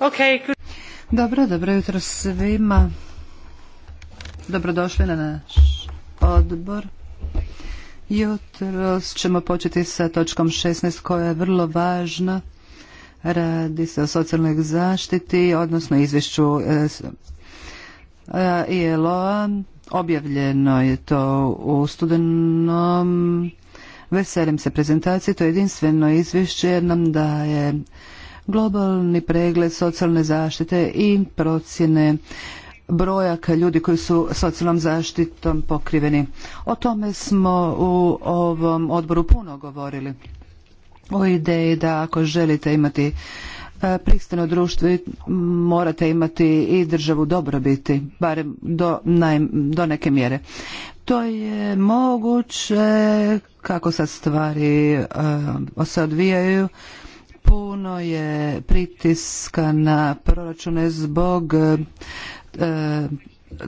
ok Dobro, dobro jutro svima. Dobrodošli na naš odbor. Jutro ćemo početi sa točkom 16 koja je vrlo važna. Radi se o socijalnoj zaštiti, odnosno izvješću eh, ILO-a. Objavljeno je to u studenom. Veselim se prezentaciji, to jedinstveno izvješće jer nam daje globalni pregled socijalne zaštite i procjene brojaka ljudi koji su socijalnom zaštitom pokriveni. O tome smo u ovom odboru puno govorili. O ideji da ako želite imati e, pristojno društvo morate imati i državu dobrobiti, barem do, do neke mjere. To je moguće kako sad stvari e, se odvijaju Puno je pritiska na proračune zbog e, e,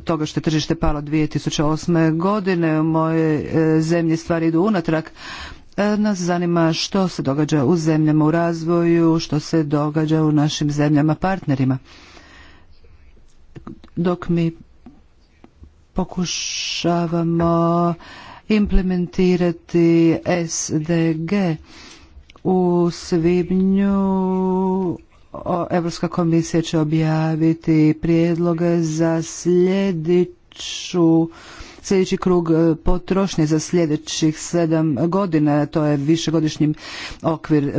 toga što je tržište palo 2008. godine. U mojoj e, zemlji stvari idu unatrag. Nas zanima što se događa u zemljama u razvoju, što se događa u našim zemljama partnerima. Dok mi pokušavamo implementirati SDG u svibnju Evropska komisija će objaviti prijedloge za sljedeću sljedeći krug e, potrošnje za sljedećih sedam godina, to je višegodišnji okvir, e,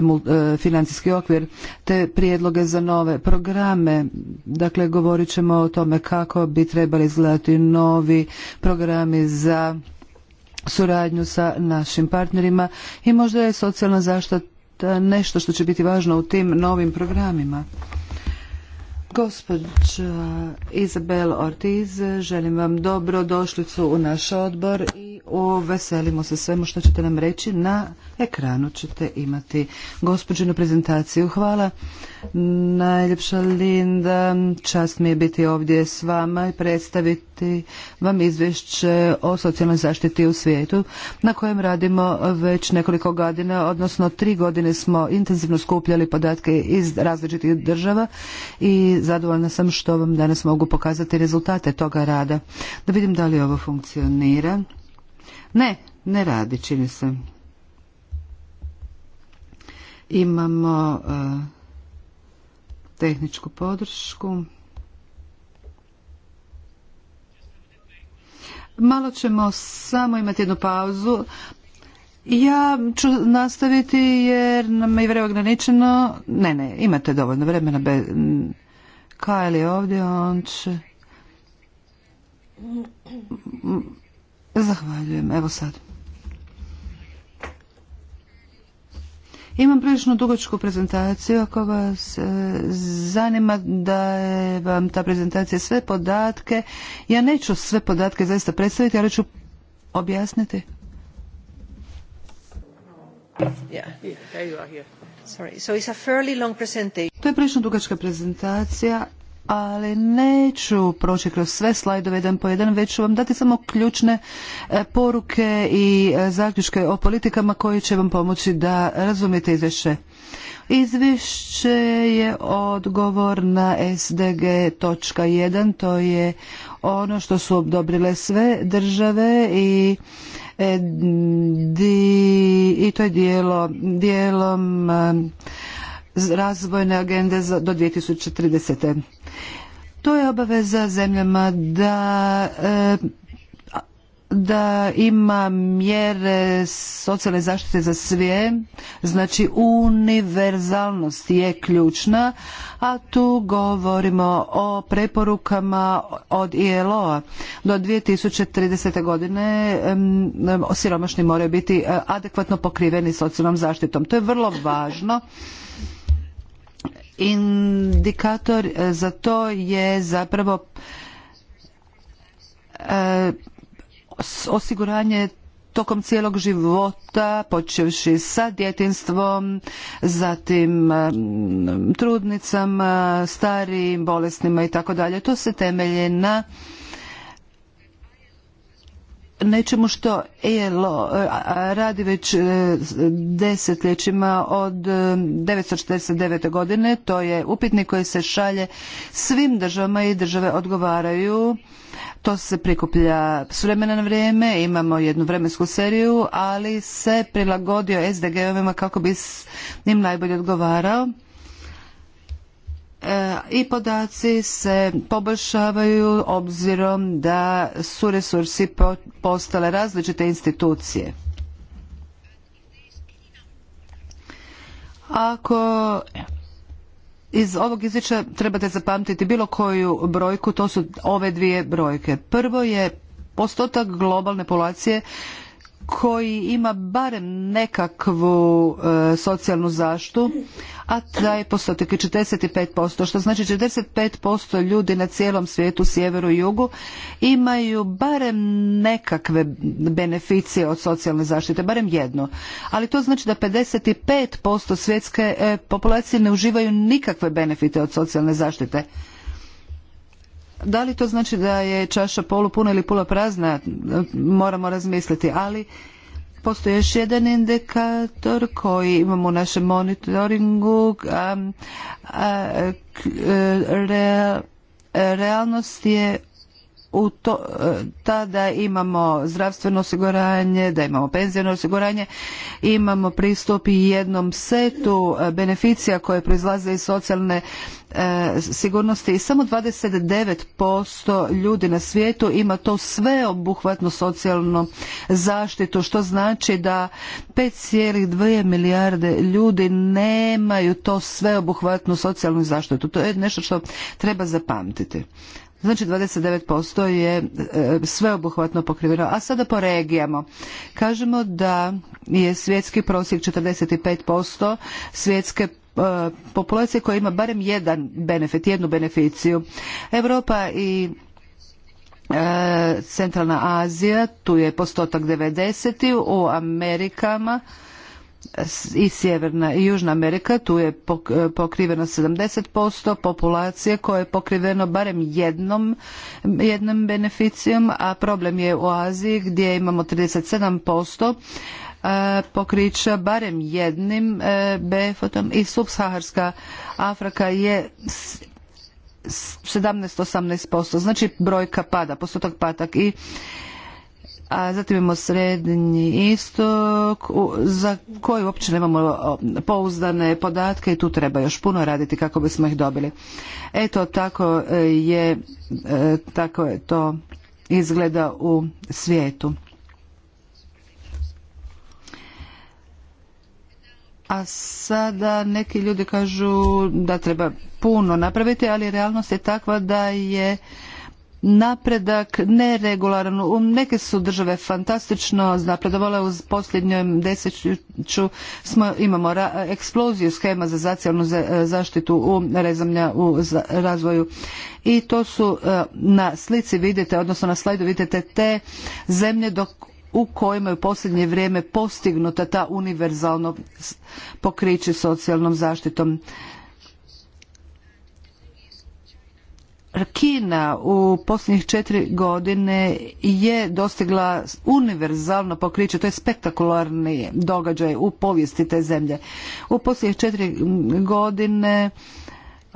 financijski okvir, te prijedloge za nove programe. Dakle, govorit ćemo o tome kako bi trebali izgledati novi programi za suradnju sa našim partnerima i možda je socijalna zaštita nešto što će biti važno u tim novim programima. Gospođa Izabel Ortiz, želim vam dobro došlicu u naš odbor i veselimo se svemu što ćete nam reći na ekranu ćete imati gospođinu prezentaciju. Hvala najljepša Linda. Čast mi je biti ovdje s vama i predstaviti vam izvješće o socijalnoj zaštiti u svijetu na kojem radimo već nekoliko godina, odnosno tri godine smo intenzivno skupljali podatke iz različitih država i zadovoljna sam što vam danas mogu pokazati rezultate toga rada. Da vidim da li ovo funkcionira. Ne, ne radi, čini se. Imamo e, tehničku podršku. Malo ćemo samo imati jednu pauzu. Ja ću nastaviti jer nam je vreo ograničeno. Ne, ne, imate dovoljno vremena. Be... je ovdje, on će... Zahvaljujem, evo sad. Imam prilično dugačku prezentaciju. Ako vas e, zanima da vam ta prezentacija sve podatke, ja neću sve podatke zaista predstaviti, ali ću objasniti. To je prilično dugačka prezentacija, ali neću proći kroz sve slajdove jedan po jedan, već ću vam dati samo ključne e, poruke i e, zaključke o politikama koji će vam pomoći da razumijete izvješće. Izvješće je odgovor na SDG.1, to je ono što su odobrile sve države i e, i to je dijelom razvojne agende do 2030. To je obaveza zemljama da e, da ima mjere socijalne zaštite za sve, znači univerzalnost je ključna, a tu govorimo o preporukama od ILO-a. Do 2030. godine siromašni moraju biti e, adekvatno pokriveni socijalnom zaštitom. To je vrlo važno indikator e, za to je zapravo e, osiguranje tokom cijelog života, počevši sa djetinstvom, zatim e, trudnicama, starijim, bolesnima i tako dalje. To se temelje na nečemu što ELO e, radi već e, desetljećima od 1949. E, godine. To je upitnik koji se šalje svim državama i države odgovaraju. To se prikuplja s vremena na vrijeme, imamo jednu vremensku seriju, ali se prilagodio SDG-ovima kako bi s njim najbolje odgovarao i podaci se poboljšavaju obzirom da su resursi postale različite institucije. Ako iz ovog izvješća trebate zapamtiti bilo koju brojku, to su ove dvije brojke. Prvo je postotak globalne populacije koji ima barem nekakvu e, socijalnu zaštitu, a taj postotak je 45%, što znači 45% ljudi na cijelom svijetu, sjeveru i jugu, imaju barem nekakve beneficije od socijalne zaštite, barem jedno. Ali to znači da 55% svjetske e, populacije ne uživaju nikakve benefite od socijalne zaštite da li to znači da je čaša polupuna ili pola prazna, e, moramo razmisliti, ali postoji još jedan indikator koji imamo u našem monitoringu, a, e, realnost je u to, e, tada imamo zdravstveno osiguranje, da imamo penzijno osiguranje, imamo pristup i jednom setu e, beneficija koje proizlaze iz socijalne e, sigurnosti i samo 29% ljudi na svijetu ima to sveobuhvatnu socijalnu zaštitu što znači da 5,2 milijarde ljudi nemaju to sveobuhvatnu socijalnu zaštitu. To je nešto što treba zapamtiti. Znači 29% je e, sveobuhvatno pokriveno. A sada po regijama. Kažemo da je svjetski prosjek 45% svjetske e, populacije koja ima barem jedan benefit, jednu beneficiju. Europa i e, Centralna Azija, tu je postotak 90, u Amerikama i Sjeverna i Južna Amerika, tu je e, pokriveno 70% populacije koje je pokriveno barem jednom, jednom beneficijom, a problem je u Aziji gdje imamo 37% e, pokrića barem jednim e, befotom i subsaharska Afrika je 17-18%, znači brojka pada, postotak patak i a zatim imamo srednji istok za koji uopće nemamo pouzdane podatke i tu treba još puno raditi kako bismo ih dobili. Eto tako e, je, e, tako je to izgleda u svijetu. A sada neki ljudi kažu da treba puno napraviti, ali realnost je takva da je napredak neregularan. neke su države fantastično napredovale u posljednjem desetljeću smo imamo eksploziju schema za zacijalnu e, zaštitu u rezamlja u razvoju i to su e, na slici vidite, odnosno na slajdu vidite te zemlje dok u kojima je u posljednje vrijeme postignuta ta univerzalno pokriće socijalnom zaštitom. Kina u posljednjih četiri godine je dostigla univerzalno pokriće, to je spektakularni događaj u povijesti te zemlje. U posljednjih četiri godine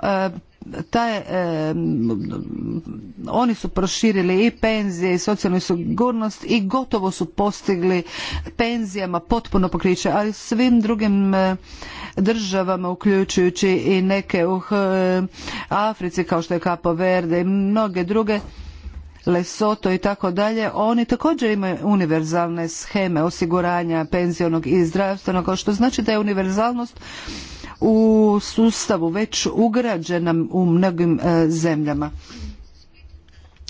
e, taj, eh, oni su proširili i penzije i socijalnu sigurnost i gotovo su postigli penzijama potpuno pokriće, ali svim drugim eh, državama uključujući i neke u eh, Africi kao što je Capo Verde i mnoge druge Lesoto i tako dalje, oni također imaju univerzalne sheme osiguranja penzionog i zdravstvenog, što znači da je univerzalnost u sustavu već ugrađena u mnogim e, zemljama.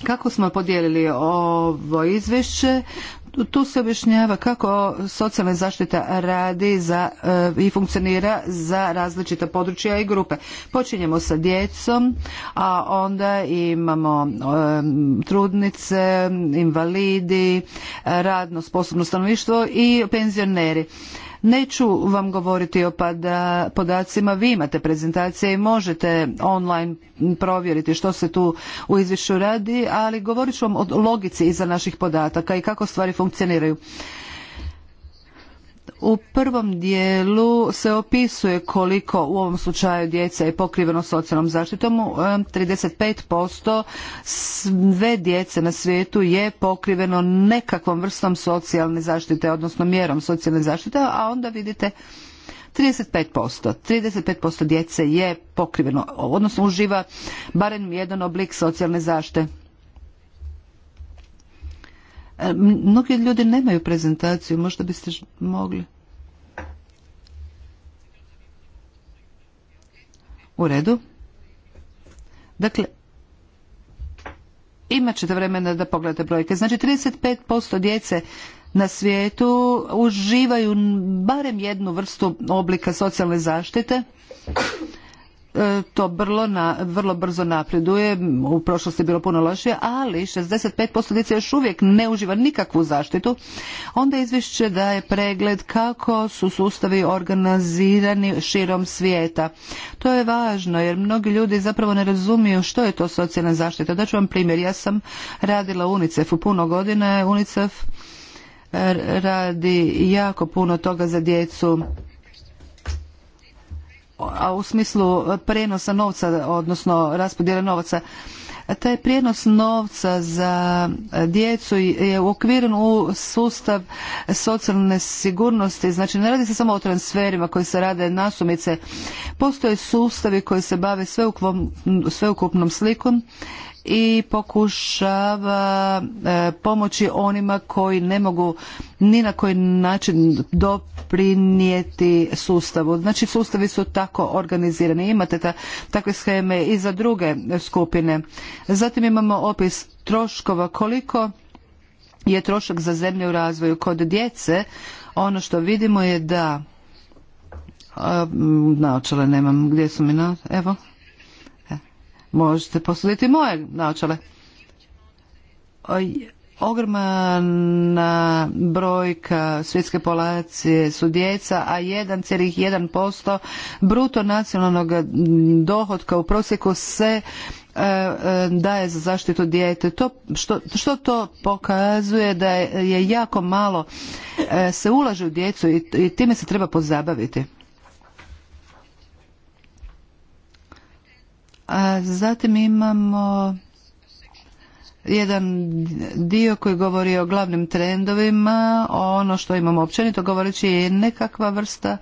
Kako smo podijelili ovo izvješće? Tu se objašnjava kako socijalna zaštita radi za, e, i funkcionira za različita područja i grupe. Počinjemo sa djecom, a onda imamo trudnice, invalidi, radno sposobno stanovništvo i penzioneri. Neću vam govoriti o pada, podacima, vi imate prezentacije i možete online provjeriti što se tu u izvješću radi, ali govorit ću vam o logici iza naših podataka i kako stvari funkcioniraju. U prvom dijelu se opisuje koliko u ovom slučaju djece je pokriveno socijalnom zaštitom. 35% sve djece na svijetu je pokriveno nekakvom vrstom socijalne zaštite, odnosno mjerom socijalne zaštite, a onda vidite 35%. 35% djece je pokriveno, odnosno uživa barem jedan oblik socijalne zaštite E, mnogi ljudi nemaju prezentaciju, možda biste mogli. U redu. Dakle, imat ćete vremena da pogledate brojke. Znači 35% djece na svijetu uživaju barem jednu vrstu oblika socijalne zaštite E, to vrlo, na, vrlo brzo napreduje, u prošlosti je bilo puno lošije, ali 65% djece još uvijek ne uživa nikakvu zaštitu. Onda izvješće daje pregled kako su sustavi organizirani širom svijeta. To je važno jer mnogi ljudi zapravo ne razumiju što je to socijalna zaštita. Da ću vam primjer, ja sam radila u UNICEF-u puno godina, UNICEF radi jako puno toga za djecu a u smislu prijenosa novca, odnosno raspodjela novca, taj prijenos novca za djecu je uokviren u sustav socijalne sigurnosti. Znači ne radi se samo o transferima koji se rade nasumice. Postoje sustavi koji se bave sveukupnom slikom i pokušava e, pomoći onima koji ne mogu ni na koji način doprinijeti sustavu. Znači sustavi su tako organizirani. Imate ta, takve scheme i za druge skupine. Zatim imamo opis troškova koliko je trošak za zemlje u razvoju. Kod djece ono što vidimo je da e, naočale nemam gdje su mi na... evo Možete posuditi moje naočale. Ogromna brojka svjetske polacije su djeca, a 1,1% bruto nacionalnog dohotka u prosjeku se e, e, daje za zaštitu dijete. što, što to pokazuje da je jako malo e, se ulaže u djecu i, i time se treba pozabaviti. A zatim imamo jedan dio koji govori o glavnim trendovima, o ono što imamo općenito govoreći je nekakva vrsta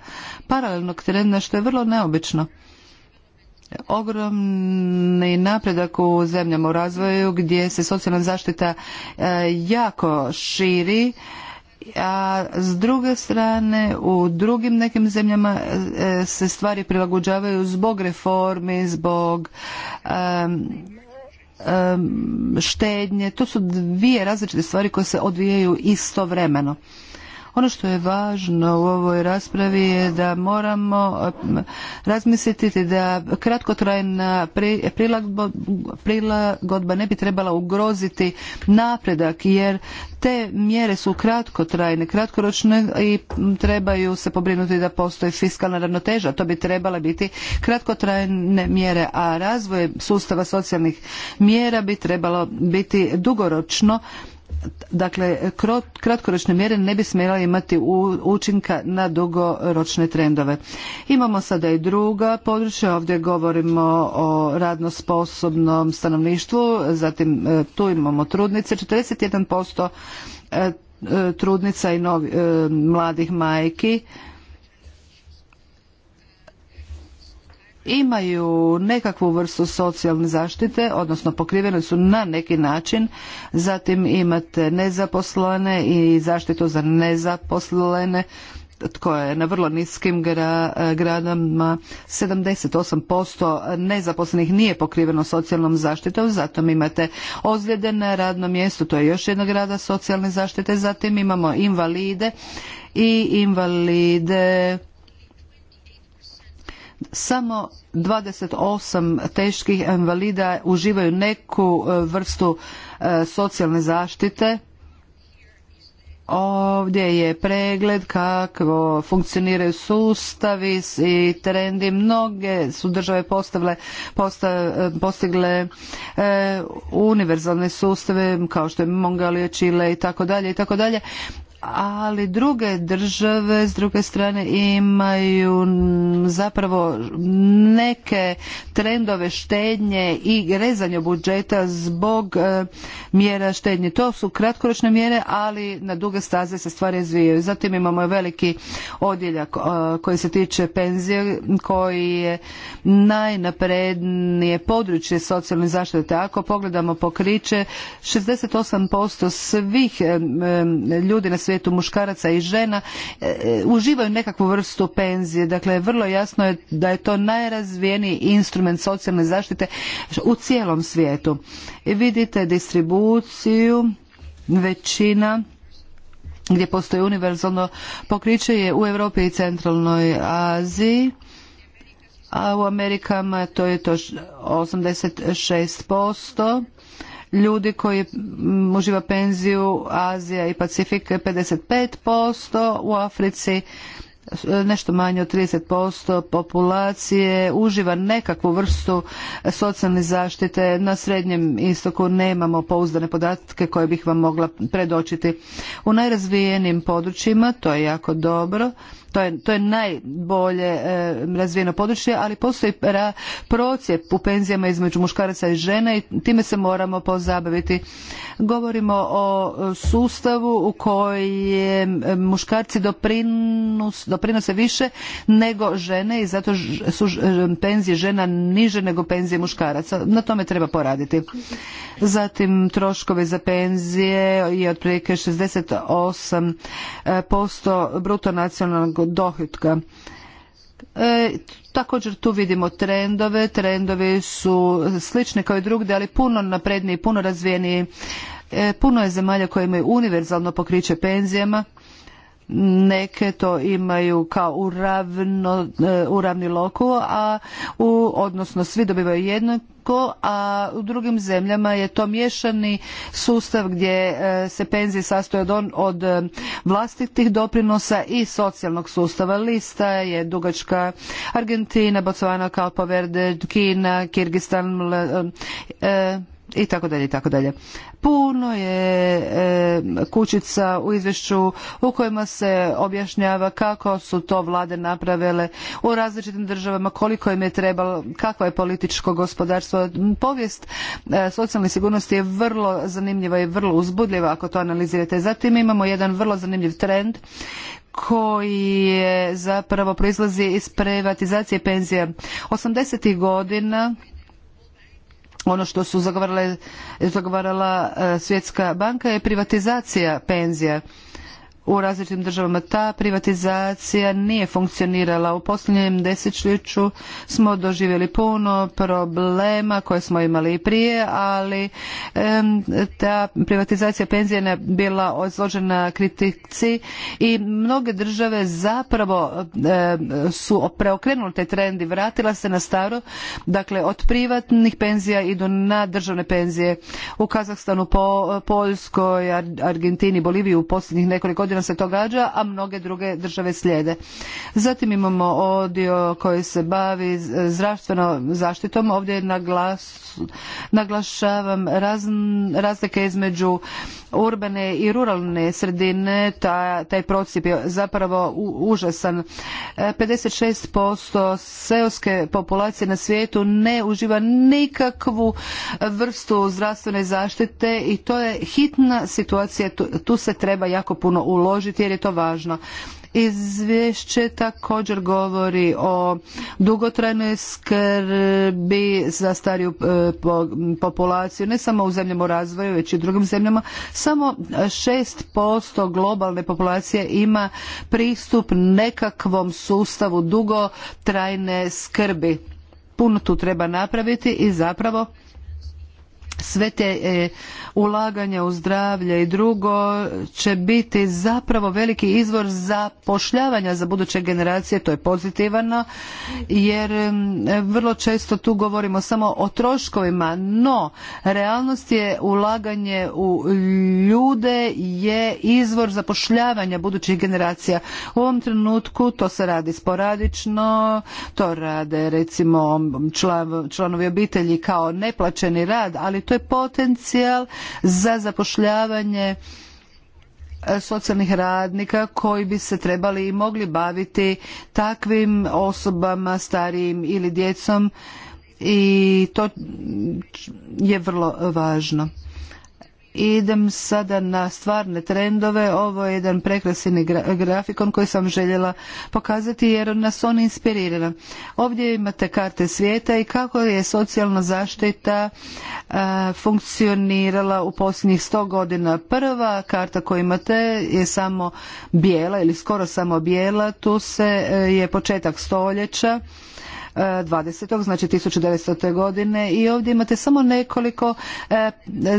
paralelnog trenda što je vrlo neobično. Ogromni napredak u zemljama u razvoju gdje se socijalna zaštita e, jako širi a s druge strane u drugim nekim zemljama e, se stvari prilagođavaju zbog reformi, zbog štednje. To su dvije različite stvari koje se odvijaju istovremeno. Ono što je važno u ovoj raspravi je da moramo eh, razmisliti da kratkotrajna prilagodba ne bi trebala ugroziti napredak jer te mjere su kratkotrajne, kratkoročne i trebaju se pobrinuti da postoji fiskalna ravnoteža. To bi trebala biti kratkotrajne mjere, a razvoj sustava socijalnih mjera bi trebalo biti dugoročno dakle kratkoročne mjere ne bi smjela imati učinka na dugoročne trendove. Imamo sada i druga područja, ovdje govorimo o radno sposobnom stanovništvu, zatim e, tu imamo trudnice, 41% e, e, trudnica i mladih majki imaju nekakvu vrstu socijalne zaštite, odnosno pokrivene su na neki način, zatim imate nezaposlene i zaštitu za nezaposlene, koje je na vrlo niskim gra, gradama 78% nezaposlenih nije pokriveno socijalnom zaštitom, zatim imate ozljede na radnom mjestu, to je još jedna grada socijalne zaštite, zatim imamo invalide i invalide samo 28 teških invalida uživaju neku e, vrstu e, socijalne zaštite. Ovdje je pregled kako funkcioniraju sustavi i trendi. Mnoge su države postigle e, univerzalne sustave kao što je Mongolija, Čile i tako dalje i tako dalje ali druge države s druge strane imaju zapravo neke trendove štednje i rezanje budžeta zbog e, mjera štednje. To su kratkoročne mjere, ali na duge staze se stvari izvijaju. Zatim imamo veliki odjeljak e, koji se tiče penzije, koji je najnaprednije područje socijalne zaštite. Ako pogledamo pokriće, 68% svih ljudi na svijetu svijetu muškaraca i žena e, e, uživaju nekakvu vrstu penzije. Dakle, vrlo jasno je da je to najrazvijeniji instrument socijalne zaštite u cijelom svijetu. Vidite distribuciju, većina gdje postoji univerzalno pokriće je u Europi i centralnoj Aziji a u Amerikama to je to 86%, ljudi koji uživa penziju, Azija i Pacifik 55%, u Africi nešto manje od 30% populacije uživa nekakvu vrstu socijalne zaštite. Na Srednjem istoku nemamo pouzdane podatke koje bih vam mogla predočiti. U najrazvijenim područjima, to je jako dobro, to je, to je najbolje e, razvijeno područje, ali postoji ra, u penzijama između muškaraca i žena i time se moramo pozabaviti. Govorimo o e, sustavu u kojem muškarci doprinose više nego žene i zato su e, penzije žena niže nego penzije muškaraca. Na tome treba poraditi. Zatim troškove za penzije je otprilike 68% bruto nacionalnog dohitka. E, također tu vidimo trendove, trendovi su slični kao i drugdje, ali puno napredniji, puno razvijeniji. E, puno je zemalja koje imaju univerzalno pokriće penzijama neke to imaju kao uravni e, loku a u, odnosno svi dobivaju jednako, a u drugim zemljama je to miješani sustav gdje e, se penzije sastoje od, od e, vlastitih doprinosa i socijalnog sustava. Lista je dugačka Argentina, Botswana, Kalpa Verde, Kina, Kirgistan, i tako dalje i tako dalje. Puno je kućica u izvješću u kojima se objašnjava kako su to vlade napravile u različitim državama, koliko im je trebalo, kakvo je političko gospodarstvo. Povijest e, socijalne sigurnosti je vrlo zanimljiva i vrlo uzbudljiva ako to analizirate. Zatim imamo jedan vrlo zanimljiv trend koji je zapravo proizlazi iz privatizacije penzija. 80. godina ono što su zagovarala e, Svjetska banka je privatizacija penzija u različitim državama. Ta privatizacija nije funkcionirala. U posljednjem desetljeću smo doživjeli puno problema koje smo imali i prije, ali ta privatizacija penzije je bila odložena kritici i mnoge države zapravo su preokrenule te trendi, vratila se na staro, dakle od privatnih penzija idu na državne penzije. U Kazahstanu, po Poljskoj, Argentini, Boliviji u posljednjih nekoliko godina godina se to a mnoge druge države slijede. Zatim imamo odio koji se bavi zdravstvenom zaštitom. Ovdje naglašavam razlike između urbane i ruralne sredine taj procip je zapravo u, užasan. 56% e, seoske populacije na svijetu ne uživa nikakvu vrstu zdravstvene zaštite i to je hitna situacija, tu, tu se treba jako puno uložiti jer je to važno. Izvješće također govori o dugotrajnoj skrbi za stariju e, populaciju, ne samo u zemljama u razvoju, već i u drugim zemljama. Samo 6% globalne populacije ima pristup nekakvom sustavu dugotrajne skrbi. Puno tu treba napraviti i zapravo sve te e, ulaganja u zdravlje i drugo će biti zapravo veliki izvor za pošljavanja za buduće generacije, to je pozitivano jer vrlo često tu govorimo samo o troškovima, no realnost je ulaganje u ljude je izvor zapošljavanja budućih generacija. U ovom trenutku to se radi sporadično, to rade recimo članovi obitelji kao neplaćeni rad, ali to je potencijal za zapošljavanje e, socijalnih radnika koji bi se trebali i mogli baviti takvim osobama, starijim ili djecom i to je vrlo važno. Idem sada na stvarne trendove. Ovo je jedan prekrasni grafikon koji sam željela pokazati jer nas on inspirira. Ovdje imate karte svijeta i kako je socijalna zaštita funkcionirala u posljednjih sto godina. Prva karta koju imate je samo bijela ili skoro samo bijela. Tu se e, je početak stoljeća 20. znači 1900. godine i ovdje imate samo nekoliko e,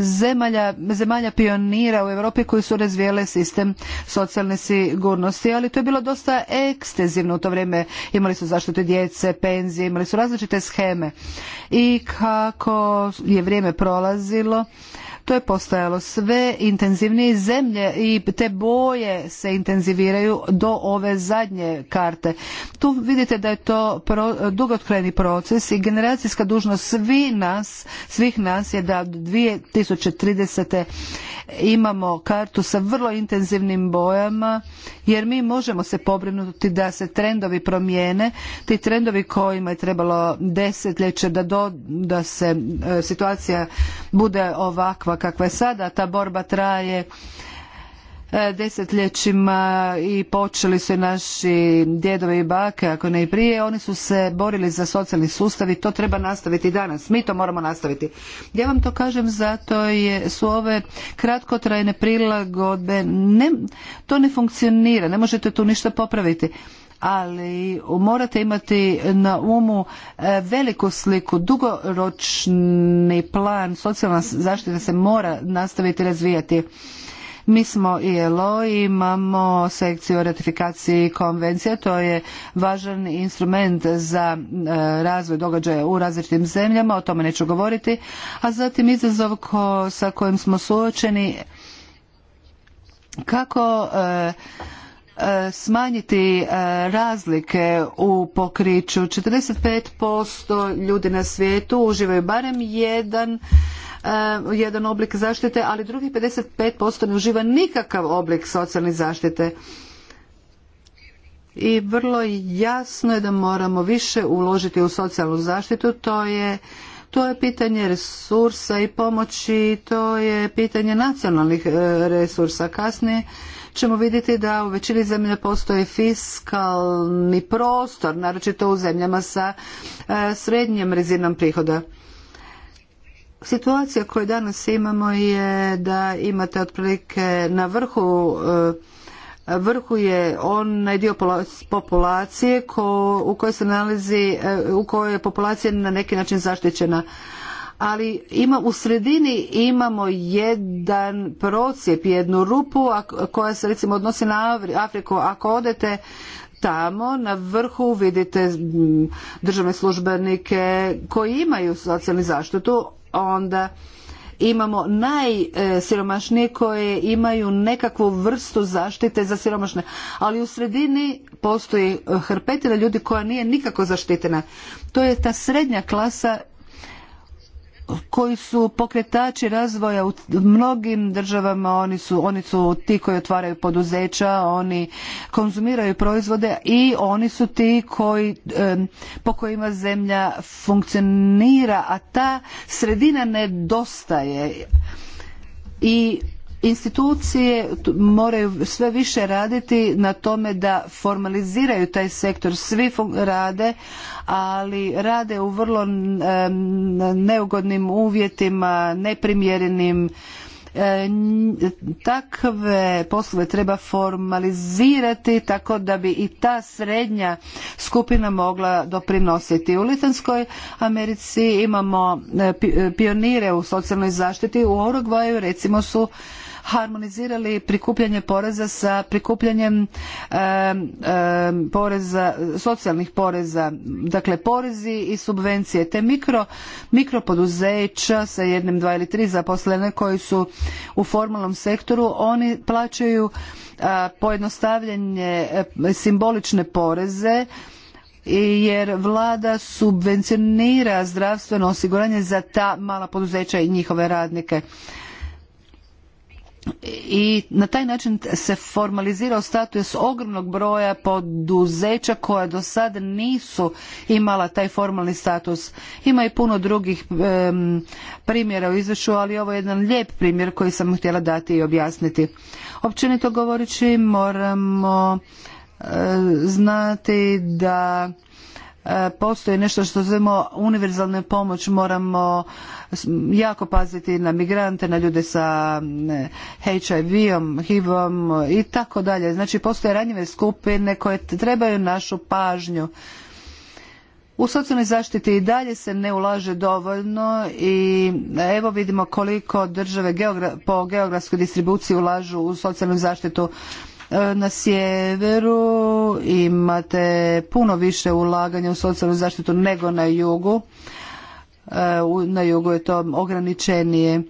zemalja, zemalja pionira u Europi koji su razvijele sistem socijalne sigurnosti, ali to je bilo dosta ekstenzivno u to vrijeme. Imali su zaštitu djece, penzije, imali su različite sheme. I kako je vrijeme prolazilo, to je postojalo sve intenzivnije zemlje i te boje se intenziviraju do ove zadnje karte. Tu vidite da je to dugotrajni proces i generacijska dužnost svi nas, svih nas je da 2030. imamo kartu sa vrlo intenzivnim bojama jer mi možemo se pobrinuti da se trendovi promijene, ti trendovi kojima je trebalo desetljeće da, se e, situacija bude ovakva kakva je sada. Ta borba traje e, desetljećima i počeli su i naši djedovi i bake, ako ne i prije, oni su se borili za socijalni sustav i to treba nastaviti danas. Mi to moramo nastaviti. Ja vam to kažem zato je, su ove kratkotrajne prilagodbe, to ne funkcionira, ne možete tu ništa popraviti ali morate imati na umu e, veliku sliku, dugoročni plan, socijalna zaštita se mora nastaviti razvijati. Mi smo ILO, imamo sekciju o ratifikaciji Konvencije, to je važan instrument za e, razvoj događaja u različitim zemljama, o tome neću govoriti, a zatim izazov sa kojim smo suočeni kako e, smanjiti e, razlike u pokriću. 45% ljudi na svijetu uživaju barem jedan e, jedan oblik zaštite, ali drugih 55% ne uživa nikakav oblik socijalne zaštite. I vrlo jasno je da moramo više uložiti u socijalnu zaštitu, to je to je pitanje resursa i pomoći, to je pitanje nacionalnih e, resursa. Kasnije ćemo vidjeti da u većini zemlja postoji fiskalni prostor, naročito u zemljama sa e, srednjom razinom prihoda. Situacija koju danas imamo je da imate otprilike na vrhu e, vrhu je onaj dio populacije u kojoj se nalazi, e, u kojoj je populacija na neki način zaštićena ali ima u sredini imamo jedan procjep, jednu rupu koja se recimo odnosi na Afriku. Ako odete tamo na vrhu vidite državne službenike koji imaju socijalnu zaštitu, onda imamo najsiromašnije koje imaju nekakvu vrstu zaštite za siromašne. Ali u sredini postoji hrpetina ljudi koja nije nikako zaštitena. To je ta srednja klasa koji su pokretači razvoja u mnogim državama, oni su, oni su ti koji otvaraju poduzeća, oni konzumiraju proizvode i oni su ti koji, po kojima zemlja funkcionira, a ta sredina nedostaje i institucije moraju sve više raditi na tome da formaliziraju taj sektor. Svi rade, ali rade u vrlo neugodnim uvjetima, neprimjerenim e, takve poslove treba formalizirati tako da bi i ta srednja skupina mogla doprinositi. U Litanskoj Americi imamo e, pionire u socijalnoj zaštiti, u Orogvaju recimo su harmonizirali prikupljanje poreza sa prikupljanjem poreza, socijalnih poreza, dakle porezi i subvencije. Te mikro, mikropoduzeća sa jednim, dva ili tri zaposlene koji su u formalnom sektoru, oni plaćaju pojednostavljanje e, simbolične poreze jer vlada subvencionira zdravstveno osiguranje za ta mala poduzeća i njihove radnike i na taj način se formalizirao status ogromnog broja poduzeća koja do sada nisu imala taj formalni status. Ima i puno drugih primjera u izvješću, ali ovo je jedan lijep primjer koji sam htjela dati i objasniti. Općenito govoreći moramo e, znati da E, postoji nešto što zovemo univerzalna pomoć moramo jako paziti na migrante na ljude sa HIV-om HIV-om i tako dalje znači postoje ranjive skupine koje trebaju našu pažnju u socijalnoj zaštiti i dalje se ne ulaže dovoljno i evo vidimo koliko države po geografskoj distribuciji ulažu u socijalnu zaštitu E, na sjeveru imate puno više ulaganja u socijalnu zaštitu nego na jugu. E, na jugu je to ograničenije.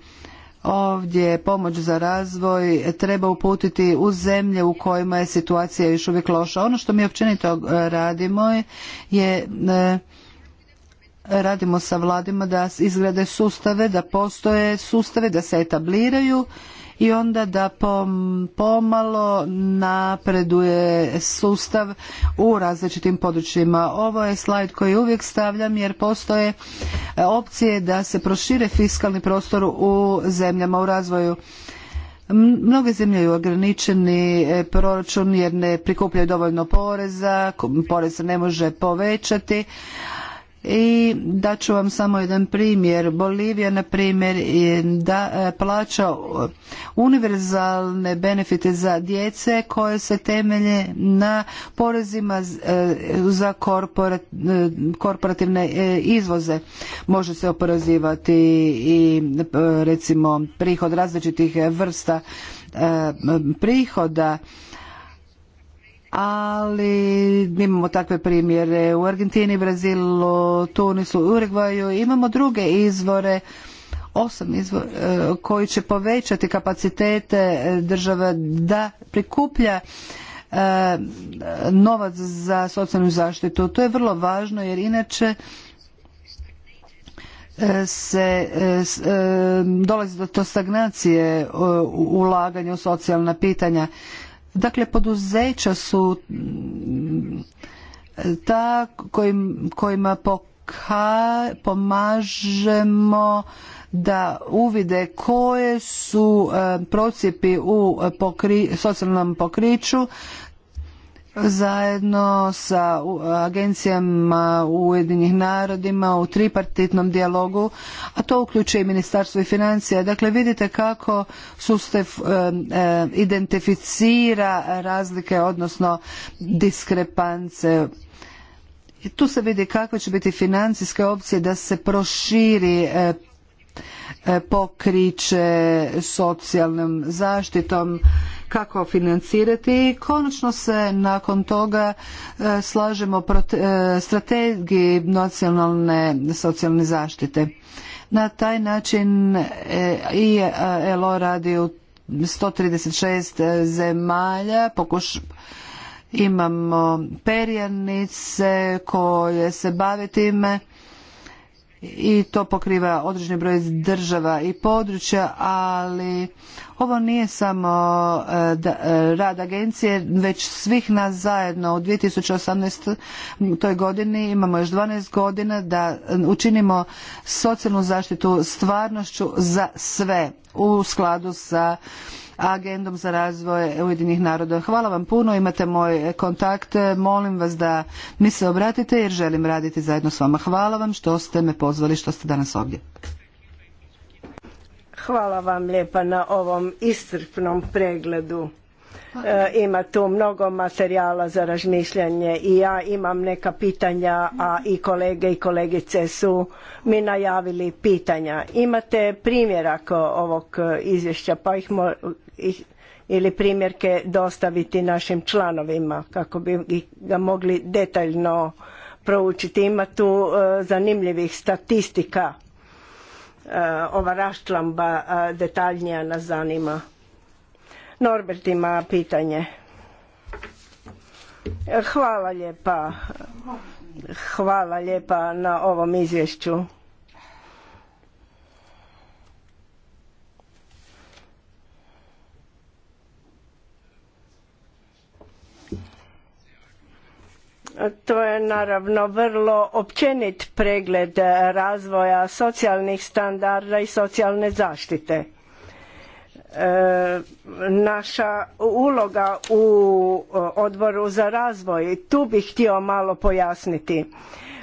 Ovdje pomoć za razvoj treba uputiti u zemlje u kojima je situacija još uvijek loša. Ono što mi općenito radimo je e, radimo sa vladima da izgrade sustave, da postoje sustave, da se etabliraju i onda da pomalo napreduje sustav u različitim područjima. Ovo je slajd koji uvijek stavljam jer postoje e, opcije da se prošire fiskalni prostor u zemljama u razvoju. Mnoge zemlje imaju ograničeni e, proračun jer ne prikupljaju dovoljno poreza, porez se ne može povećati, i daću vam samo jedan primjer. Bolivija, na primjer, da e, plaća univerzalne benefite za djece koje se temelje na porezima e, za e, korporativne izvoze. Može se oporezivati i recimo prihod različitih vrsta prihoda ali imamo takve primjere u Argentini, Brazilu, Tunisu, Urugvaju, Imamo druge izvore osam izvora eh, koji će povećati kapacitete eh, države da prikuplja eh, novac za socijalnu zaštitu. To je vrlo važno jer inače se dolazi do stagnacije ulaganja u socijalna pitanja Dakle, poduzeća su mm, ta kojima pomažemo da uvide koje su e, procijepi u socijalnom pokriću zajedno sa agencijama jedinih narodima u tripartitnom dijalogu, a to uključuje i Ministarstvo i financija. Dakle, vidite kako sustav e, e, identificira razlike, odnosno diskrepance tu se vidi kakve će biti financijske opcije da se proširi e, pokriće socijalnom zaštitom kako financirati i konačno se nakon toga e, slažemo e, strategiji nacionalne socijalne zaštite. Na taj način e, i ELO radi u 136 zemalja, pokuš, imamo perjanice koje se bave time i to pokriva određeni broj država i područja, ali ovo nije samo e, e, rad agencije, već svih nas zajedno u 2018. toj godini imamo još 12 godina da učinimo socijalnu zaštitu stvarnošću za sve u skladu sa agendom za razvoj Ujedinih naroda. Hvala vam puno, imate moj kontakt, molim vas da mi se obratite jer želim raditi zajedno s vama. Hvala vam što ste me pozvali, što ste danas ovdje. Hvala vam lijepa na ovom iscrpnom pregledu. E, ima tu mnogo materijala za razmišljanje i ja imam neka pitanja, a i kolege i kolegice su mi najavili pitanja. Imate primjerak ovog izvješća, pa ih mo ili primjerke dostaviti našim članovima kako bi ga mogli detaljno proučiti. Ima tu e, zanimljivih statistika. E, ova raštlamba e, detaljnija nas zanima. Norbert ima pitanje. Hvala lijepa. Hvala lijepa na ovom izvješću. To je naravno vrlo općenit pregled razvoja socijalnih standarda i socijalne zaštite. E, naša uloga u odboru za razvoj, tu bih htio malo pojasniti.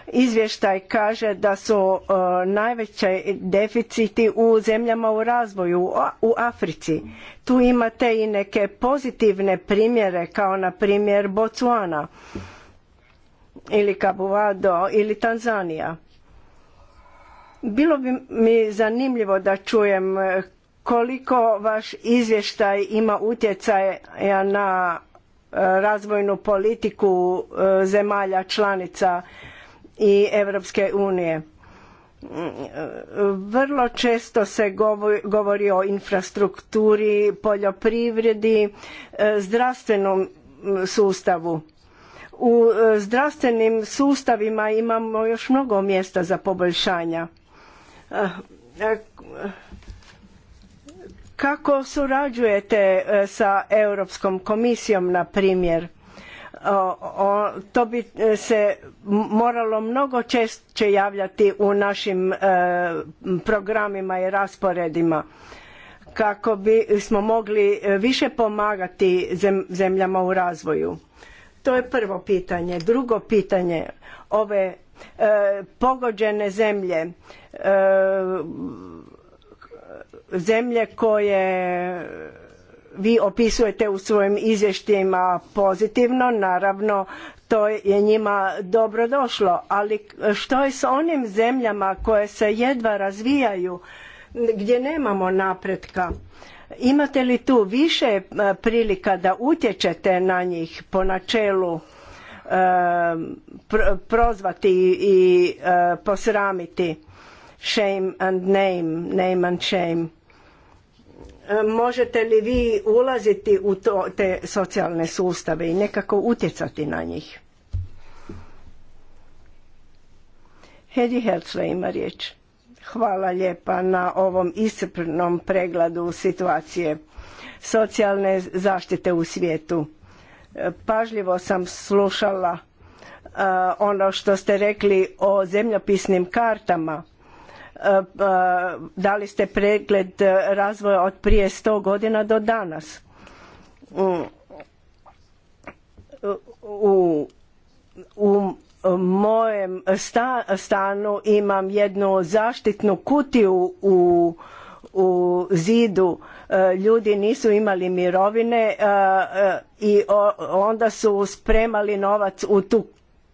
Izvještaj kaže da su najveći deficiti u zemljama u razvoju, u Africi. Tu imate i neke pozitivne primjere, kao na primjer Botswana ili Kabuvado ili Tanzanija. Bilo bi mi zanimljivo da čujem e, koliko vaš izvještaj ima utjecaja na e, razvojnu politiku e, zemalja članica i Europske unije. Mm, vrlo često se govori o infrastrukturi, poljoprivredi, zdravstvenom sustavu u e, zdravstvenim sustavima imamo još mnogo mjesta za poboljšanja. E, e, kako surađujete sa Europskom komisijom, na primjer? to bi se moralo mnogo češće javljati u našim programima i rasporedima kako bismo mogli više pomagati zemljama u razvoju. To je prvo pitanje. Drugo pitanje, ove e, pogođene zemlje, e, zemlje koje vi opisujete u svojim izvještajima pozitivno, naravno to je njima dobro došlo, ali što je s onim zemljama koje se jedva razvijaju, gdje nemamo napretka? Imate li tu više e, prilika da utječete na njih po načelu e, prozvati i e, posramiti shame and name, name and shame. Možete li vi ulaziti u to, te socijalne sustave i nekako utjecati na njih? Hedi Herzle ima riječ. Hvala lijepa na ovom iscrpnom pregledu situacije socijalne zaštite u svijetu. E, pažljivo sam slušala e, ono što ste rekli o zemljopisnim kartama. E, pa, dali ste pregled razvoja od prije sto godina do danas. u mojem stanu imam jednu zaštitnu kutiju u u zidu e, ljudi nisu imali mirovine e, e, i onda su spremali novac u tu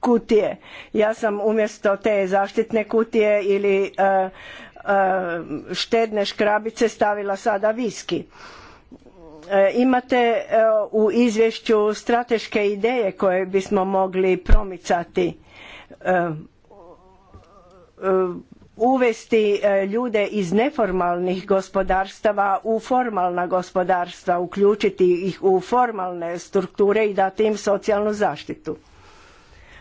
kutije. Ja sam umjesto te zaštitne kutije ili štedne škrabice stavila sada viski. E, imate e, u izvješću strateške ideje koje bismo mogli promicati, e, uvesti ljude iz neformalnih gospodarstava u formalna gospodarstva, uključiti ih u formalne strukture i dati im socijalnu zaštitu.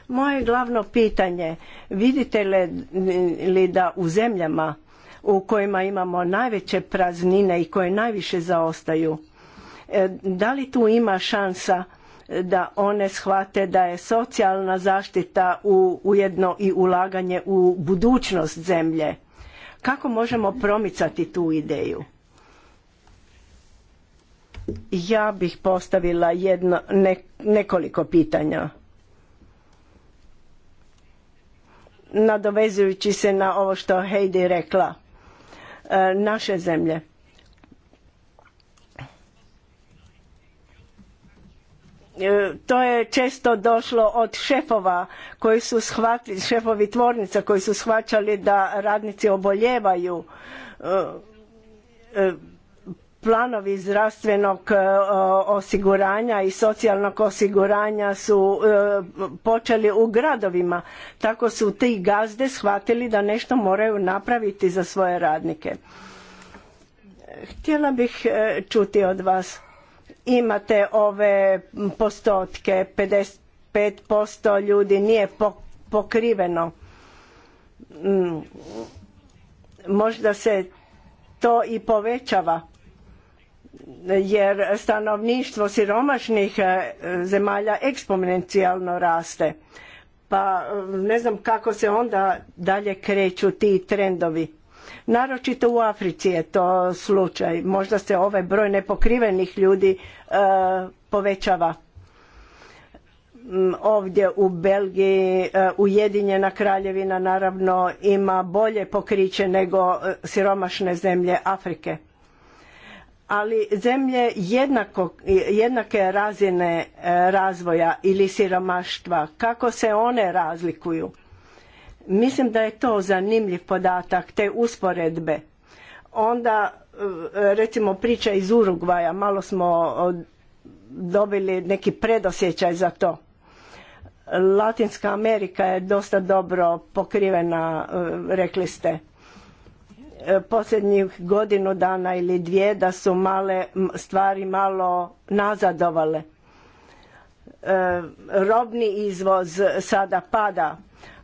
Moje glavno pitanje, vidite li da u zemljama u kojima imamo najveće praznine i koje najviše zaostaju E, da li tu ima šansa da one shvate da je socijalna zaštita ujedno i ulaganje u budućnost zemlje? Kako možemo promicati tu ideju? Ja bih postavila jedno, nekoliko pitanja. Nadovezujući se na ovo što Heidi rekla, e, naše zemlje E, to je često došlo od šefova koji su shvatili, šefovi tvornica koji su shvaćali da radnici oboljevaju e, e, planovi zdravstvenog osiguranja i socijalnog osiguranja su počeli u gradovima tako su ti gazde shvatili da nešto moraju napraviti za svoje radnike htjela bih čuti od vas imate ove postotke 55% ljudi nije pokriveno mm, možda se to i povećava jer stanovništvo siromašnih e, zemalja eksponencijalno raste pa ne znam kako se onda dalje kreću ti trendovi Naročito u Africi je to slučaj. Možda se ovaj broj nepokrivenih ljudi e, povećava. Mm, ovdje u Belgiji e, Ujedinjena kraljevina naravno ima bolje pokriće nego e, siromašne zemlje Afrike. Ali zemlje jednake razine razvoja ili siromaštva, kako se one razlikuju? Mislim da je to zanimljiv podatak, te usporedbe. Onda, e, recimo, priča iz Urugvaja, malo smo dobili neki predosjećaj za to. Latinska Amerika je dosta dobro pokrivena, e, rekli ste. E, posljednjih godinu dana ili dvije da su male stvari malo nazadovale. Robni izvoz sada pada,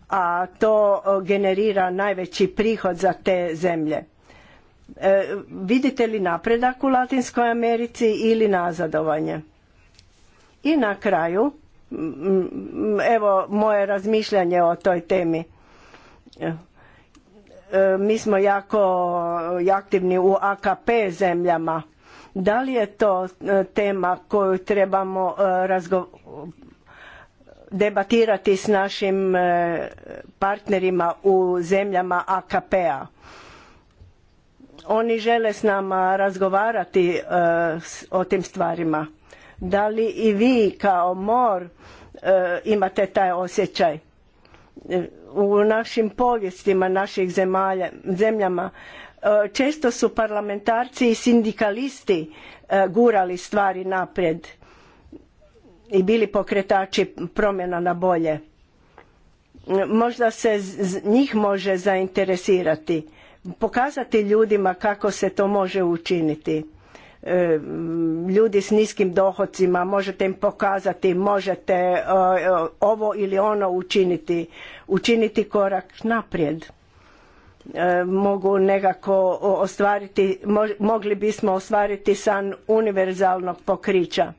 a to generira najveći prihod za te zemlje. E, vidite li napredak u Latinskoj Americi ili nazadovanje? I na kraju, evo moje razmišljanje o toj temi. E, e, mi smo jako aktivni u AKP zemljama. Da li je to tema koju trebamo razgovarati? debatirati s našim e, partnerima u zemljama AKP-a. Oni žele s nama razgovarati e, o tim stvarima. Da li i vi kao mor e, imate taj osjećaj? U našim povijestima naših zemljama često su parlamentarci i sindikalisti gurali stvari naprijed i bili pokretači promjena na bolje. Možda se njih može zainteresirati, pokazati ljudima kako se to može učiniti. E, ljudi s niskim dohodcima, možete im pokazati, možete e, e, ovo ili ono učiniti, učiniti korak naprijed. Mogu nekako ostvariti, mogli bismo ostvariti san univerzalnog pokrića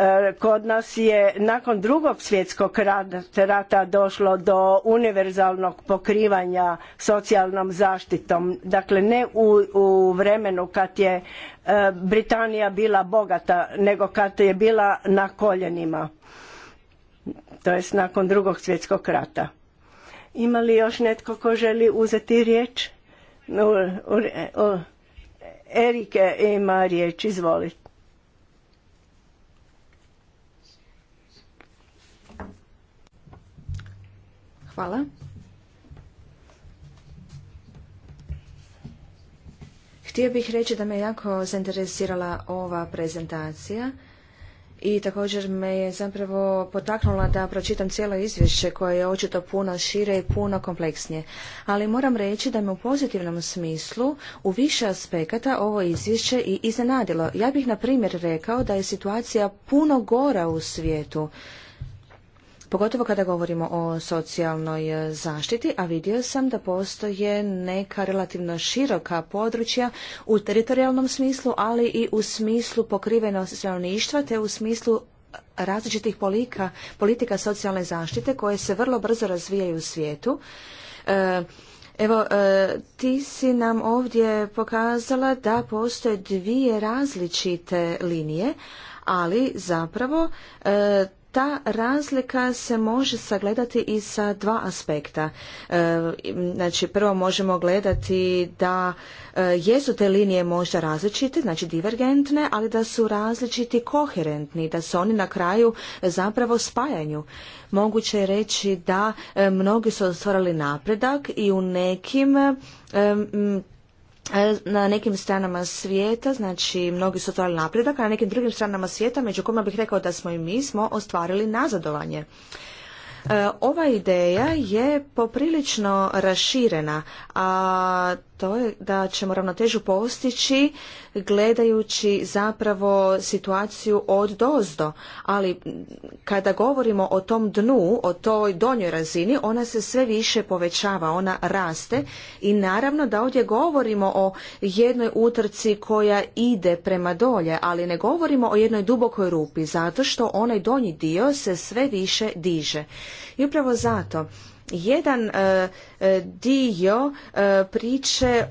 E, kod nas je nakon drugog svjetskog rata došlo do univerzalnog pokrivanja socijalnom zaštitom dakle ne u, vremenu kad je e, britanija bila bogata nego kad je bila na koljenima to jest nakon drugog svjetskog rata ima li još netko tko želi uzeti riječ u, Erike ima riječ, izvolite. Hvala. Htio bih reći da me jako zainteresirala ova prezentacija i također me je zapravo potaknula da pročitam cijelo izvješće koje je očito puno šire i puno kompleksnije. Ali moram reći da me u pozitivnom smislu u više aspekata ovo izvješće i iznenadilo. Ja bih na primjer rekao da je situacija puno gora u svijetu pogotovo kada govorimo o socijalnoj zaštiti, a vidio sam da postoje neka relativno široka područja u teritorijalnom smislu, ali i u smislu pokrivenosti stanovništva te u smislu različitih polika, politika socijalne zaštite koje se vrlo brzo razvijaju u svijetu. E, evo, e, ti si nam ovdje pokazala da postoje dvije različite linije, ali zapravo e, ta razlika se može sagledati i sa dva aspekta. E, znači, prvo možemo gledati da e, jesu te linije možda različite, znači divergentne, ali da su različiti koherentni, da su oni na kraju zapravo spajanju. Moguće je reći da e, mnogi su ostvarili napredak i u nekim E, na nekim stranama svijeta, znači mnogi su ostvarili napredak, a na nekim drugim stranama svijeta, među kojima bih rekao da smo i mi, smo ostvarili nazadovanje. E, ova ideja je poprilično raširena, a to je da ćemo ravnotežu postići gledajući zapravo situaciju od dozdo. Ali kada govorimo o tom dnu, o toj donjoj razini, ona se sve više povećava, ona raste i naravno da ovdje govorimo o jednoj utrci koja ide prema dolje, ali ne govorimo o jednoj dubokoj rupi, zato što onaj donji dio se sve više diže. I upravo zato jedan e, dio e, priče e,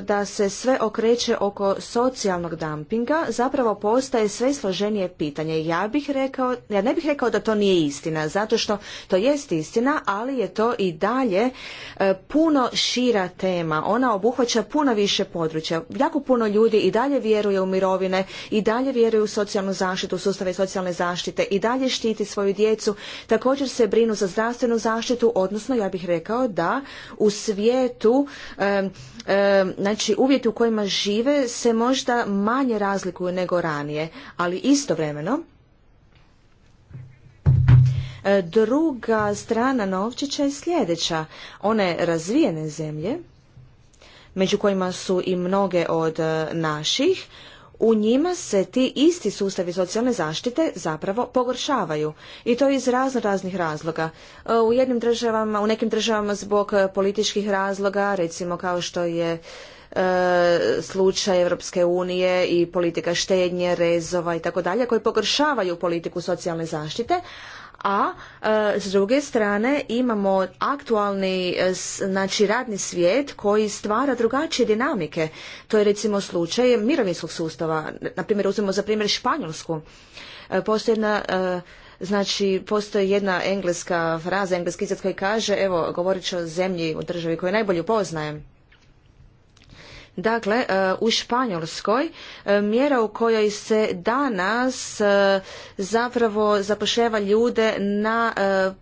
da se sve okreće oko socijalnog dumpinga zapravo postaje sve složenije pitanje. Ja bih rekao, ja ne bih rekao da to nije istina, zato što to jest istina, ali je to i dalje e, puno šira tema. Ona obuhvaća puno više područja. Jako puno ljudi i dalje vjeruje u mirovine, i dalje vjeruje u socijalnu zaštitu, u sustave socijalne zaštite, i dalje štiti svoju djecu, također se brinu za zdravstvenu zaštitu, odnosno ja bih rekao da u svijetu, znači uvjeti u kojima žive se možda manje razlikuju nego ranije, ali istovremeno e, Druga strana novčića je sljedeća. One razvijene zemlje, među kojima su i mnoge od e, naših, u njima se ti isti sustavi socijalne zaštite zapravo pogoršavaju i to iz razno raznih razloga. E, u jednim državama, u nekim državama zbog političkih razloga, recimo kao što je e, slučaj Europske unije i politika štednje, rezova i tako dalje, koji pogoršavaju politiku socijalne zaštite, a e, s druge strane imamo aktualni e, znači radni svijet koji stvara drugačije dinamike. To je recimo slučaj mirovinskog sustava. Na primjer uzmemo za primjer Španjolsku. E, postoji jedna Znači, postoji jedna engleska fraza, engleski izraz koji kaže, evo, govorit ću o zemlji, u državi koju najbolje poznajem. Dakle, e, u Španjolskoj e, mjera u kojoj se danas e, zapravo zapošljava ljude na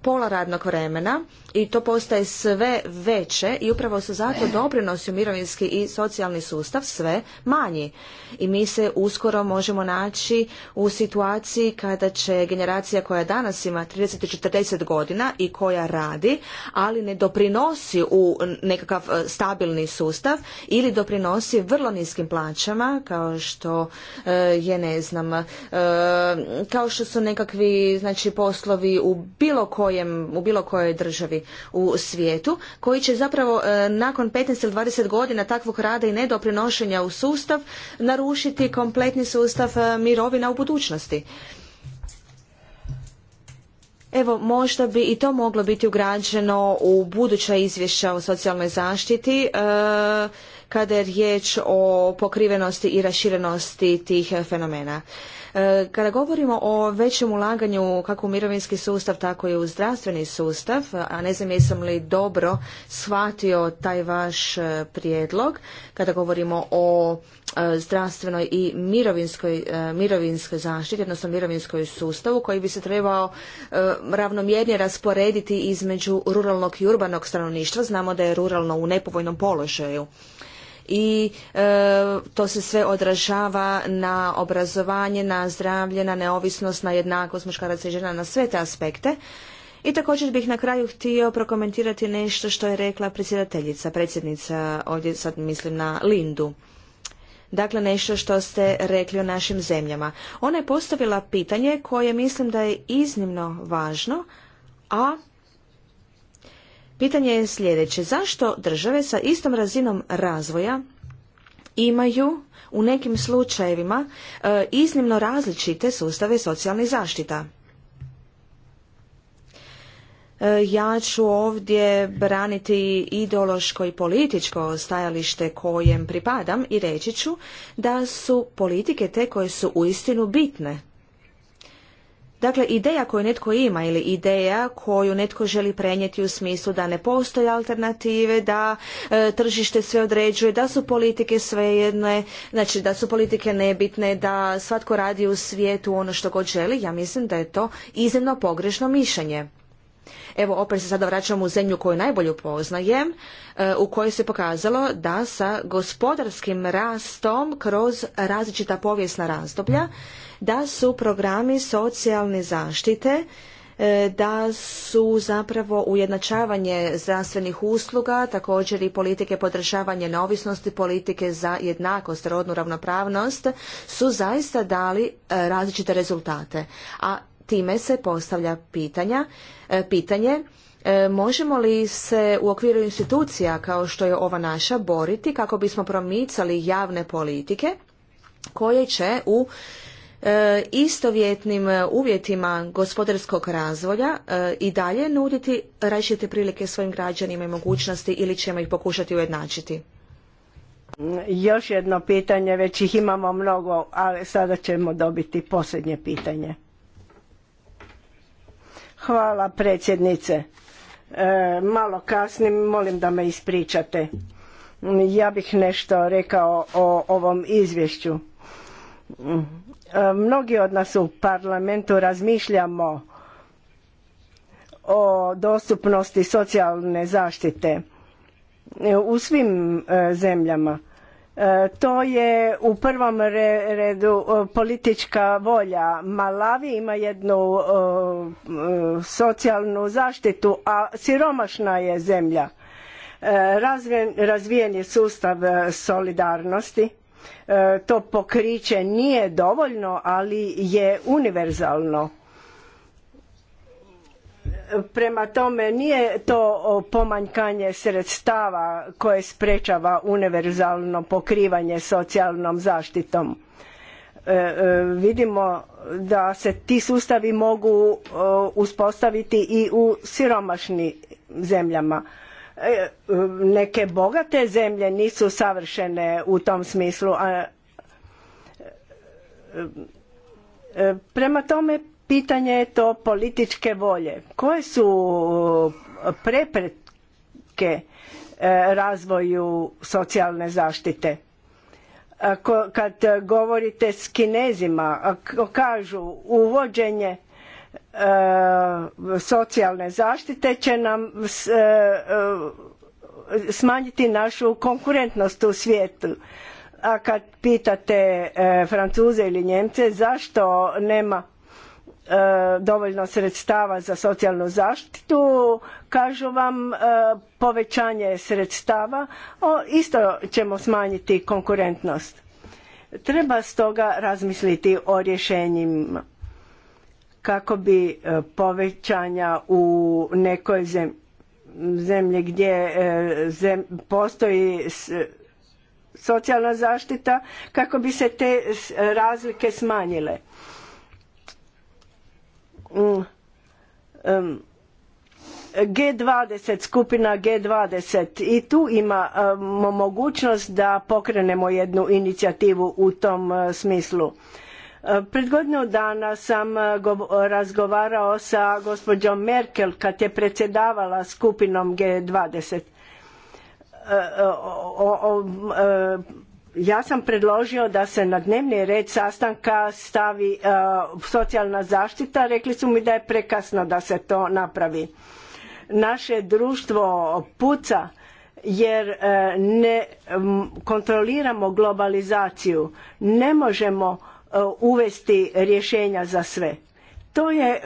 pola radnog vremena i to postaje sve veće i upravo su zato doprinosi u mirovinski i socijalni sustav sve manji. I mi se uskoro možemo naći u situaciji kada će generacija koja danas ima 30-40 godina i koja radi, ali ne doprinosi u nekakav stabilni sustav ili doprinosi nosi vrlo niskim plaćama kao što e, je ne znam e, kao što su nekakvi znači poslovi u bilo kojem u bilo kojoj državi u svijetu koji će zapravo e, nakon 15 ili 20 godina takvog rada i nedoprinošenja u sustav narušiti kompletni sustav mirovina u budućnosti. Evo, možda bi i to moglo biti ugrađeno u buduća izvješća o socijalnoj zaštiti. E, kada je riječ o pokrivenosti i raširenosti tih fenomena. E, kada govorimo o većem ulaganju kako u mirovinski sustav, tako i u zdravstveni sustav, a ne znam jesam li dobro shvatio taj vaš e, prijedlog, kada govorimo o e, zdravstvenoj i mirovinskoj, mirovinskoj zaštiti, odnosno mirovinskoj sustavu koji bi se trebao ravnomjernije rasporediti između ruralnog i urbanog stanovništva. Znamo da je ruralno u nepovoljnom položaju i e, to se sve odražava na obrazovanje, na zdravlje, na neovisnost, na jednakost muškaraca i žena, na sve te aspekte. I također bih na kraju htio prokomentirati nešto što je rekla predsjedateljica, predsjednica, ovdje sad mislim na Lindu. Dakle, nešto što ste rekli o našim zemljama. Ona je postavila pitanje koje mislim da je iznimno važno, a Pitanje je sljedeće. Zašto države sa istom razinom razvoja imaju u nekim slučajevima e, iznimno različite sustave socijalnih zaštita? E, ja ću ovdje braniti ideološko i političko stajalište kojem pripadam i reći ću da su politike te koje su uistinu bitne. Dakle, ideja koju netko ima ili ideja koju netko želi prenijeti u smislu da ne postoje alternative, da e, tržište sve određuje, da su politike svejedne, znači da su politike nebitne, da svatko radi u svijetu ono što god želi, ja mislim da je to iznimno pogrešno mišljenje. Evo, opet se sada vraćam u zemlju koju najbolju poznajem, e, u kojoj se pokazalo da sa gospodarskim rastom kroz različita povijesna razdoblja da su programi socijalne zaštite e, da su zapravo ujednačavanje zdravstvenih usluga, također i politike podržavanja neovisnosti, politike za jednakost, rodnu ravnopravnost, su zaista dali e, različite rezultate. A time se postavlja pitanja, e, pitanje možemo li se u okviru institucija kao što je ova naša boriti kako bismo promicali javne politike koje će u E, istovjetnim e, uvjetima gospodarskog razvoja e, i dalje nuditi različite prilike svojim građanima i mogućnosti ili ćemo ih pokušati ujednačiti? Još jedno pitanje, već ih imamo mnogo, ali sada ćemo dobiti posljednje pitanje. Hvala predsjednice. malo kasnim, molim da me ispričate. Ja bih nešto rekao o ovom izvješću Mm. E, mnogi od nas u parlamentu razmišljamo o dostupnosti socijalne zaštite u svim e, zemljama. E, to je u prvom redu politička volja. Malavi ima jednu socijalnu zaštitu, a siromašna je zemlja. Razvijen je sustav solidarnosti E, to pokriće nije dovoljno, ali je univerzalno. Prema tome nije to pomanjkanje sredstava koje sprečava univerzalno pokrivanje socijalnom zaštitom. E, e, vidimo da se ti sustavi mogu uspostaviti i u siromašnim zemljama E, neke bogate zemlje nisu savršene u tom smislu a e, e, prema tome pitanje je to političke volje koje su prepreke razvoju socijalne zaštite kad govorite s kinezima kažu uvođenje E, socijalne zaštite će nam e, e, smanjiti našu konkurentnost u svijetu. A kad pitate Francuze ili Njemce zašto nema dovoljno sredstava za socijalnu zaštitu, kažu vam povećanje sredstava, o, isto ćemo smanjiti konkurentnost. Treba stoga razmisliti o rješenjima kako bi e, povećanja u nekoj zemlji gdje e, postoji socijalna zaštita kako bi se te razlike smanjile. Mm, G20, skupina G20 i tu ima mogućnost da pokrenemo jednu inicijativu u tom e, smislu. Pred godinu dana sam e, razgovarao sa gospođom Merkel kad je predsjedavala skupinom G20. E, e, ja sam predložio da se na dnevni red sastanka stavi socijalna zaštita. Rekli su mi da je prekasno da se to napravi. Naše društvo puca jer ne kontroliramo globalizaciju. Ne možemo E, uvesti rješenja za sve. To je,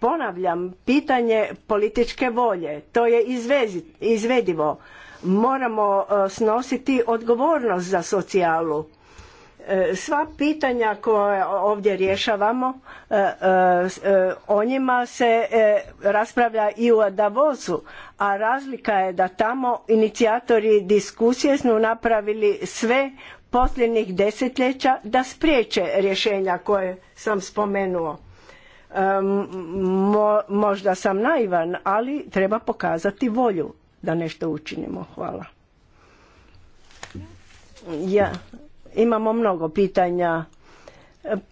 ponavljam, pitanje političke volje. To je izvedivo. Moramo e, snositi odgovornost za socijalu. E, sva pitanja koja ovdje rješavamo, o njima se raspravlja i u Davosu, a razlika je da tamo inicijatori diskusije su napravili sve posljednjih desetljeća da spriječe rješenja koje sam spomenuo. možda sam naivan, ali treba pokazati volju da nešto učinimo. Hvala. Ja, imamo mnogo pitanja,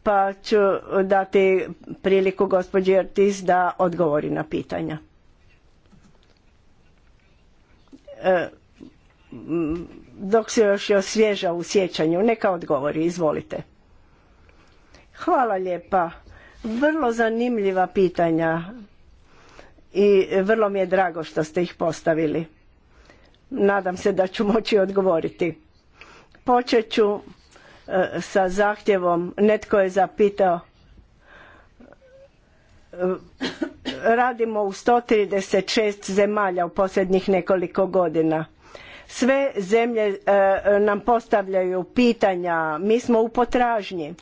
pa ću dati priliku gospođi Artis da odgovori na pitanja. E, dok se još je svježa u sjećanju. Neka odgovori, izvolite. Hvala lijepa. Vrlo zanimljiva pitanja i vrlo mi je drago što ste ih postavili. Nadam se da ću moći odgovoriti. Počet ću e, sa zahtjevom, netko je zapitao, e, radimo u 136 zemalja u posljednjih nekoliko godina sve zemlje e, nam postavljaju pitanja mi smo u potražnji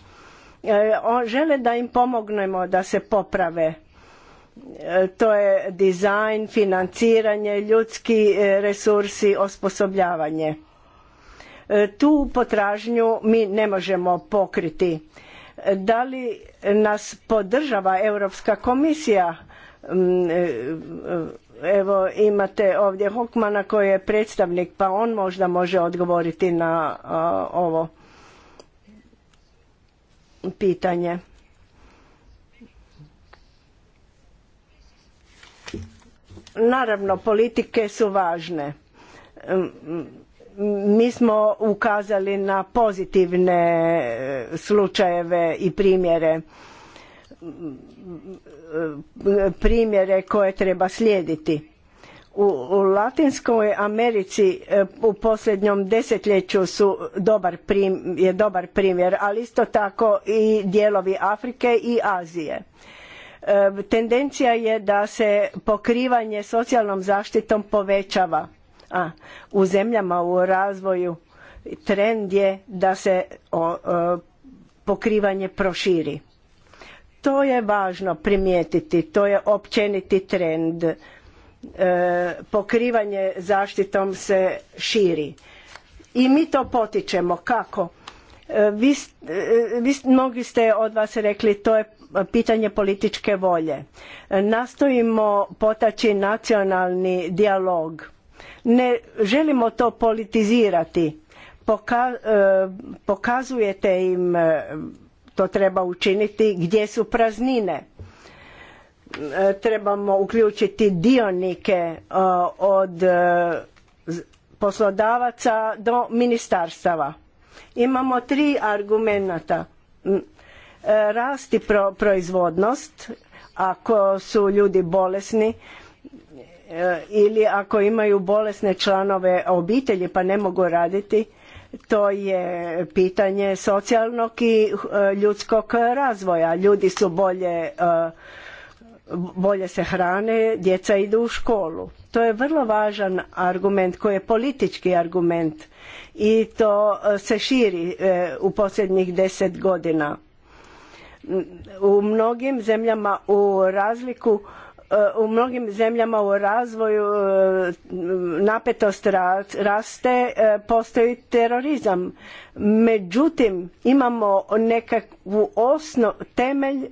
e, žele da im pomognemo da se poprave e, to je dizajn financiranje ljudski resursi osposobljavanje tu potražnju mi ne možemo pokriti da li nas podržava europska komisija mm, Evo imate ovdje Hokmana koji je predstavnik pa on možda može odgovoriti na ovo pitanje. Naravno, politike su važne. Mi smo ukazali na pozitivne e, slučajeve i primjere primjere koje treba slijediti. U, Latinskoj Americi e, u posljednjom desetljeću su dobar je dobar primjer, ali isto tako i dijelovi Afrike i Azije. E, tendencija je da se pokrivanje socijalnom zaštitom povećava. A u zemljama u razvoju trend je da se e, pokrivanje proširi. To je važno primijetiti, to je općeniti trend. E, pokrivanje zaštitom se širi. I mi to potičemo. Kako? E, vi, e, mnogi ste od vas rekli to je pitanje političke volje. nastojimo potaći nacionalni dijalog. Ne želimo to politizirati. pokazujete im to treba učiniti gdje su praznine e, trebamo uključiti dionike e, od e, poslodavaca do ministarstava imamo tri argumenta rasti proizvodnost ako su ljudi bolesni ili ako imaju bolesne članove obitelji pa ne mogu raditi to je pitanje socijalnog i e, ljudskog razvoja ljudi su bolje e, bolje se hrane djeca idu u školu to je vrlo važan argument koji je politički argument i to e, se širi u posljednjih deset godina u mnogim zemljama u razliku E, u mnogim zemljama u razvoju e, napetost raste, e, postoji terorizam. Međutim, imamo nekakvu osnov, temelj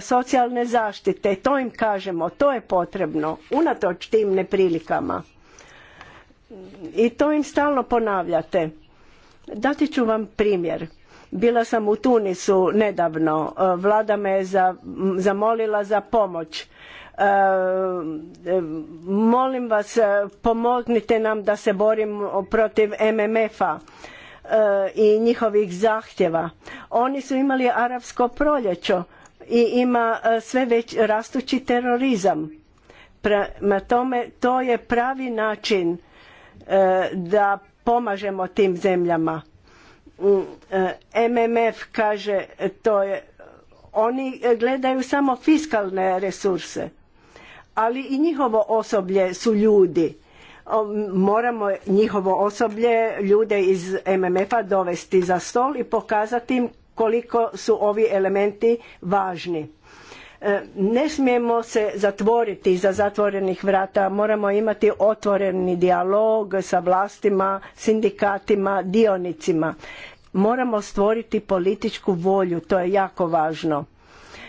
socijalne zaštite. To im kažemo, to je potrebno, unatoč tim neprilikama. I to im stalno ponavljate. Dati ću vam primjer. Bila sam u Tunisu nedavno, vlada me je zamolila za pomoć Ehm, molim vas e, pomognite nam da se borimo protiv MMF-a e, i njihovih zahtjeva. Oni su imali arapsko proljeće i ima e, sve već rastući terorizam. Prema tome to je pravi način da pomažemo tim zemljama. MMF kaže to je oni gledaju samo fiskalne resurse ali i njihovo osoblje su ljudi moramo njihovo osoblje ljude iz MMF-a dovesti za stol i pokazati im koliko su ovi elementi važni e, ne smijemo se zatvoriti iza zatvorenih vrata moramo imati otvoreni dijalog sa vlastima sindikatima dionicima moramo stvoriti političku volju to je jako važno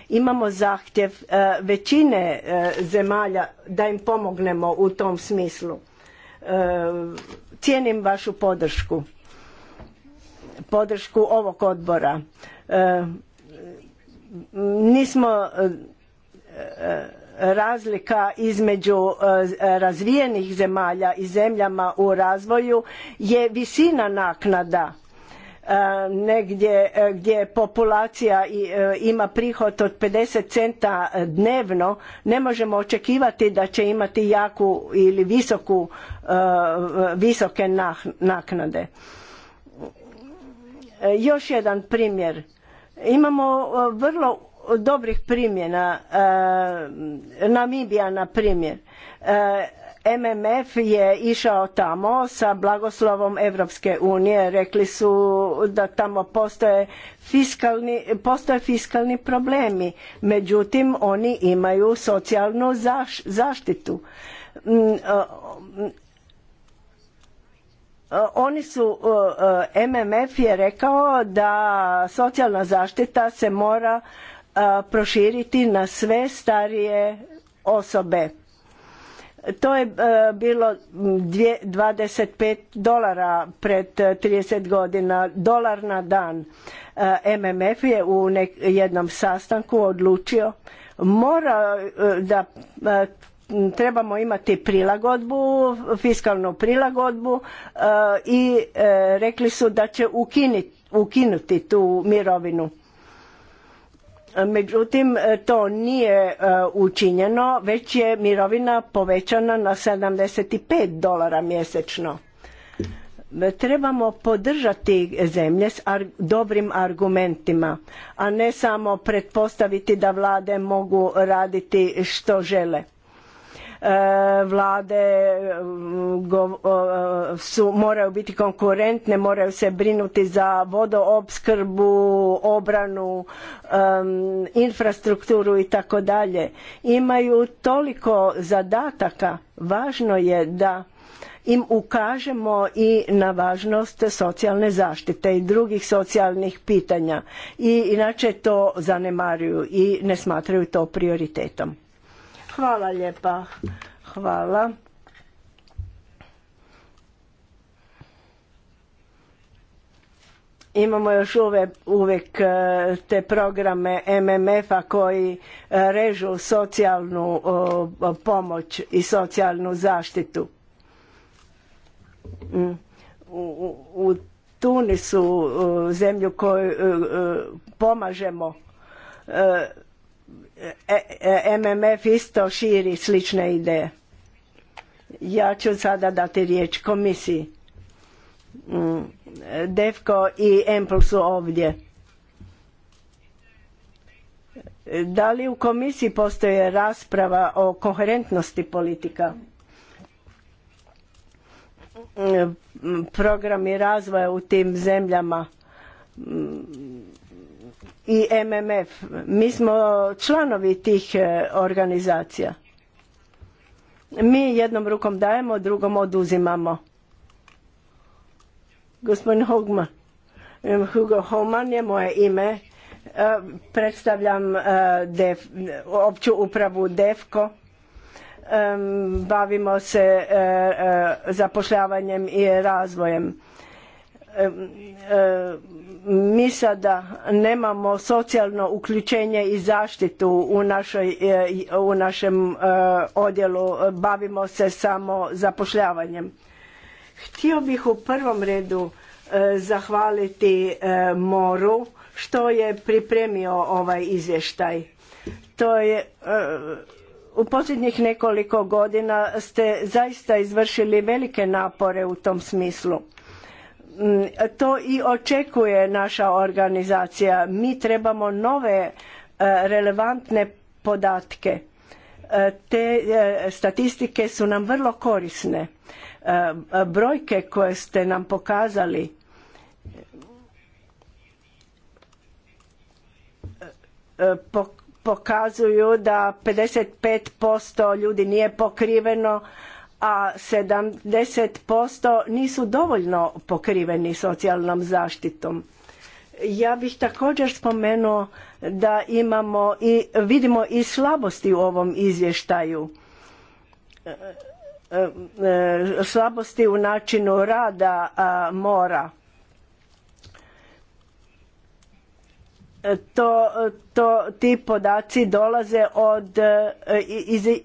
Imamo zahtjev e, većine e, zemalja da im pomognemo u tom smislu. E, cijenim vašu podršku, podršku ovog odbora. Nismo razlika između razvijenih zemalja i zemljama u razvoju je visina naknada E, negdje e, gdje populacija e, ima prihod od 50 centa dnevno ne možemo očekivati da će imati jaku ili visoku, visoke naknade. Još jedan primjer. Imamo vrlo dobrih primjena. Namibija na primjer. MMF je išao tamo sa blagoslovom Europske unije, rekli su da tamo postoje fiskalni, postoje fiskalni problemi, međutim oni imaju socijalnu zaštitu. Mm, oni su, MMF je rekao da socijalna zaštita se mora proširiti na sve starije osobe to je e, bilo 25 dolara pred 30 e, godina, dolar na dan. E, MMF je u jednom sastanku odlučio mora da trebamo imati prilagodbu, fiskalnu prilagodbu i rekli su da će ukinuti tu mirovinu Međutim, e, to nije e, učinjeno, već je mirovina povećana na 75 dolara mjesečno. E, trebamo podržati zemlje s dobrim argumentima, a ne samo pretpostaviti da vlade mogu raditi što žele E, vlade mm, su, moraju biti konkurentne, moraju se brinuti za vodoopskrbu, obranu, infrastrukturu i tako dalje. Imaju toliko zadataka, važno je da im ukažemo i na važnost socijalne zaštite i drugih socijalnih pitanja i inače to zanemaruju i ne smatraju to prioritetom. Hvala lijepa. Hvala. Imamo još uvijek, e, te programe MMF-a koji e, režu socijalnu pomoć i socijalnu zaštitu. Mm. U, Tunisu, zemlju koju e, pomažemo, E, e, e, MMF isto širi slične ideje. Ja ću sada dati riječ komisiji. Mm, Devko i Empl su ovdje. Da li u komisiji postoje rasprava o koherentnosti politika? Mm, Programi razvoja u tim zemljama mm, i MMF. Mi smo članovi tih e, organizacija. Mi jednom rukom dajemo, drugom oduzimamo. Gospodin Hogman, e, Hugo Homan je moje ime. E, predstavljam Def, opću upravu DEFKO. Bavimo se zapošljavanjem i razvojem mi sada nemamo socijalno uključenje i zaštitu u, e, u našem e, odjelu, bavimo se samo zapošljavanjem. Htio bih u prvom redu e, zahvaliti Moru što je pripremio ovaj izvještaj. To je u posljednjih nekoliko godina ste zaista izvršili velike napore u tom smislu Mm, to i očekuje naša organizacija. Mi trebamo nove e, relevantne podatke. E, te e, statistike su nam vrlo korisne. Brojke koje ste nam pokazali pokazuju da 55% ljudi nije pokriveno, a 70% nisu dovoljno pokriveni socijalnom zaštitom. Ja bih također spomenuo da imamo i vidimo i slabosti u ovom izvještaju. E, e, e, slabosti u načinu rada mora to, to, ti podaci dolaze od e,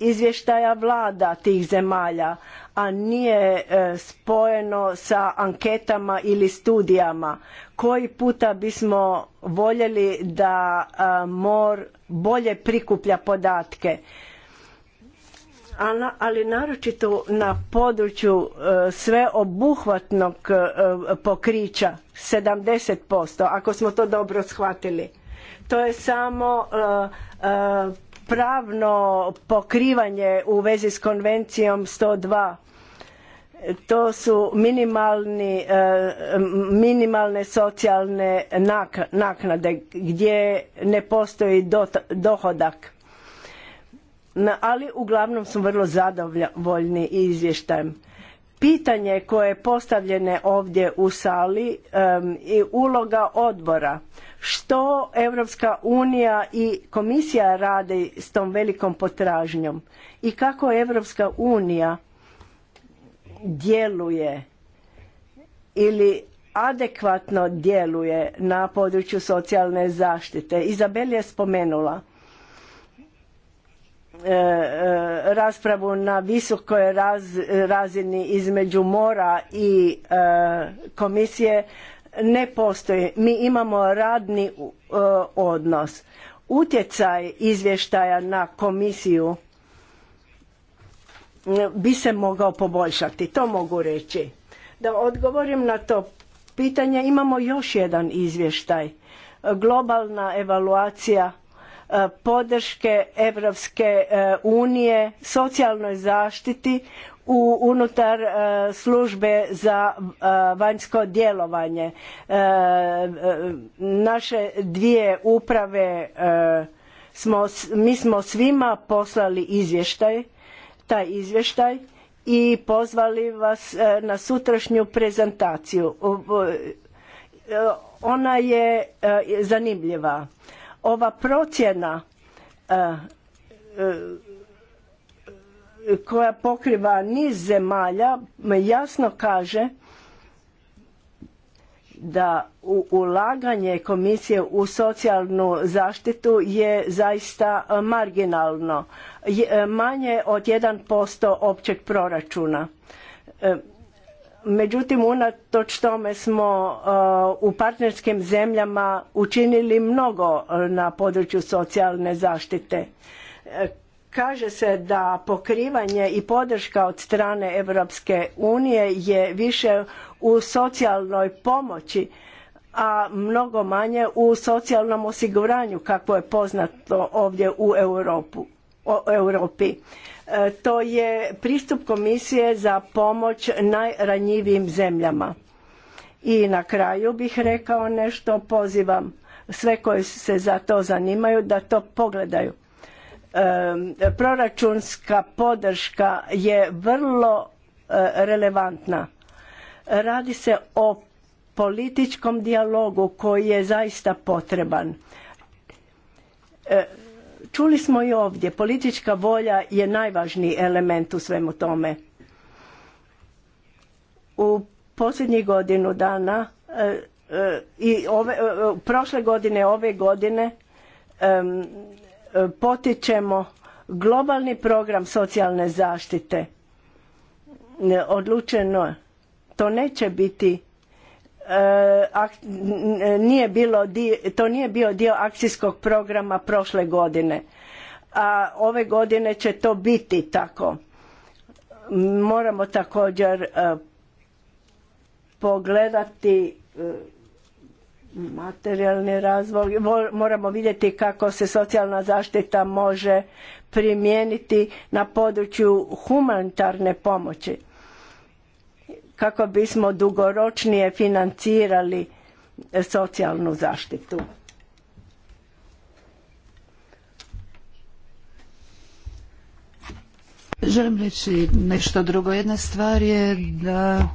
izvještaja vlada tih zemalja, a nije e, spojeno sa anketama ili studijama. Koji puta bismo voljeli da e, mor bolje prikuplja podatke? ali naročito na području e, sveobuhvatnog e, pokrića 70%, ako smo to dobro shvatili. To je samo e, pravno pokrivanje u vezi s konvencijom 102 to su minimalne socijalne naknade gdje ne postoji dohodak ali uglavnom su vrlo zadovoljni izvještajem. Pitanje koje je postavljene ovdje u sali i uloga odbora. Što Europska unija i komisija rade s tom velikom potražnjom i kako Europska unija djeluje ili adekvatno djeluje na području socijalne zaštite. Izabel je spomenula E, e, raspravu na visokoj razini između mora i e, komisije ne postoji. Mi imamo radni odnos. Utjecaj izvještaja na komisiju bi se mogao poboljšati. To mogu reći. Da odgovorim na to pitanje, imamo još jedan izvještaj. Globalna evaluacija E, podrške Europske e, unije socijalnoj zaštiti u unutar e, službe za vanjsko djelovanje. Naše dvije uprave mi smo svima poslali izvještaj, taj izvještaj i pozvali vas na sutrašnju prezentaciju. Ona je zanimljiva. Ova procjena e, e, koja pokriva niz zemalja jasno kaže da ulaganje komisije u socijalnu zaštitu je zaista marginalno e, manje od 1% općeg proračuna međutim unatoč tome smo uh, u partnerskim zemljama učinili mnogo uh, na području socijalne zaštite uh, kaže se da pokrivanje i podrška od strane Europske unije je više u socijalnoj pomoći a mnogo manje u socijalnom osiguranju kako je poznato ovdje u Europu, U Europi. E, to je pristup komisije za pomoć najranjivijim zemljama. I na kraju bih rekao nešto, pozivam sve koji se za to zanimaju da to pogledaju. E, proračunska podrška je vrlo e, relevantna. Radi se o političkom dijalogu koji je zaista potreban. Čuli smo i ovdje, politička volja je najvažniji element u svemu tome. U posljednjih godinu dana e, e, i ove, e, prošle godine, ove godine potičemo globalni program socijalne zaštite. Odlučeno to neće biti Eh, nije bilo to nije bio dio akcijskog programa prošle godine a ove godine će to biti tako moramo također eh, pogledati eh, materijalni razvoj moramo vidjeti kako se socijalna zaštita može primijeniti na području humanitarne pomoći kako bismo dugoročnije financirali socijalnu zaštitu. Želim reći nešto drugo. Jedna stvar je da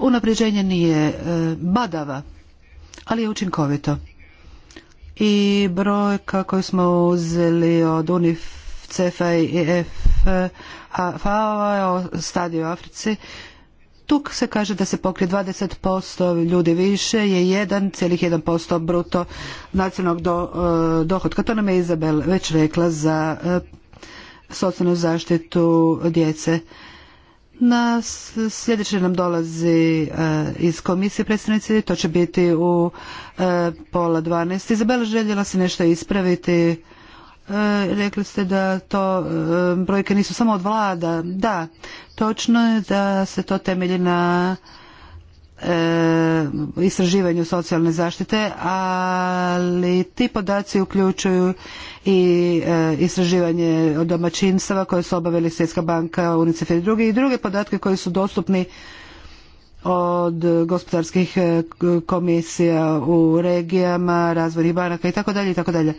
unapređenje nije e, badava, ali je učinkovito. I broj kako smo uzeli od UNIF, CEFA i EF FAO o e, u Africi. Tu se kaže da se pokrije 20% ljudi više je 1,1% bruto nacionalnog e, dohotka dohodka. To nam je Izabel već rekla za e, socijalnu zaštitu djece. Na sljedeće nam dolazi iz komisije predstavnici, to će biti u pola 12. Izabela željela se nešto ispraviti. E, rekli ste da to e, brojke nisu samo od vlada. Da, točno je da se to temelji na e, istraživanju socijalne zaštite, ali ti podaci uključuju i istraživanje domaćinstava koje su obavili Svjetska banka, UNICEF i drugi i druge podatke koji su dostupni od gospodarskih e, komisija u regijama, razvojnih banaka i tako dalje i tako dalje.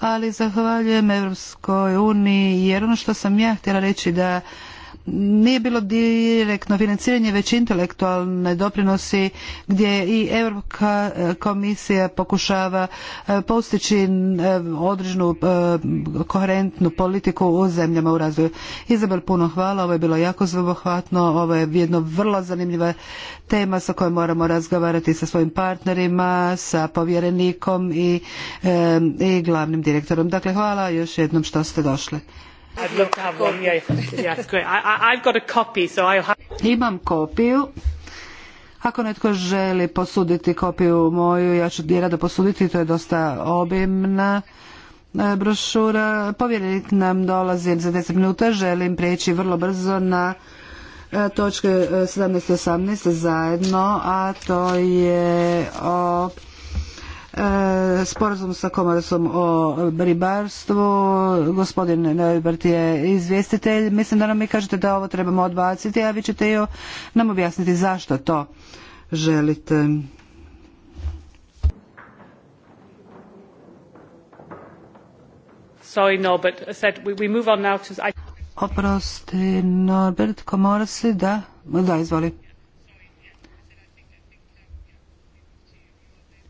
Ali zahvaljujem Europskoj uniji jer ono što sam ja htjela reći da nije bilo direktno financiranje već intelektualne doprinosi gdje i Europska e, komisija pokušava e, postići e, određenu koherentnu politiku u zemljama u razvoju. Izabel, puno hvala, ovo je bilo jako zvobohvatno, ovo je jedna vrlo zanimljiva tema sa kojom moramo razgovarati sa svojim partnerima, sa povjerenikom i, i glavnim direktorom. Dakle, hvala još jednom što ste došli a Imam kopiju. Ako netko želi posuditi kopiju moju, ja ću je rado posuditi, to je dosta obimna e, brošura. Povjerenik nam dolazi za 10 minuta, želim prijeći vrlo brzo na e, točke 17 e, 18 zajedno, a to je o E, sporazum sa komarsom o ribarstvu. Gospodin Neubert je izvjestitelj. Mislim da nam vi kažete da ovo trebamo odbaciti, a vi ćete nam objasniti zašto to želite. Sorry, but I Oprosti, Norbert, da? Da, izvoli.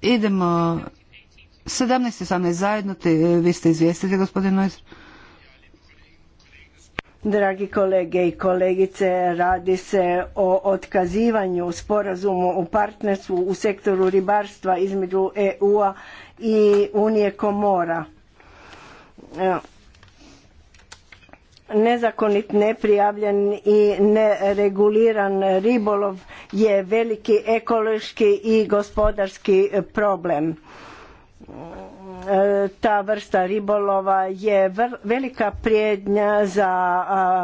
Idemo 17.18 i zajedno, e, vi ste izvijestili gospodin Dragi kolege i kolegice, radi se o otkazivanju sporazumu o partnerstvu u sektoru ribarstva između EU-a i Unije Komora nezakonit, neprijavljen i nereguliran ribolov je veliki ekološki i gospodarski problem. Ta vrsta ribolova je velika prijednja za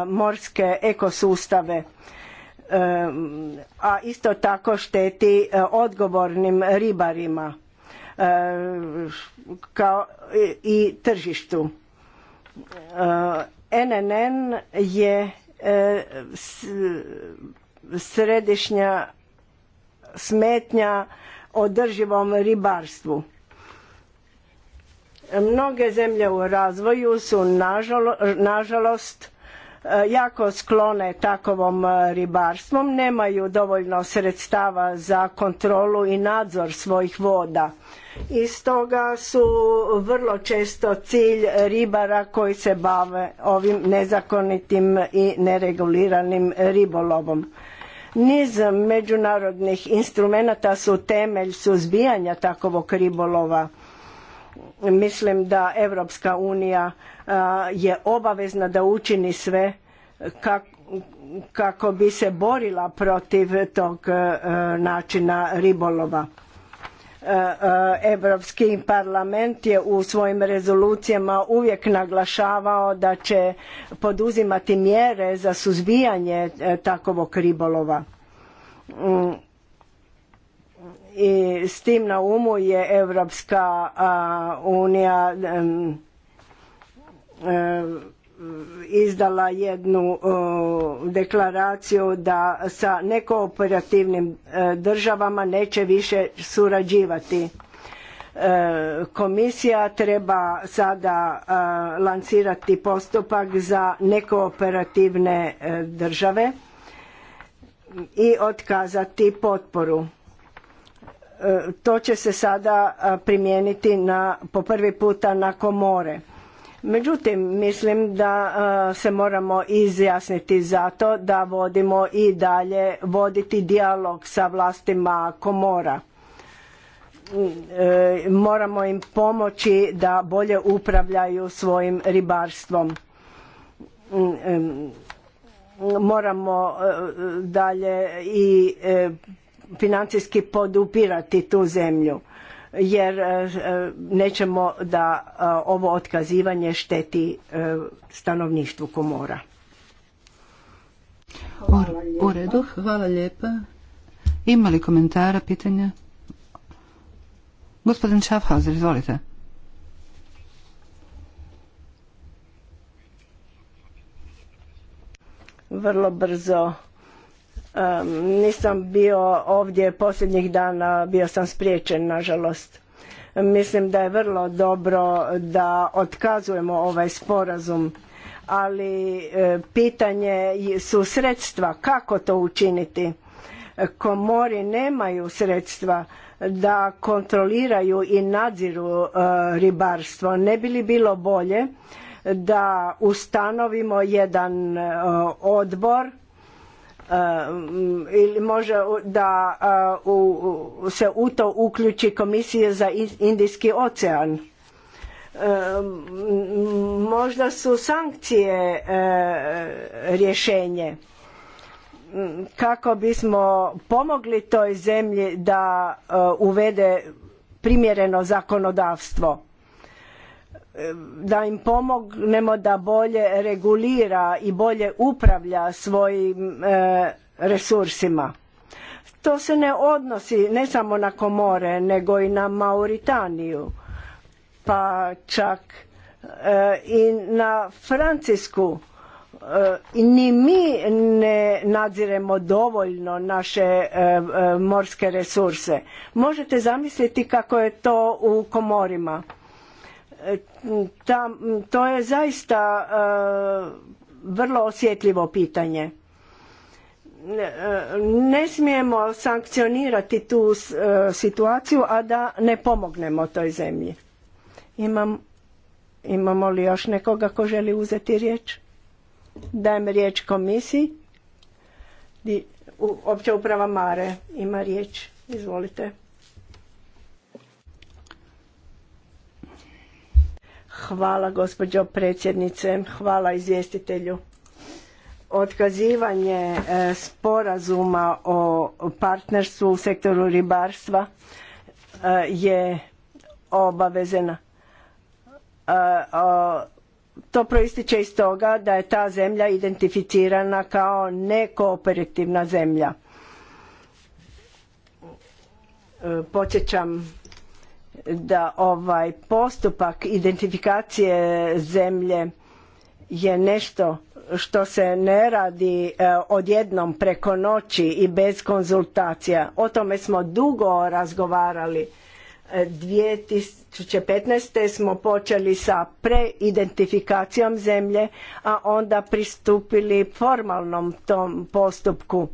morske ekosustave, e, a isto tako šteti e, odgovornim ribarima e, kao i tržištu NNN je e, središnja smetnja održivom ribarstvu. Mnoge zemlje u razvoju su nažalost e, jako sklone takovom ribarstvom, nemaju dovoljno sredstava za kontrolu i nadzor svojih voda i stoga su vrlo često cilj ribara koji se bave ovim nezakonitim i nereguliranim ribolovom. Niz međunarodnih instrumenata su temelj suzbijanja takovog ribolova. Mislim da Europska unija je obavezna da učini sve kako bi se borila protiv tog načina ribolova E, e, Europski parlament je u svojim rezolucijama uvijek naglašavao da će poduzimati mjere za suzbijanje e, takovog ribolova. Mm. I s tim na umu je Europska unija izdala jednu deklaraciju da sa nekooperativnim e, državama neće više surađivati. E, komisija treba sada e, lancirati postupak za nekooperativne države i otkazati potporu. To će se sada primijeniti na, po prvi puta na komore Međutim, mislim da e, se moramo izjasniti zato da vodimo i dalje voditi dijalog sa vlastima komora. E, moramo im pomoći da bolje upravljaju svojim ribarstvom. Mm, moramo e, dalje i financijski podupirati tu zemlju jer e, nećemo da e, ovo otkazivanje šteti e, stanovništvu komora. u redu, hvala lijepa. Ima li komentara, pitanja? Gospodin Schaffhauser, izvolite. Vrlo brzo nisam bio ovdje posljednjih dana, bio sam spriječen nažalost. Mislim da je vrlo dobro da otkazujemo ovaj sporazum, ali e, pitanje su sredstva kako to učiniti. Komori nemaju sredstva da kontroliraju i nadziru e, ribarstvo. Ne bi li bilo bolje da ustanovimo jedan e, odbor Eh, ili može da eh, se u to uključi komisije za Indijski ocean. Eh, možda su sankcije rješenje mm, kako bismo pomogli toj zemlji da uvede primjereno zakonodavstvo da im pomognemo da bolje regulira i bolje upravlja svojim e, resursima. To se ne odnosi ne samo na komore nego i na Mauritaniju pa čak e, i na Francisku e, ni mi ne nadziremo dovoljno naše morske resurse. Možete zamisliti kako je to u komorima to je zaista e, vrlo osjetljivo pitanje. E, ne smijemo sankcionirati tu e, situaciju, a da ne pomognemo toj zemlji. imamo li još nekoga ko želi uzeti riječ? Dajem riječ komisiji. Opća uprava Mare ima riječ. Izvolite. Hvala gospođo predsjednice, hvala izvjestitelju. Otkazivanje e, sporazuma o partnerstvu u sektoru ribarstva e, je obavezena. E, to proističe iz toga da je ta zemlja identificirana kao nekooperativna zemlja. Podsjećam da ovaj postupak identifikacije zemlje je nešto što se ne radi e, odjednom preko noći i bez konzultacija. O tome smo dugo razgovarali. 2015. E, smo počeli sa preidentifikacijom zemlje, a onda pristupili formalnom tom postupku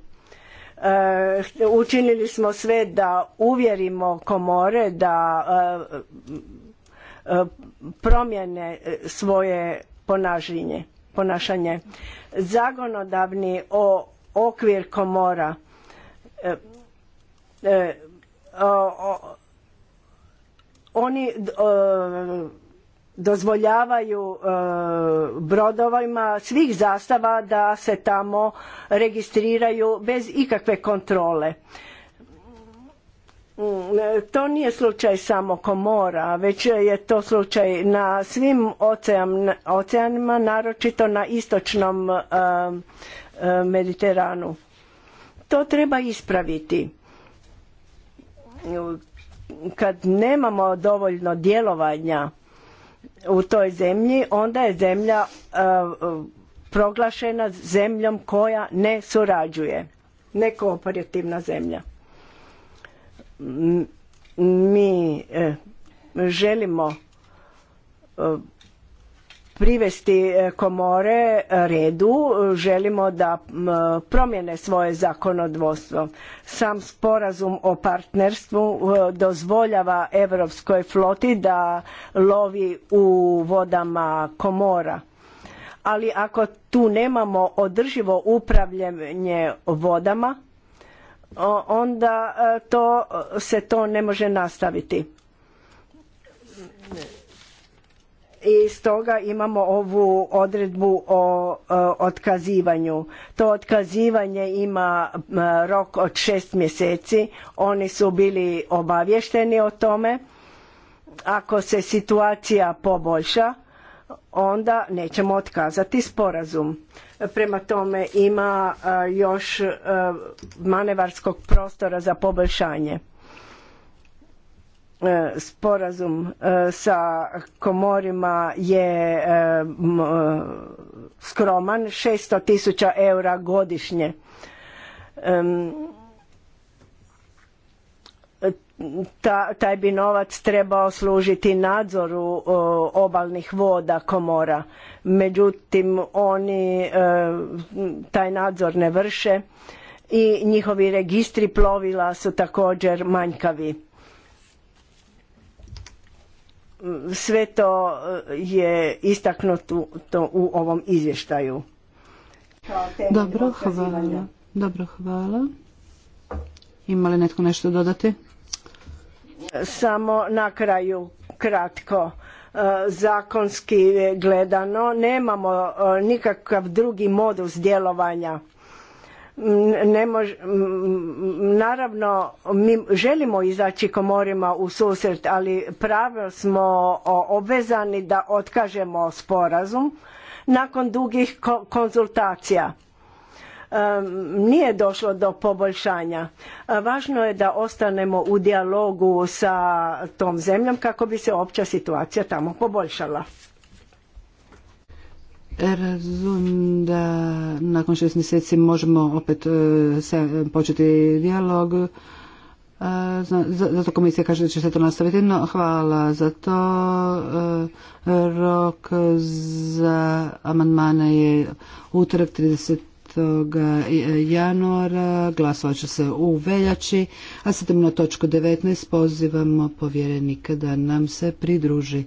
E, učinili smo sve da uvjerimo komore da e, e, promjene svoje ponašanje. Zagonodavni okvir komora oni dozvoljavaju e, brodovima svih zastava da se tamo registriraju bez ikakve kontrole. Mm, e, to nije slučaj samo komora, već je to slučaj na svim oceanima, naročito na istočnom e, Mediteranu. To treba ispraviti. Kad nemamo dovoljno djelovanja, u toj zemlji onda je zemlja e, proglašena zemljom koja ne surađuje kooperativna zemlja mi e, želimo e, privesti e, komore e, redu, želimo da promjene svoje zakonodvostvo. Sam sporazum o partnerstvu e, dozvoljava europskoj floti da lovi u vodama komora. Ali ako tu nemamo održivo upravljanje vodama, onda to, se to ne može nastaviti i stoga imamo ovu odredbu o e, otkazivanju. To otkazivanje ima e, rok od šest mjeseci, oni su bili obavješteni o tome. Ako se situacija poboljša, onda nećemo otkazati sporazum. Prema tome ima e, još manevarskog prostora za poboljšanje. E, sporazum e, sa komorima je e, skroman, 600 tisuća eura godišnje. taj bi novac trebao služiti nadzoru obalnih voda komora međutim oni taj nadzor ne vrše i njihovi registri plovila su također manjkavi sve to e, je istaknuto u ovom izvještaju. Dobro, hvala. Dobro, hvala. Ima li netko nešto dodati? Samo na kraju, kratko. E, zakonski gledano, nemamo e, nikakav drugi modus djelovanja ne mož, naravno mi želimo izaći komorima u susret ali pravo smo obvezani da otkažemo sporazum nakon dugih konzultacija nije došlo do poboljšanja. Važno je da ostanemo u dijalogu sa tom zemljom kako bi se opća situacija tamo poboljšala. Razum da nakon šest mjeseci možemo opet e, početi dijalog. E, zato komisija kaže da će se to nastaviti. No, hvala za to. E, rok za amandmane je utorak 30. januara. Glasovat će se u veljači. A sad na točku 19. Pozivamo povjerenika da nam se pridruži.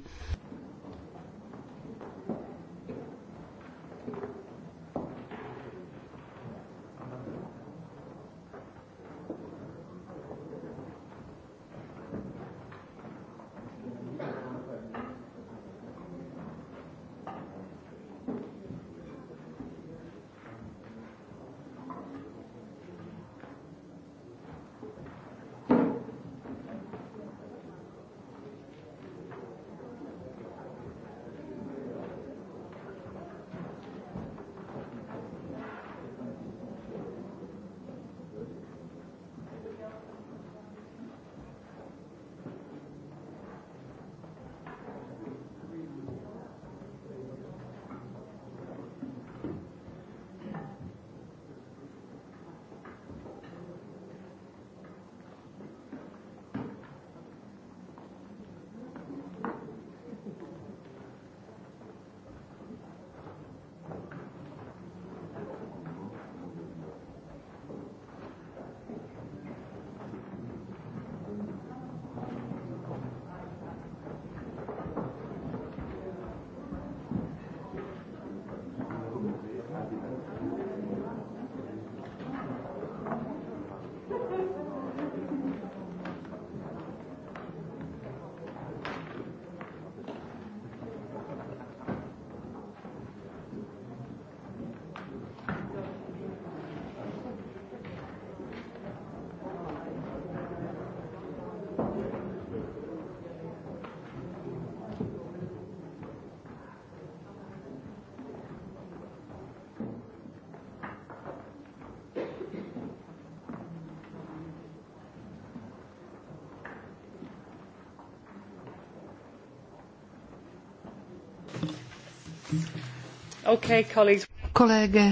Kolege,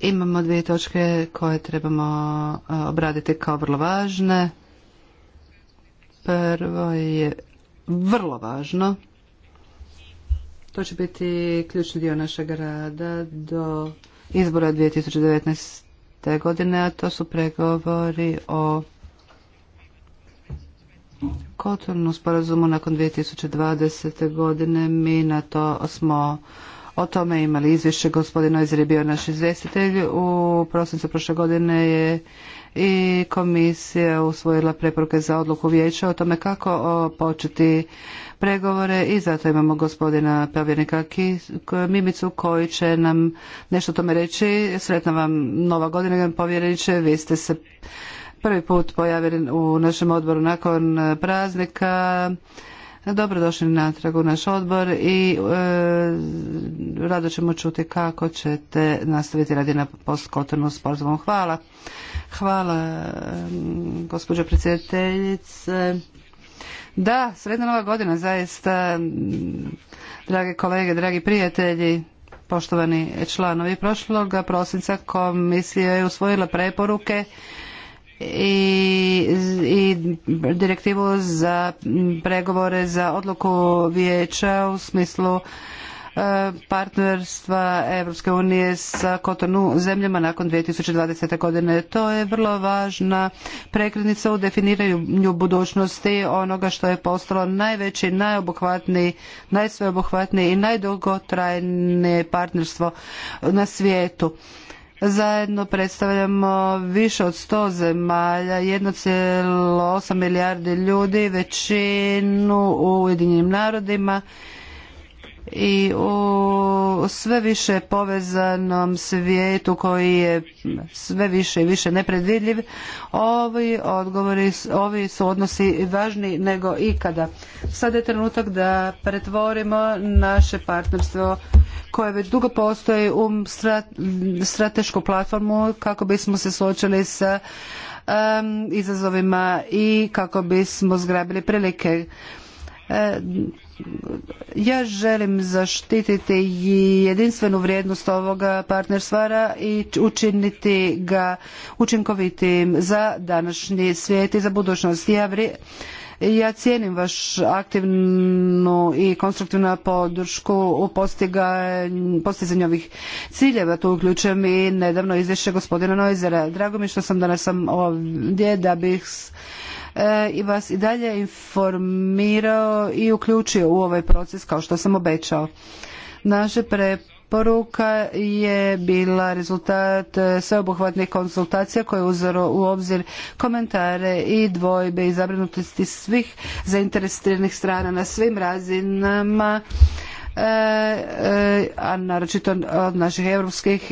imamo dvije točke koje trebamo e, obraditi kao vrlo važne. Prvo je vrlo važno. To će biti ključni dio našeg rada do izbora 2019. godine, a to su pregovori o kulturnom sporazumu nakon 2020. godine. Mi na to smo o tome imali izvješće. Gospodin Noizer je bio naš izvjestitelj. U prosincu prošle godine je i komisija usvojila preporuke za odluku vijeća o tome kako početi pregovore i zato imamo gospodina povjerenika Mimicu koji će nam nešto o tome reći. Sretna vam nova godina povjereniče, vi ste se prvi put pojavili u našem odboru nakon praznika. Dobrodošli natrag u naš odbor i e, rado ćemo čuti kako ćete nastaviti radi na postkotornu sporazumom. Hvala. Hvala mm, gospođo predsjedateljice. Da, sredna nova godina zaista, mm, drage kolege, dragi prijatelji, poštovani članovi prošloga prosinca komisija je usvojila preporuke i, i direktivu za pregovore za odluku vijeća u smislu e, partnerstva Europske unije sa Kotonu zemljama nakon 2020. godine. To je vrlo važna prekretnica u definiranju budućnosti onoga što je postalo najveći, najobuhvatniji, najsveobuhvatniji i najdugotrajnije partnerstvo na svijetu. Zajedno predstavljamo više od 100 zemalja, 1,8 milijardi ljudi, većinu u Ujedinjenim narodima i u sve više povezanom svijetu koji je sve više i više nepredvidljiv, ovi odgovori, ovi su odnosi važni nego ikada. Sada je trenutak da pretvorimo naše partnerstvo koje već dugo postoji u stratešku platformu kako bismo se suočili sa izazovima i kako bismo zgrabili prilike. E, ja želim zaštititi jedinstvenu vrijednost ovoga partnerstva i učiniti ga učinkovitim za današnji svijet i za budućnost. Ja ja cijenim vaš aktivnu i konstruktivnu podršku u postizanju ovih ciljeva. Tu uključujem i nedavno izvješće gospodina Noizera. Drago mi što sam danas ovdje da bih e, i vas i dalje informirao i uključio u ovaj proces kao što sam obećao. Naše pre Poruka je bila rezultat e, sveobuhvatnih konsultacija koje je uzelo u obzir komentare i dvojbe i zabrinutosti svih zainteresiranih strana na svim razinama e, e, a naročito od naših europskih,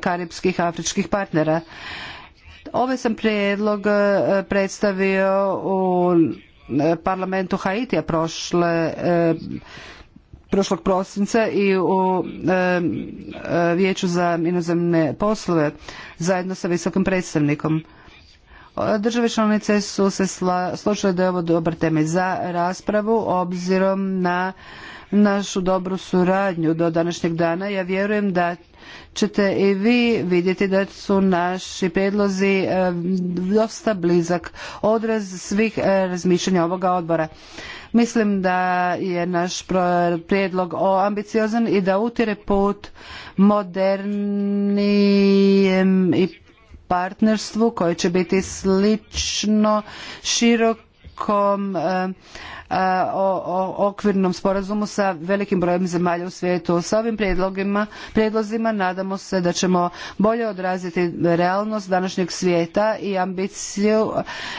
karipskih, afričkih partnera. Ovaj sam prijedlog predstavio u parlamentu Haitija prošle prošlog prosinca i u e, Vijeću za inozemne poslove zajedno sa visokim predstavnikom. Države članice su se složile da je ovo dobar temelj za raspravu obzirom na našu dobru suradnju do današnjeg dana. Ja vjerujem da ćete i vi vidjeti da su naši prijedlozi e, dosta blizak odraz svih e, razmišljanja ovoga odbora. Mislim da je naš prijedlog ambiciozan i da utire put modernijem i partnerstvu koje će biti slično širokom e, o, okvirnom sporazumu sa velikim brojem zemalja u svijetu. Sa ovim prijedlozima nadamo se da ćemo bolje odraziti realnost današnjeg svijeta i ambiciju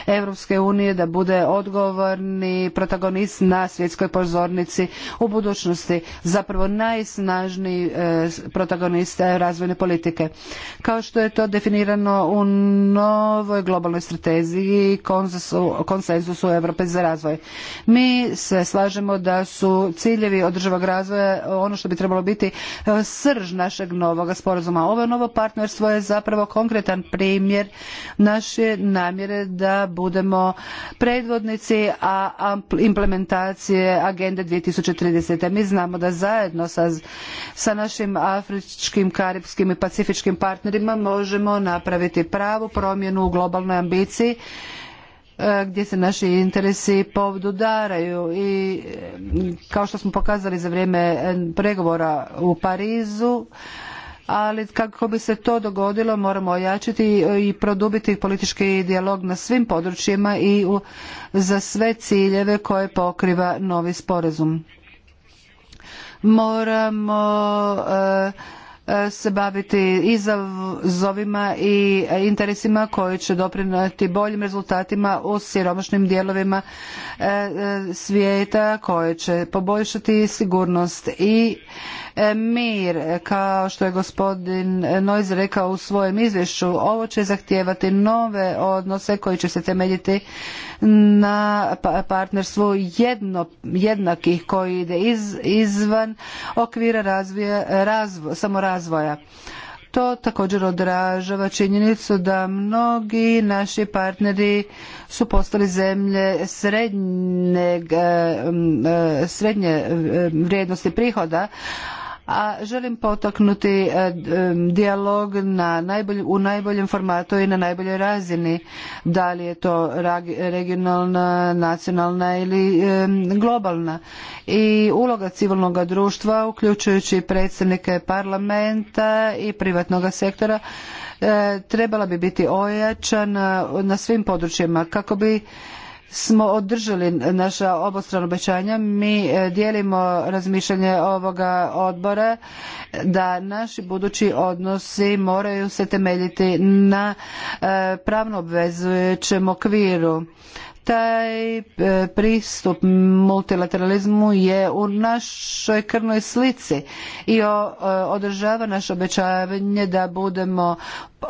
Europske unije da bude odgovorni protagonist na svjetskoj pozornici u budućnosti. Zapravo najsnažniji e, protagonist razvojne politike. Kao što je to definirano u novoj globalnoj strategiji konsenzusu Europe za razvoj. Mi mi se slažemo da su ciljevi održivog razvoja ono što bi trebalo biti e, srž našeg novog sporazuma. Ovo novo partnerstvo je zapravo konkretan primjer naše namjere da budemo predvodnici a implementacije agende 2030. Mi znamo da zajedno sa, sa našim afričkim, karipskim i pacifičkim partnerima možemo napraviti pravu promjenu u globalnoj ambiciji E, gdje se naši interesi podudaraju i e, kao što smo pokazali za vrijeme e, pregovora u Parizu ali kako bi se to dogodilo moramo ojačati i produbiti politički dijalog na svim područjima i za sve ciljeve koje pokriva novi sporazum moramo E, se baviti izazovima i interesima koji će doprinijeti boljim rezultatima u siromašnim dijelovima e, e, svijeta koje će poboljšati sigurnost i E, mir. Kao što je gospodin Noiz rekao u svojem izvješću, ovo će zahtijevati nove odnose koji će se temeljiti na pa, partnerstvu jedno, jednakih koji ide izvan okvira razvoja, samorazvoja. To također odražava činjenicu da mnogi naši partneri su postali zemlje srednjeg, e, e, srednje vrijednosti prihoda, a želim potaknuti e, dijalog na u najboljem formatu i na najboljoj razini, da li je to regionalna, nacionalna ili globalna. I uloga civilnog društva, uključujući predstavnike parlamenta i privatnog sektora, e, trebala bi biti ojačana na svim područjima kako bi smo održali naša obostrana obećanja. Mi e, dijelimo razmišljanje ovoga odbora da naši budući odnosi moraju se temeljiti na e, pravno obvezujućem okviru taj e, pristup multilateralizmu je u našoj krvnoj slici i e, održava naše obećavanje da budemo e,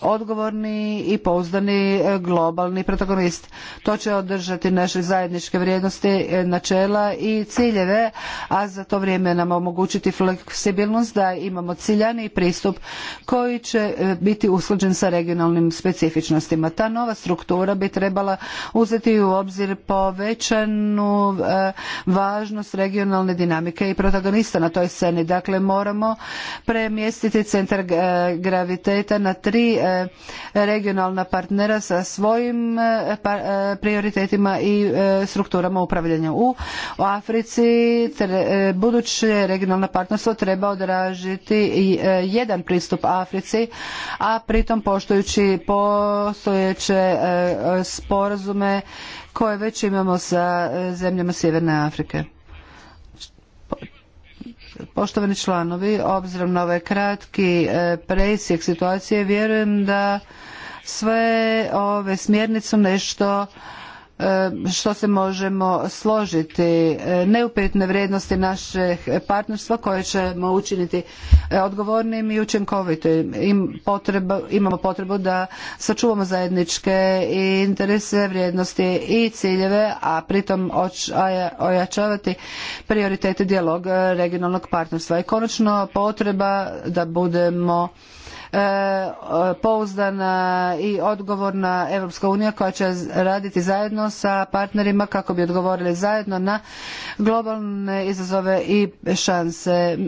odgovorni i pouzdani globalni protagonist. To će održati naše zajedničke vrijednosti, načela i ciljeve, a za to vrijeme nam omogućiti fleksibilnost da imamo ciljani pristup koji će biti usklađen sa regionalnim specifičnostima. Ta nova struktura bi trebala uzeti u obzir povećanu e, važnost regionalne dinamike i protagonista na toj sceni. Dakle, moramo premjestiti centar e, graviteta na tri e, regionalna partnera sa svojim pa, prioritetima i strukturama upravljanja. U Africi buduće regionalno partnerstvo treba odražiti jedan pristup Africi, a pritom poštujući postojeće sporazum sporazume koje već imamo sa e, zemljama Sjeverne Afrike. Poštovani članovi, obzirom na ovaj kratki e, presjek situacije, vjerujem da sve ove smjernicu nešto E, što se možemo složiti e, neupitne vrijednosti našeg partnerstva koje ćemo učiniti e, odgovornim i učinkovitim imamo potrebu da sačuvamo zajedničke interese vrijednosti i ciljeve a pritom ojačavati prioritete dijalog regionalnog partnerstva i konačno potreba da budemo E, pouzdana i odgovorna Europska unija koja će raditi zajedno sa partnerima kako bi odgovorili zajedno na globalne izazove i šanse.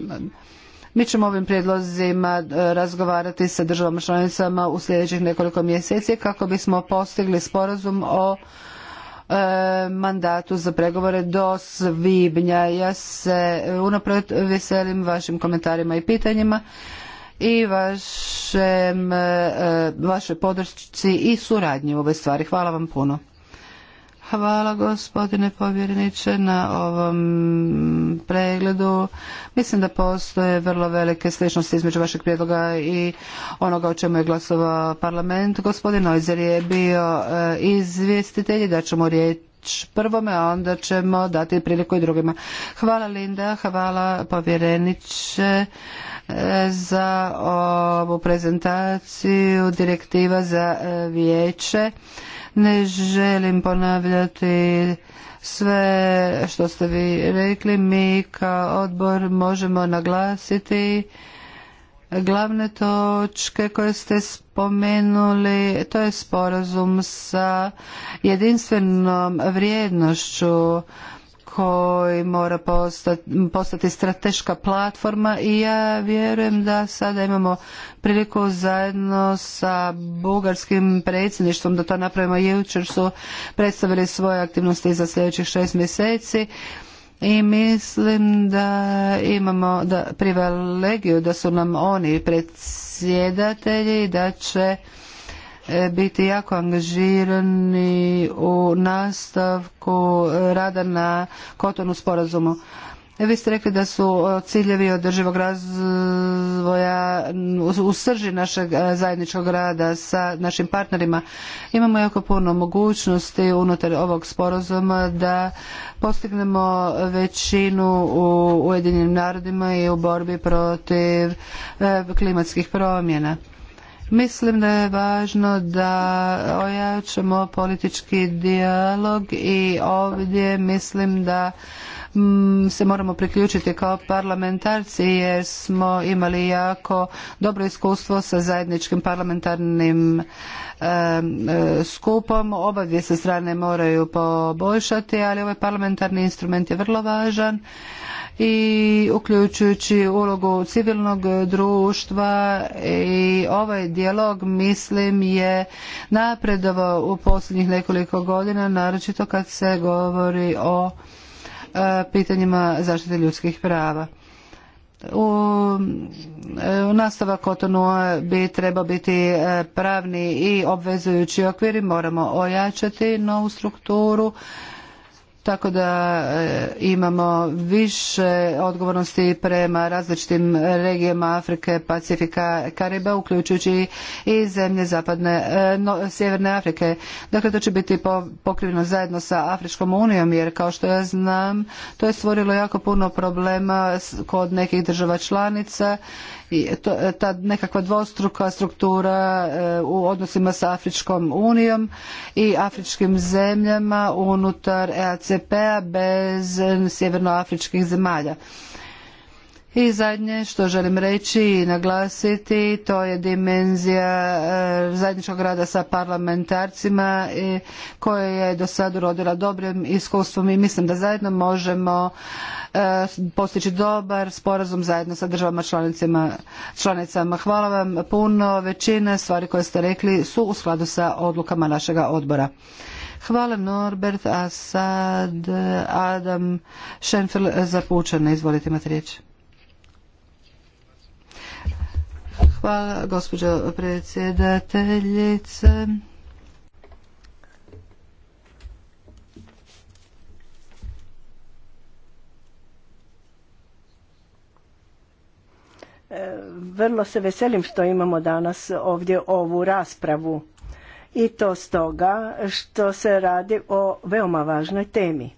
Mi ćemo ovim prijedlozima e, razgovarati sa državama članicama u sljedećih nekoliko mjeseci kako bismo postigli sporazum o e, mandatu za pregovore do svibnja. Ja se unaprijed veselim vašim komentarima i pitanjima i vašem, e, vaše podršci i suradnji u ovoj stvari. Hvala vam puno. Hvala gospodine povjereniče na ovom pregledu. Mislim da postoje vrlo velike sličnosti između vašeg prijedloga i onoga o čemu je glasovao parlament. Gospodin Ojzer je bio e, izvjestitelj, da ćemo riječ Prvo prvome, a onda ćemo dati priliku i drugima. Hvala Linda, hvala povjereniče e, za ovu prezentaciju direktiva za e, vijeće. Ne želim ponavljati sve što ste vi rekli, mi kao odbor možemo naglasiti Glavne točke koje ste spomenuli, to je sporazum sa jedinstvenom vrijednošću koji mora postati strateška platforma i ja vjerujem da sada imamo priliku zajedno sa bugarskim predsjedništvom da to napravimo. Jučer su predstavili svoje aktivnosti za sljedećih šest mjeseci i mislim da imamo da privilegiju da su nam oni predsjedatelji da će e, biti jako angažirani u nastavku rada na Kotonu sporazumu. E, vi ste rekli da su e, ciljevi održivog razvoja u srži našeg e, zajedničkog rada sa našim partnerima. Imamo jako puno mogućnosti unutar ovog sporazuma da postignemo većinu u Ujedinjenim narodima i u borbi protiv klimatskih promjena. Mislim da je važno da ojačamo politički dijalog i ovdje mislim da Mm, se moramo priključiti kao parlamentarci jer smo imali jako dobro iskustvo sa zajedničkim parlamentarnim e, skupom. Obadvije se strane moraju poboljšati, ali ovaj parlamentarni instrument je vrlo važan i uključujući ulogu civilnog društva i ovaj dijalog mislim je napredovao u posljednjih nekoliko godina naročito kad se govori o E, pitanjima zaštite ljudskih prava. U, u e, nastavak Kotonua bi trebao biti e, pravni i obvezujući okviri. Moramo ojačati novu strukturu tako da e, imamo više odgovornosti prema različitim regijama Afrike, Pacifika, Kariba, uključujući i zemlje zapadne, e, sjeverne Afrike. Dakle, to će biti pokriveno zajedno sa Afričkom unijom, jer kao što ja znam, to je stvorilo jako puno problema kod nekih država članica to e, ta nekakva dvostruka struktura e, u odnosima sa Afričkom unijom i afričkim zemljama unutar EACP-a bez sjevernoafričkih zemalja. I zadnje što želim reći i naglasiti, to je dimenzija e, zajedničkog rada sa parlamentarcima e, koja je do sada urodila dobrim iskustvom i mislim da zajedno možemo e, postići dobar sporazum zajedno sa državama članicama. Hvala vam puno, većina stvari koje ste rekli su u skladu sa odlukama našega odbora. Hvala Norbert, a sad Adam Šenfel za pučane. Izvolite, imate riječ. Hvala gospođo predsjedateljice. E, vrlo se veselim što imamo danas ovdje ovu raspravu i to stoga što se radi o veoma važnoj temi.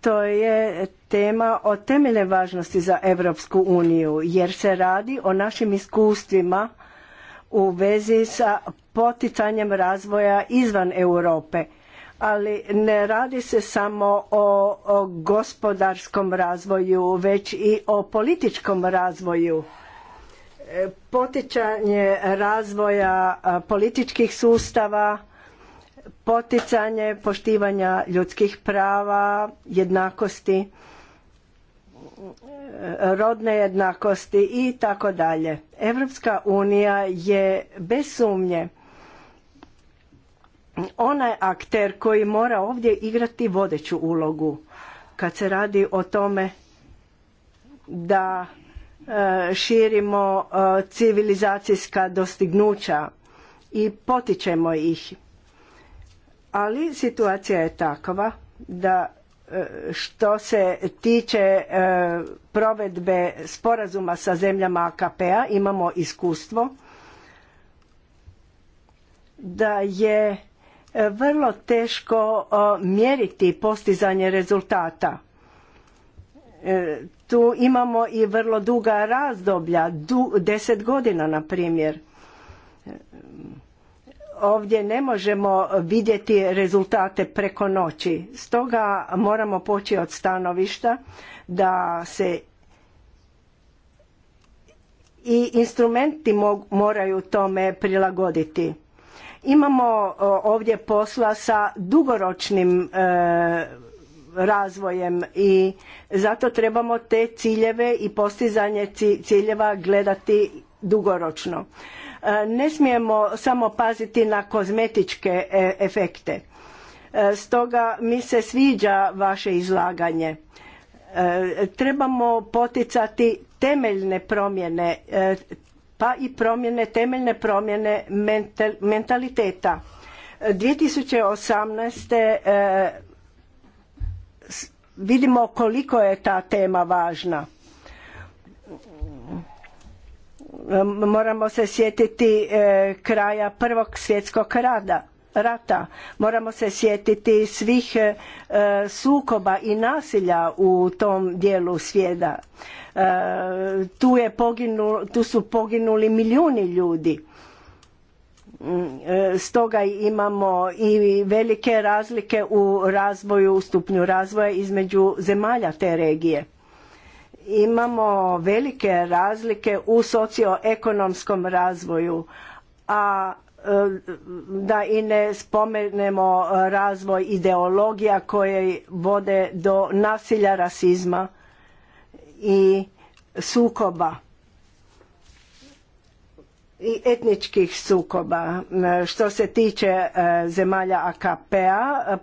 to je tema od temeljne važnosti za Europsku uniju jer se radi o našim iskustvima u vezi sa poticanjem razvoja izvan Europe. Ali ne radi se samo o, o gospodarskom razvoju, već i o političkom razvoju. E, poticanje razvoja političkih sustava, poticanje poštivanja ljudskih prava, jednakosti, rodne jednakosti i tako dalje. Europska unija je bez sumnje onaj akter koji mora ovdje igrati vodeću ulogu kad se radi o tome da e, širimo e, civilizacijska dostignuća i potičemo ih ali situacija je takva da e, što se tiče e, provedbe sporazuma sa zemljama AKP-a imamo iskustvo da je e, vrlo teško mjeriti postizanje rezultata. Tu imamo i vrlo duga razdoblja, deset godina na primjer ovdje ne možemo vidjeti rezultate preko noći. Stoga moramo poći od stanovišta da se i instrumenti moraju tome prilagoditi. Imamo ovdje posla sa dugoročnim e, razvojem i zato trebamo te ciljeve i postizanje ciljeva gledati dugoročno. E, ne smijemo samo paziti na kozmetičke e, efekte. E, stoga mi se sviđa vaše izlaganje. Trebamo poticati temeljne promjene, pa i promjene, temeljne promjene mentaliteta. 2018. vidimo koliko je ta tema važna moramo se sjetiti e, kraja prvog svjetskog rata moramo se sjetiti svih e, sukoba i nasilja u tom dijelu svijeta e, tu, je tu su poginuli milijuni ljudi mm, stoga imamo i velike razlike u razvoju u stupnju razvoja između zemalja te regije imamo velike razlike u socioekonomskom razvoju, a e, da i ne spomenemo razvoj ideologija koje vode do nasilja, rasizma i sukoba i etničkih sukoba. E, što se tiče e, zemalja AKP-a,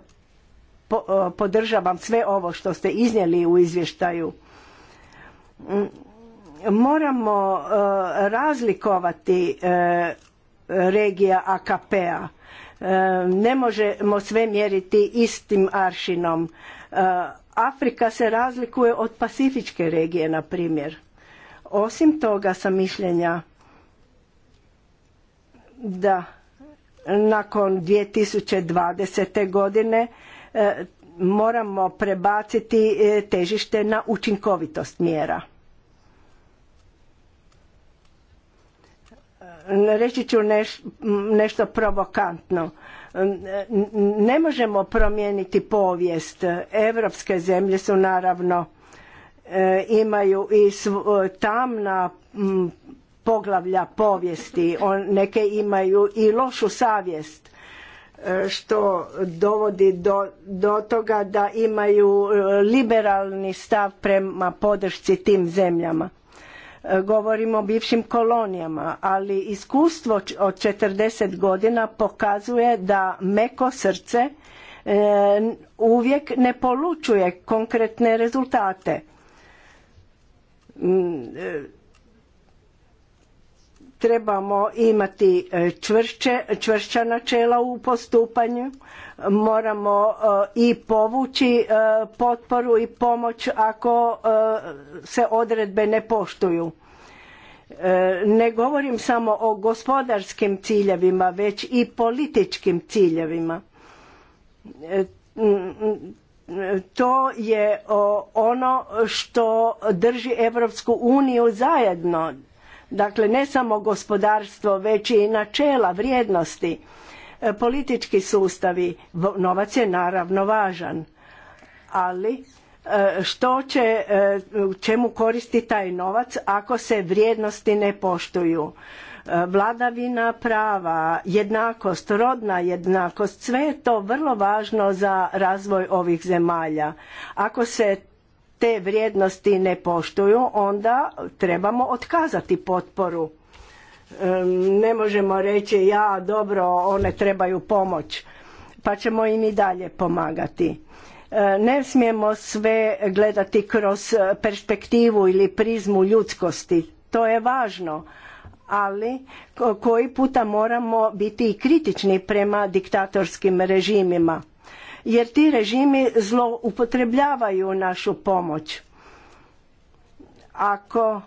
podržavam sve ovo što ste iznijeli u izvještaju Mm, moramo eh, razlikovati eh, regija AKP-a. Eh, ne možemo sve mjeriti istim aršinom. Afrika se razlikuje od Pacifičke regije, na primjer. Osim toga sam mišljenja da nakon 2020. godine moramo prebaciti težište na učinkovitost mjera E, reći ću nešto provokantno e, ne možemo promijeniti povijest europske zemlje su naravno e, imaju i tamna poglavlja povijesti neke imaju i lošu savjest što dovodi do, do toga da imaju liberalni stav prema podršci tim zemljama E, govorimo o bivšim kolonijama, ali iskustvo od 40 godina pokazuje da meko srce e, uvijek ne polučuje konkretne rezultate mm, e, trebamo imati e, čvršća načela u postupanju, moramo e, i povući e, potporu i pomoć ako se odredbe ne poštuju. Ne govorim samo o gospodarskim ciljevima, već i političkim ciljevima. To je ono što drži Europsku uniju zajedno Dakle, ne samo gospodarstvo, već i načela, vrijednosti, e, politički sustavi. Novac je naravno važan, ali e, što će, e, čemu koristi taj novac ako se vrijednosti ne poštuju? vladavina prava, jednakost, rodna jednakost, sve je to vrlo važno za razvoj ovih zemalja. Ako se te vrijednosti ne poštuju, onda trebamo otkazati potporu. Ne možemo reći ja dobro, one trebaju pomoć, pa ćemo im i dalje pomagati. Ne smijemo sve gledati kroz perspektivu ili prizmu ljudskosti, to je važno, ali koji puta moramo biti i kritični prema diktatorskim režimima jer ti režimi zloupotrebljavaju našu pomoć ako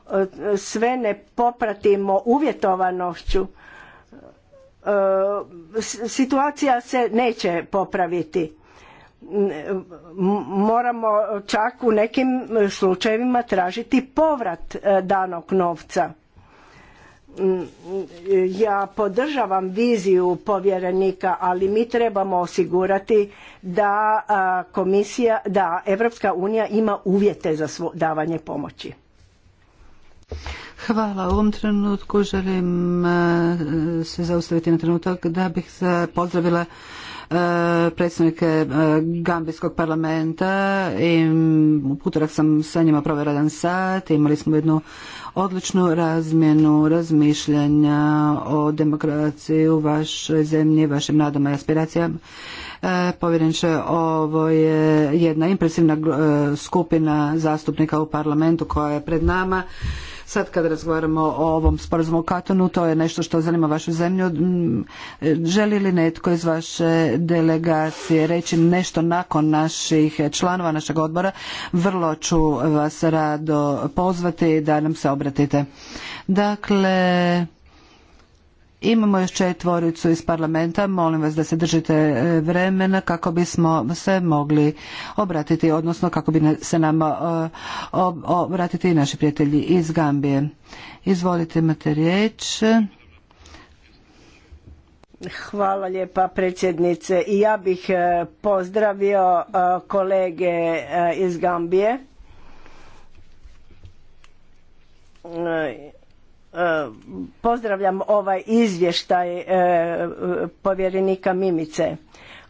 e, sve ne popratimo uvjetovanošću e, situacija se neće popraviti moramo čak u nekim e, slučajevima tražiti povrat danog novca ja podržavam viziju povjerenika, ali mi trebamo osigurati da komisija, da Europska unija ima uvjete za svo davanje pomoći. Hvala. U ovom trenutku želim se zaustaviti na trenutak da bih pozdravila E, predsjednike e, Gambijskog parlamenta i u utorak sam sa njima proveo jedan sat. Imali smo jednu odličnu razmjenu razmišljanja o demokraciji u vašoj zemlji, vašim nadama i aspiracijama. E, Povjerenče, ovo je jedna impresivna skupina zastupnika u parlamentu koja je pred nama. Sad kad razgovaramo o ovom sporazumu u Katonu, to je nešto što zanima vašu zemlju. Mm, želi li netko iz vaše delegacije reći nešto nakon naših članova našeg odbora? Vrlo ću vas rado pozvati da nam se obratite. Dakle, Imamo još četvoricu iz parlamenta, molim vas da se držite e, vremena kako bismo se mogli obratiti, odnosno kako bi se nam e, obratiti i naši prijatelji iz Gambije. Izvolite, imate riječ. Hvala lijepa predsjednice. I ja bih e, pozdravio kolege iz Gambije Pozdravljam ovaj izvještaj e, povjerenika Mimice.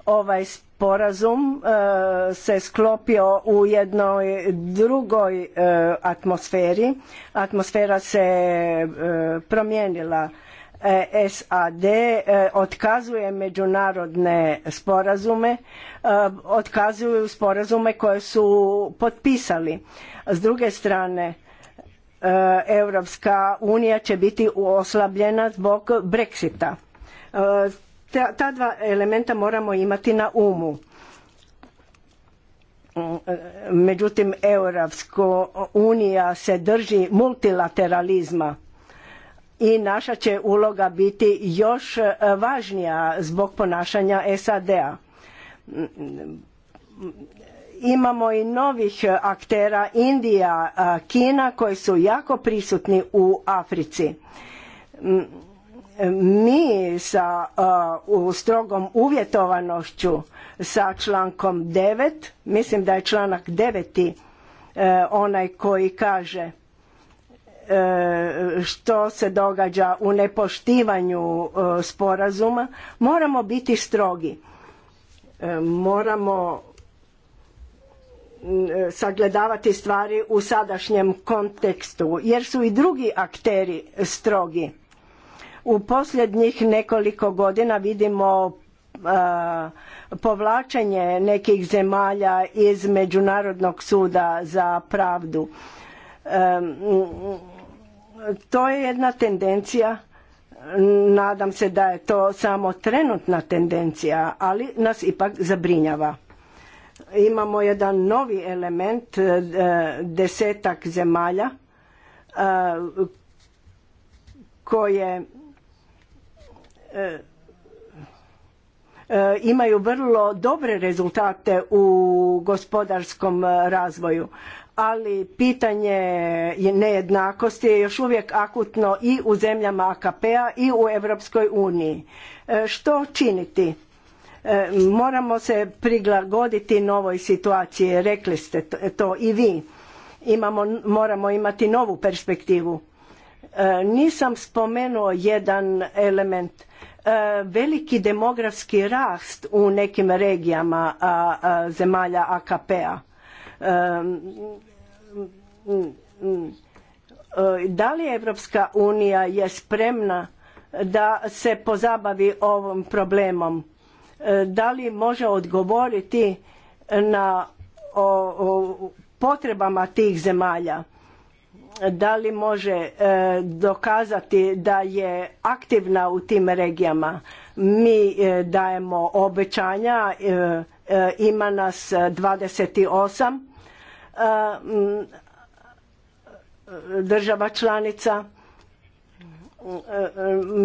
Ovaj sporazum e, se sklopio u jednoj drugoj e, atmosferi. Atmosfera se promijenila. SAD otkazuje međunarodne sporazume, otkazuju sporazume koje su potpisali. S druge strane, E, Europska unija će biti oslabljena zbog Brexita. E, ta, dva elementa moramo imati na umu. Mm, e, međutim, Europska unija se drži multilateralizma i naša će uloga biti još važnija zbog ponašanja SAD-a mm, mm, imamo i novih e, aktera Indija, e, Kina koji su jako prisutni u Africi. Mi sa e, u strogom uvjetovanošću sa člankom 9, mislim da je članak 9 onaj koji kaže što se događa u nepoštivanju sporazuma, moramo biti strogi. Moramo sagledavati stvari u sadašnjem kontekstu jer su i drugi akteri strogi. U posljednjih nekoliko godina vidimo povlačenje nekih zemalja iz Međunarodnog suda za pravdu. To je jedna tendencija, nadam se da je to samo trenutna tendencija, ali nas ipak zabrinjava imamo jedan novi element e, desetak zemalja e, koje e, imaju vrlo dobre rezultate u gospodarskom razvoju ali pitanje nejednakosti je još uvijek akutno i u zemljama AKP-a i u Europskoj uniji. Što činiti? E, moramo se prilagoditi novoj situaciji, rekli ste to i vi. moramo imati novu perspektivu. E, nisam spomenuo jedan element. E, veliki demografski rast u nekim regijama zemalja AKP-a da li Europska unija je spremna da se pozabavi ovim problemom E, da li može odgovoriti na o, potrebama tih zemalja da li može e, dokazati da je aktivna u tim regijama mi e, dajemo obećanja ima nas 28 država članica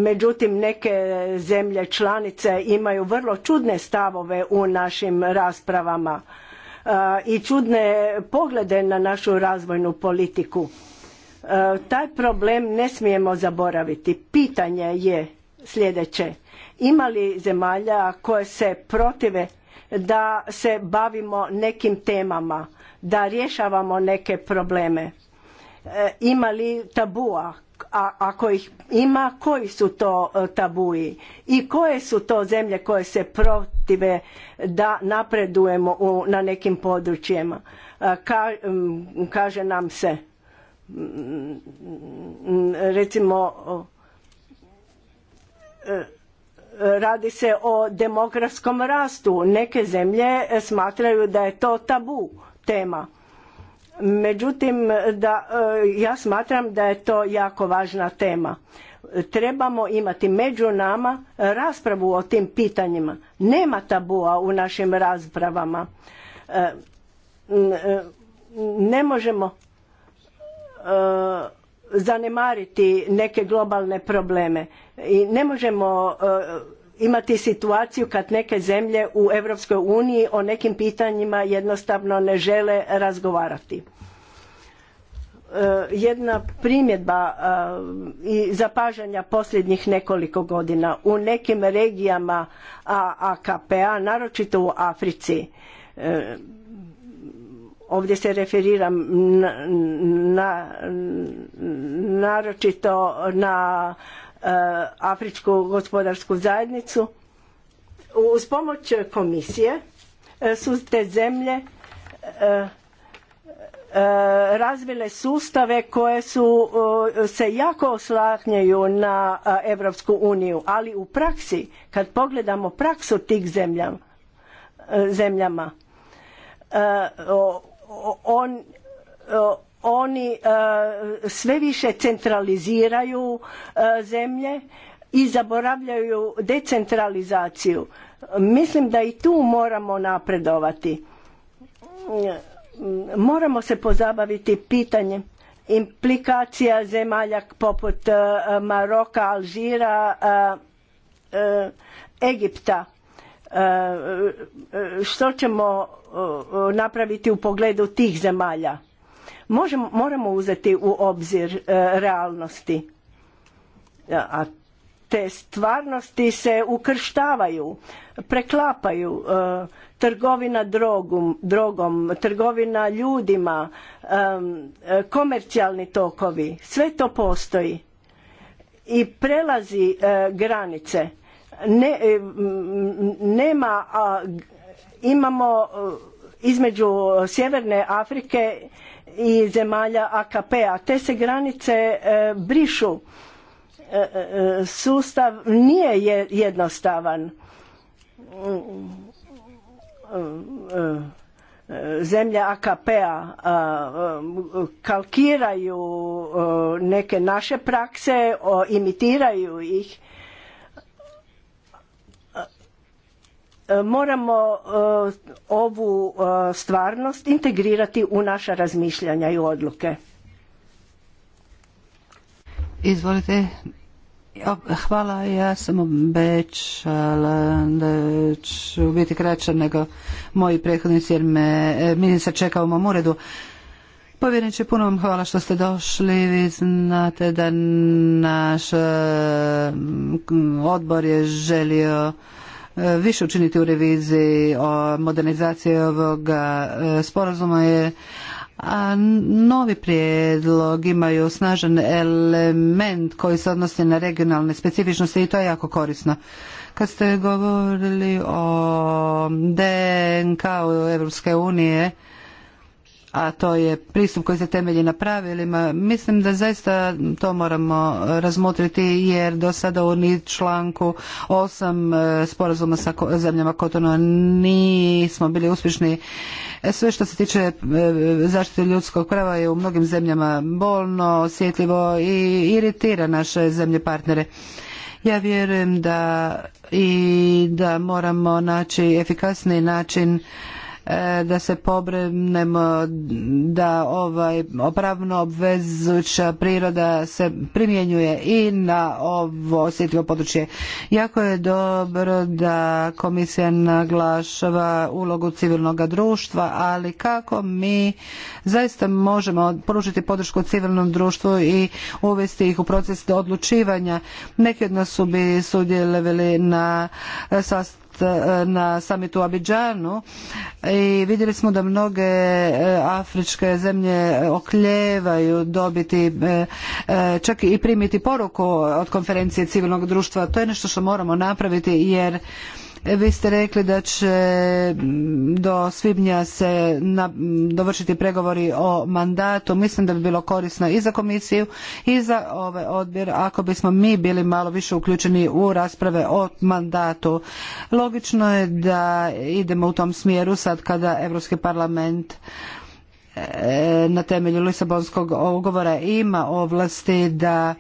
međutim neke zemlje članice imaju vrlo čudne stavove u našim raspravama e, i čudne poglede na našu razvojnu politiku. E, taj problem ne smijemo zaboraviti. Pitanje je sljedeće. Ima li zemalja koje se protive da se bavimo nekim temama, da rješavamo neke probleme? E, ima li tabua a ako ih ima koji su to e, tabuji i koje su to zemlje koje se protive da napredujemo na nekim područjima e, kaže nam se recimo e, radi se o demografskom rastu neke zemlje smatraju da je to tabu tema Međutim, da, e, ja smatram da je to jako važna tema. Trebamo imati među nama raspravu o tim pitanjima. Nema tabua u našim raspravama. E, e, ne možemo zanemariti neke globalne probleme i ne možemo imati situaciju kad neke zemlje u Europskoj uniji o nekim pitanjima jednostavno ne žele razgovarati. E, jedna primjedba e, i zapažanja posljednjih nekoliko godina u nekim regijama AKPA, a naročito u Africi, e, ovdje se referiram na naročito na Eh, Afričku gospodarsku zajednicu. Uz pomoć komisije eh, su te zemlje eh, razvile sustave koje su, se jako oslanjaju na Europsku uniju, ali u praksi, kad pogledamo praksu tih zemlja, zemljama, on, oni e, sve više centraliziraju e, zemlje i zaboravljaju decentralizaciju mislim da i tu moramo napredovati moramo se pozabaviti pitanjem implikacija zemalja poput e, Maroka, Alžira, Egipta. Što ćemo napraviti u pogledu tih zemalja? Možemo, moramo uzeti u obzir e, realnosti. E, a te stvarnosti se ukrštavaju, preklapaju, e, trgovina drogom, drogom, trgovina ljudima, komercijalni tokovi, sve to postoji i prelazi granice. Ne, nema, a, imamo između Sjeverne Afrike i zemalja AKP-a. Te se granice e, brišu. E, e, sustav nije jednostavan. Zemlje AKP-a kalkiraju neke naše prakse, imitiraju ih E, moramo e, ovu e, stvarnost integrirati u naša razmišljanja i odluke. Izvolite. Hvala, ja sam obećala da ću biti kraća nego moji prethodnici jer me ministar čeka u mom uredu. puno vam hvala što ste došli. Vi znate da naš odbor je želio više učiniti u reviziji o modernizaciji ovog e, sporazuma je a novi prijedlog imaju snažan element koji se odnosi na regionalne specifičnosti i to je jako korisno. Kad ste govorili o DNK Europske unije, a to je pristup koji se temelji na pravilima, mislim da zaista to moramo razmotriti jer do sada u članku osam e, sporazuma sa zemljama Kotona nismo bili uspješni. E, sve što se tiče e, zaštite ljudskog prava je u mnogim zemljama bolno, osjetljivo i iritira naše zemlje partnere. Ja vjerujem da i da moramo naći efikasniji način E, da se pobrenemo da ovaj opravno obvezujuća priroda se primjenjuje i na ovo osjetljivo područje. Jako je dobro da komisija naglašava ulogu civilnog društva, ali kako mi zaista možemo pružiti podršku civilnom društvu i uvesti ih u proces odlučivanja. Neki od nas su bi sudjelovali na sastanku E, na samitu u Abidžanu i vidjeli smo da mnoge e, afričke zemlje okljevaju dobiti e, čak i primiti poruku od konferencije civilnog društva. To je nešto što moramo napraviti jer vi ste rekli da će do svibnja se dovršiti pregovori o mandatu. Mislim da bi bilo korisno i za komisiju i za ovaj odbir ako bismo mi bili malo više uključeni u rasprave o mandatu. Logično je da idemo u tom smjeru sad kada Europski parlament e, na temelju Lisabonskog ugovora ima ovlasti da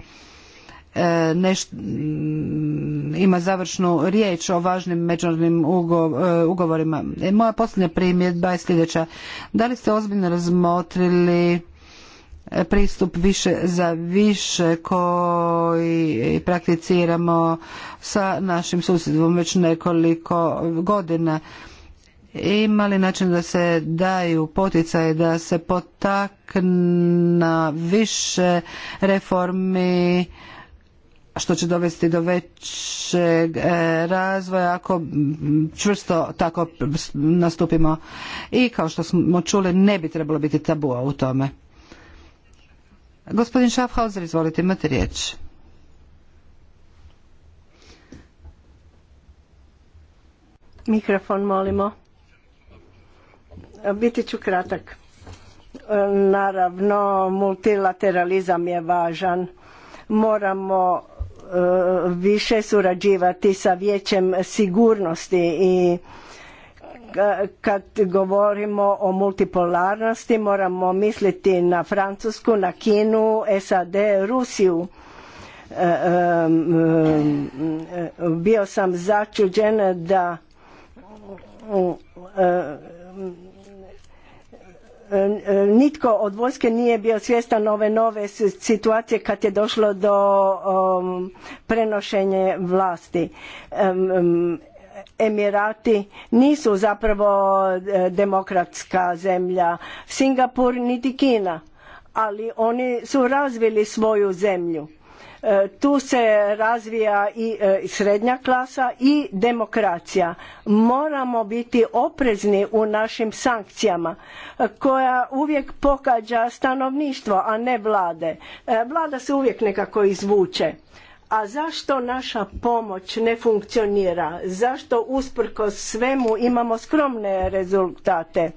E, neš, mm, ima završnu riječ o važnim međunarodnim e, ugovorima. E, moja posljednja primjedba je sljedeća. Da li ste ozbiljno razmotrili pristup više za više koji prakticiramo sa našim susjedom već nekoliko godina. Ima li način da se daju poticaje, da se potakna više reformi što će dovesti do većeg e, razvoja ako čvrsto tako nastupimo i kao što smo čuli ne bi trebalo biti tabua u tome. Gospodin Schaffhauser, izvolite, imate riječ. Mikrofon molimo. Biti ću kratak. E, naravno, multilateralizam je važan moramo Eh, više surađivati sa vijećem sigurnosti i kad govorimo o multipolarnosti moramo misliti na Francusku, na Kinu, SAD, Rusiju. Eh, eh, bio sam začuđen da E, nitko od vojske nije bio svjestan ove nove situacije kad je došlo do prenošenje vlasti. E, Emirati nisu zapravo e, demokratska zemlja, Singapur niti Kina, ali oni su razvili svoju zemlju E, tu se razvija i e, srednja klasa i demokracija moramo biti oprezni u našim sankcijama e, koja uvijek pokađa stanovništvo a ne vlade vlada se uvijek nekako izvuče a zašto naša pomoć ne funkcionira zašto usprko svemu imamo skromne rezultate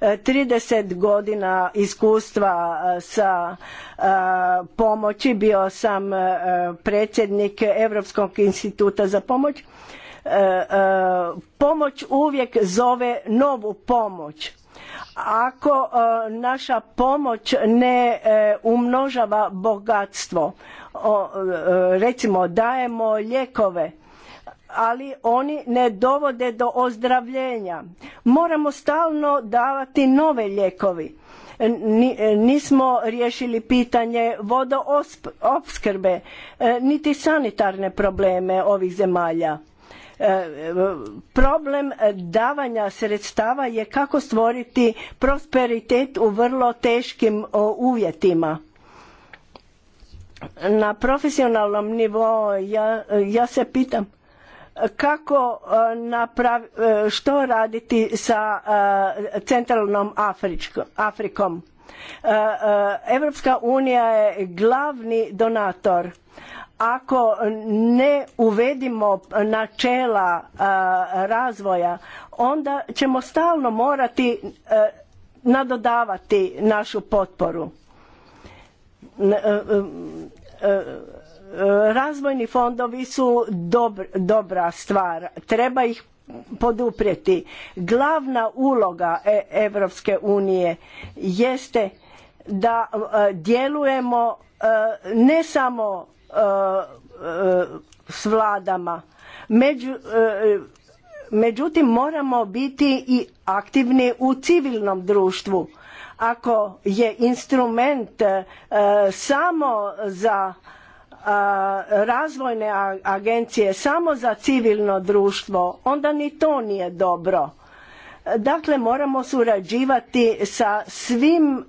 30 e, godina iskustva e, sa e, pomoći bio sam predsjednik europskog instituta za pomoć pomoć uvijek zove novu pomoć ako e, naša pomoć ne e, umnožava bogatstvo e, recimo dajemo lijekove ali oni ne dovode do ozdravljenja moramo stalno davati nove ljekovi. nismo riješili pitanje vodoopskrbe niti sanitarne probleme ovih zemalja E, problem davanja sredstava je kako stvoriti prosperitet u vrlo teškim uvjetima na profesionalnom nivou ja, se pitam kako e, e, što raditi sa centralnom Afrikom. Europska unija je glavni donator, ako ne uvedimo načela razvoja onda ćemo stalno morati nadodavati našu potporu razvojni fondovi su dobra stvar treba ih poduprijeti glavna uloga europske unije jeste da djelujemo ne samo E, e, s vladama. Među, e, međutim, moramo biti i aktivni u civilnom društvu. Ako je instrument samo za razvojne agencije, samo za civilno društvo, onda ni to nije dobro Dakle, moramo surađivati sa svim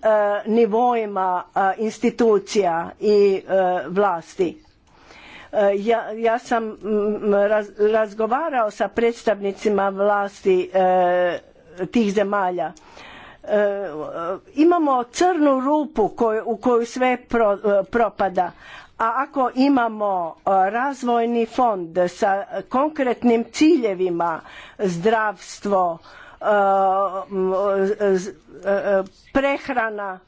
nivojima e, nivoima e, institucija i e, vlasti. Ja, sam razgovarao sa predstavnicima vlasti tih zemalja. Imamo crnu rupu u koju sve propada, a ako imamo razvojni fond sa konkretnim ciljevima, zdravstvo, prehrana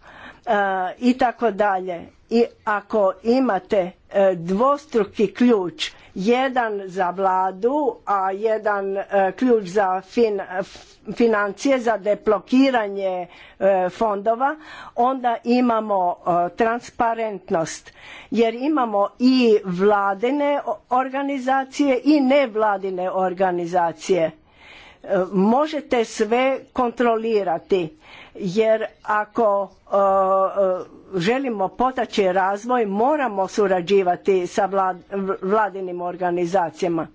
e, i tako dalje. I ako imate e, dvostruki ključ, jedan za vladu, a jedan e, ključ za financije, za deplokiranje fondova, onda imamo transparentnost. Jer imamo i vladine organizacije i nevladine organizacije možete sve kontrolirati jer ako e, e, želimo potaći razvoj moramo surađivati sa vladinim organizacijama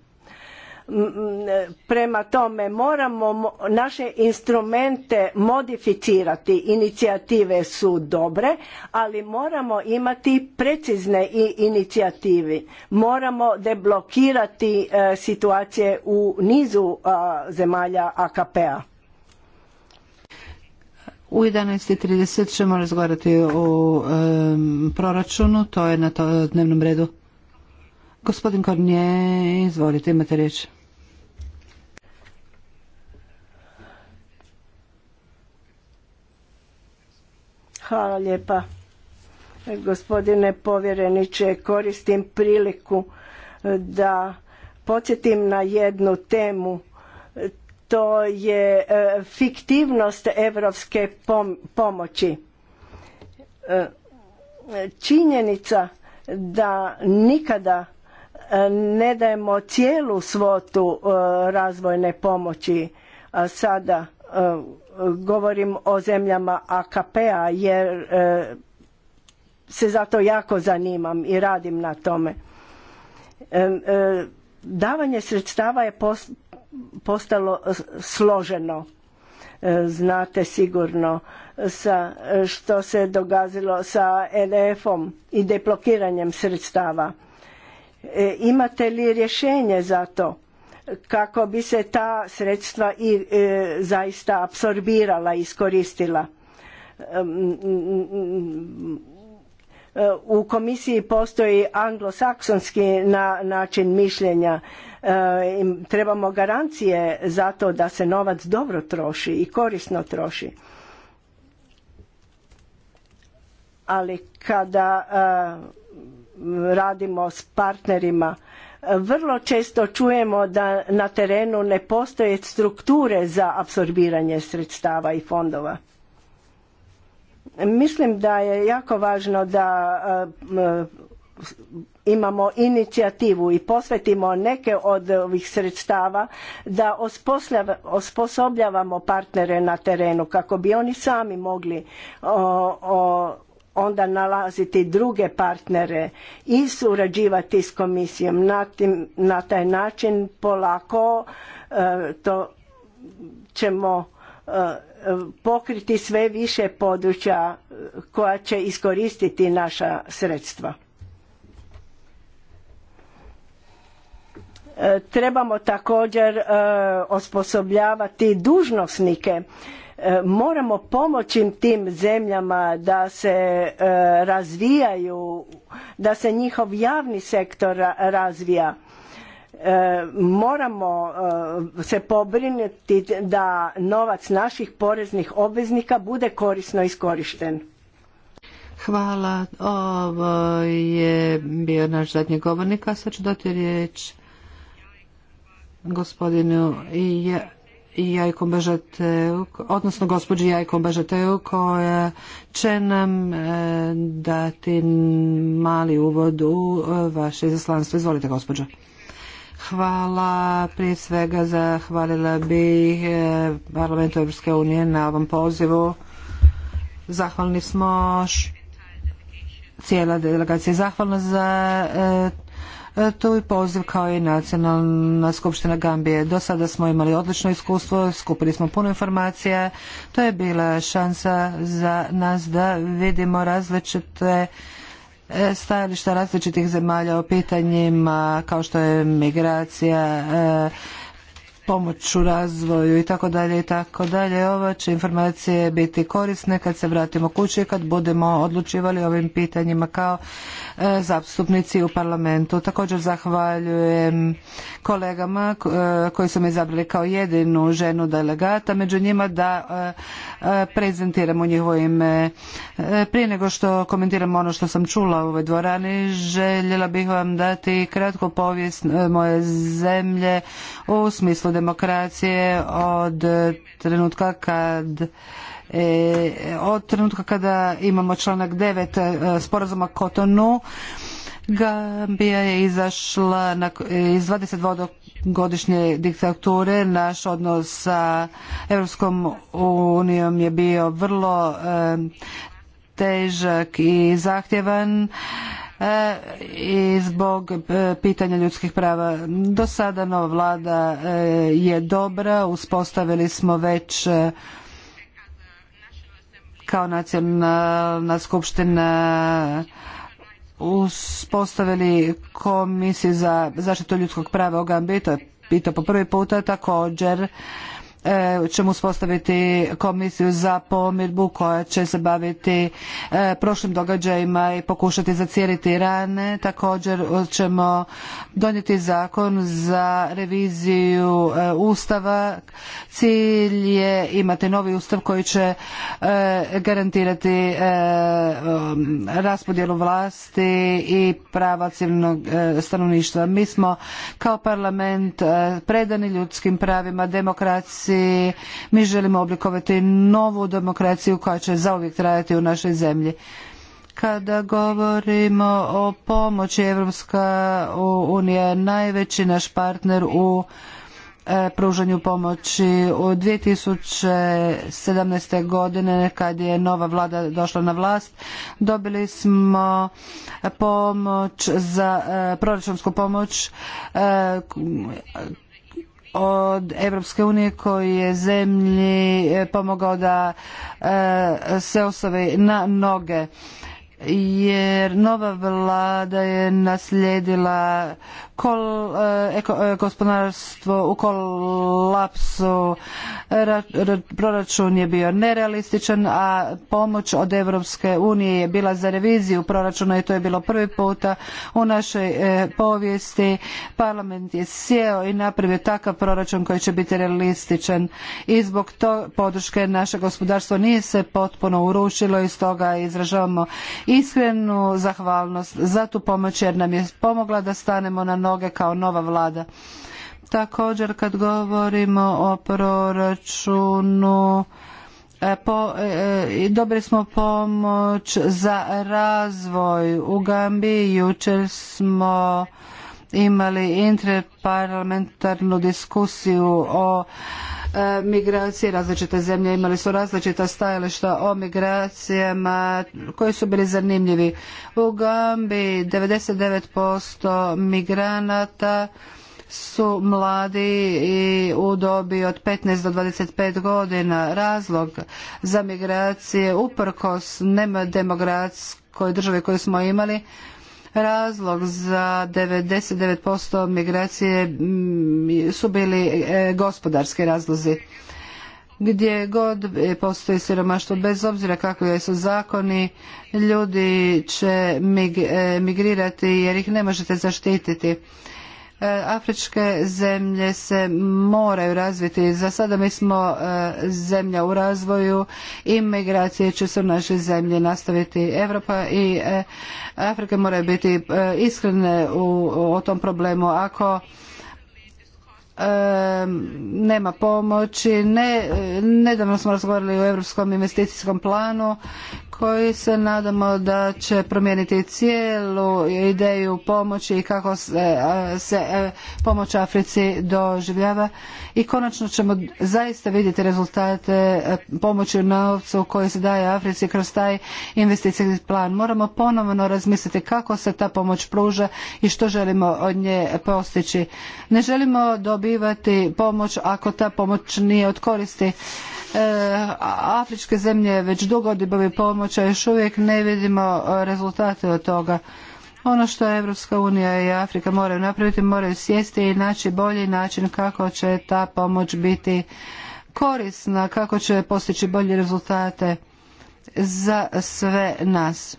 prema tome moramo naše instrumente modificirati inicijative su dobre ali moramo imati precizne i inicijative moramo deblokirati e, situacije u nizu zemalja AKP-a u 11.30 ćemo razgovarati o proračunu, to je na dnevnom redu. Gospodin Kornije, izvolite, imate riječ. Hvala lijepa. Gospodine povjereniče, koristim priliku e, da podsjetim na jednu temu. To je e, fiktivnost europske pomoći. E, činjenica da nikada ne dajemo cijelu svotu razvojne pomoći, a sada govorim o zemljama AKP-a jer e, se zato jako zanimam i radim na tome. E, e, davanje sredstava je postalo složeno, znate sigurno sa što se događalo sa EDF-om i deplokiranjem sredstava. Imate li rješenje za to? kako bi se ta sredstva i e, zaista apsorbirala i iskoristila u komisiji postoji anglosaksonski način mišljenja e, trebamo garancije za to da se novac dobro troši i korisno troši ali kada e, radimo s partnerima vrlo često čujemo da na terenu ne postoje strukture za apsorbiranje sredstava i fondova. Mislim da je jako važno da e, e, imamo inicijativu i posvetimo neke od ovih sredstava da osposobljavamo partnere na terenu kako bi oni sami mogli onda nalaziti druge partnere i surađivati s komisijom. Na, taj način polako e, to ćemo e, pokriti sve više područja e, koja će iskoristiti naša sredstva. trebamo također osposobljavati dužnosnike E, moramo pomoći tim zemljama da se e, razvijaju da se njihov javni sektor razvija e, moramo se pobrinuti da novac naših poreznih obveznika bude korisno iskorišten Hvala. Ovo je bio naš zadnji govornik, a sad ću dati riječ gospodinu Jajko Bažateu, odnosno gospođi Jajko Bažateu koja će nam e, dati mali uvod u e, vaše izaslanstvo. Izvolite gospođo. Hvala prije svega zahvalila bih e, Parlamentu Europske unije na ovom pozivu. Zahvalni smo cijela delegacija Zahvalno zahvalna za E, tu je poziv kao i nacionalna skupština Gambije. Do sada smo imali odlično iskustvo, skupili smo puno informacija. To je bila šansa za nas da vidimo različite e, stajališta različitih zemalja o pitanjima kao što je migracija, e, u razvoju i tako dalje i tako dalje. Ova će informacije biti korisne kad se vratimo kući i kad budemo odlučivali ovim pitanjima kao e, zastupnici u parlamentu. Također zahvaljujem kolegama e, koji su me izabrali kao jedinu ženu delegata, među njima da e, prezentiramo njihovo ime. Prije nego što komentiram ono što sam čula u ovoj dvorani, željela bih vam dati kratku povijest moje zemlje u smislu demokracije od trenutka kad e, od trenutka kada imamo članak 9 e, sporazuma Kotonu Gambija je izašla na, iz 22 godišnje diktature. Naš odnos sa Europskom unijom je bio vrlo e, težak i zahtjevan E, i zbog e, pitanja ljudskih prava. Do sada nova vlada e, je dobra, uspostavili smo već kao nacionalna skupština uspostavili komisiju za zaštitu ljudskog prava u Gambiji, to je po prvi puta također E, ćemo uspostaviti komisiju za pomirbu koja će se baviti e, prošlim događajima i pokušati zacijeliti rane. Također e, ćemo donijeti zakon za reviziju Ustava. Cilj je imati novi Ustav koji će garantirati raspodjelu vlasti i prava civilnog stanovništva. Mi smo kao parlament predani ljudskim pravima, demokraciji i Mi želimo oblikovati novu demokraciju koja će zauvijek trajati u našoj zemlji. Kada govorimo o pomoći Evropska unija najveći naš partner u e, pružanju pomoći. U 2017. godine kad je nova vlada došla na vlast dobili smo pomoć za e, proračunsku pomoć e, od Europske unije koji je zemlji e, pomogao da e, se osovi na noge jer nova vlada je naslijedila Eh, eh, gospodarstvo u kolapsu, proračun je bio nerealističan, a pomoć od Europske unije je bila za reviziju proračuna i to je bilo prvi puta u našoj eh, povijesti. Parlament je sjeo i napravio takav proračun koji će biti realističan i zbog to podrške naše gospodarstvo nije se potpuno urušilo i stoga izražavamo iskrenu zahvalnost za tu pomoć jer nam je pomogla da stanemo na noge kao nova vlada. Također kad govorimo o proračunu e, po, e, e, dobili smo pomoć za razvoj u Gambiji. Jučer smo imali interparlamentarnu diskusiju o E, migracije. Različite zemlje imali su različita stajališta o migracijama koji su bili zanimljivi. U Gambi 99% migranata su mladi i u dobi od 15 do 25 godina. Razlog za migracije uprkos nema demografskoj državi koju smo imali Razlog za 99% migracije mm, su bili e, gospodarski razlozi. Gdje god postoji siromaštvo, bez obzira kakvi su zakoni, ljudi će e, migrirati jer ih ne možete zaštititi E, afričke zemlje se moraju razviti. Za sada mi smo e, zemlja u razvoju i migracije će se u našoj zemlji nastaviti. Europa i e, Afrika moraju biti iskrene u, o tom problemu. Ako nema pomoći. Ne, nedavno smo razgovarali o Europskom investicijskom planu koji se nadamo da će promijeniti cijelu ideju pomoći i kako se, pomoć Africi doživljava i konačno ćemo zaista vidjeti rezultate pomoći u novcu koji se daje Africi kroz taj investicijski plan. Moramo ponovno razmisliti kako se ta pomoć pruža i što želimo od nje postići. Ne želimo dobivati pomoć ako ta pomoć nije od koristi. E, afričke zemlje već dugo dobivaju pomoć pomoća još uvijek ne vidimo e, rezultate od toga. Ono što Evropska unija i Afrika moraju napraviti, moraju sjesti i naći bolji način kako će ta pomoć biti korisna, kako će postići bolje rezultate za sve nas.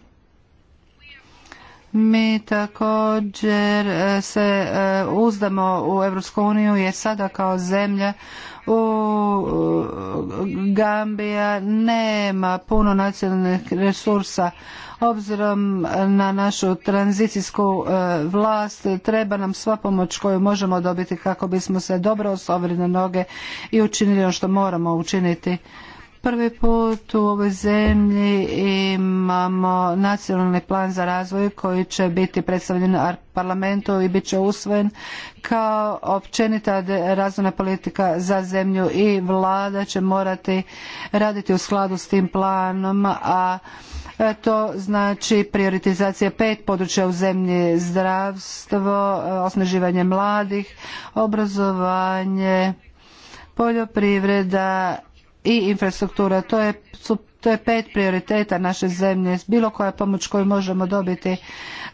Mi također e, se e, uzdamo u Evropsku uniju jer sada kao zemlja u Gambija nema puno nacionalnih resursa. Obzirom na našu tranzicijsku e, vlast treba nam sva pomoć koju možemo dobiti kako bismo se dobro osobili na noge i učinili ono što moramo učiniti prvi put u ovoj zemlji imamo nacionalni plan za razvoj koji će biti predstavljen parlamentu i bit će usvojen kao općenita razvojna politika za zemlju i vlada će morati raditi u skladu s tim planom, a e, to znači prioritizacija pet područja u zemlji zdravstvo, e, osnaživanje mladih, obrazovanje, poljoprivreda i infrastruktura. To je, to je pet prioriteta naše zemlje, bilo koja pomoć koju možemo dobiti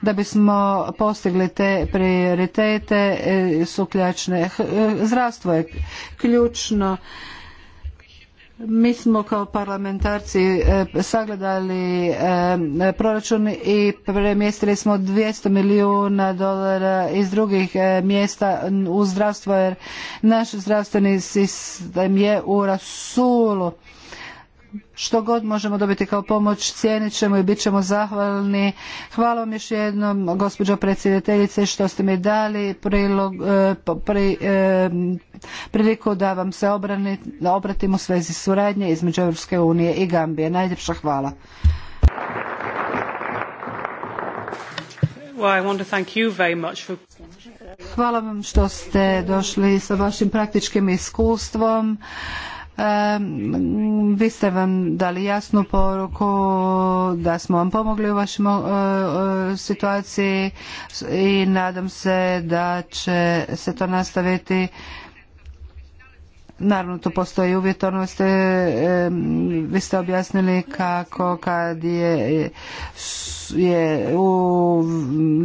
da bismo postigli te prioritete e, su ključne. E, zdravstvo je ključno mi smo kao parlamentarci e, sagledali e, proračun i premjestili smo 200 milijuna dolara iz drugih e, mjesta u zdravstvo jer naš zdravstveni sistem je u rasulu što god možemo dobiti kao pomoć cijenit ćemo i bit ćemo zahvalni. Hvala vam još jednom gospođo predsjedateljice što ste mi dali e, e, priliku da vam se obrani, obratim u svezi suradnje između Europske unije i Gambije. Najljepša hvala. Hvala vam što ste došli sa vašim praktičkim iskustvom vi ste vam dali jasnu poruku da smo vam pomogli u vašoj e, e, situaciji i nadam se da će se to nastaviti Naravno, tu postoji uvjetovnost. E, vi ste objasnili kako kad je je u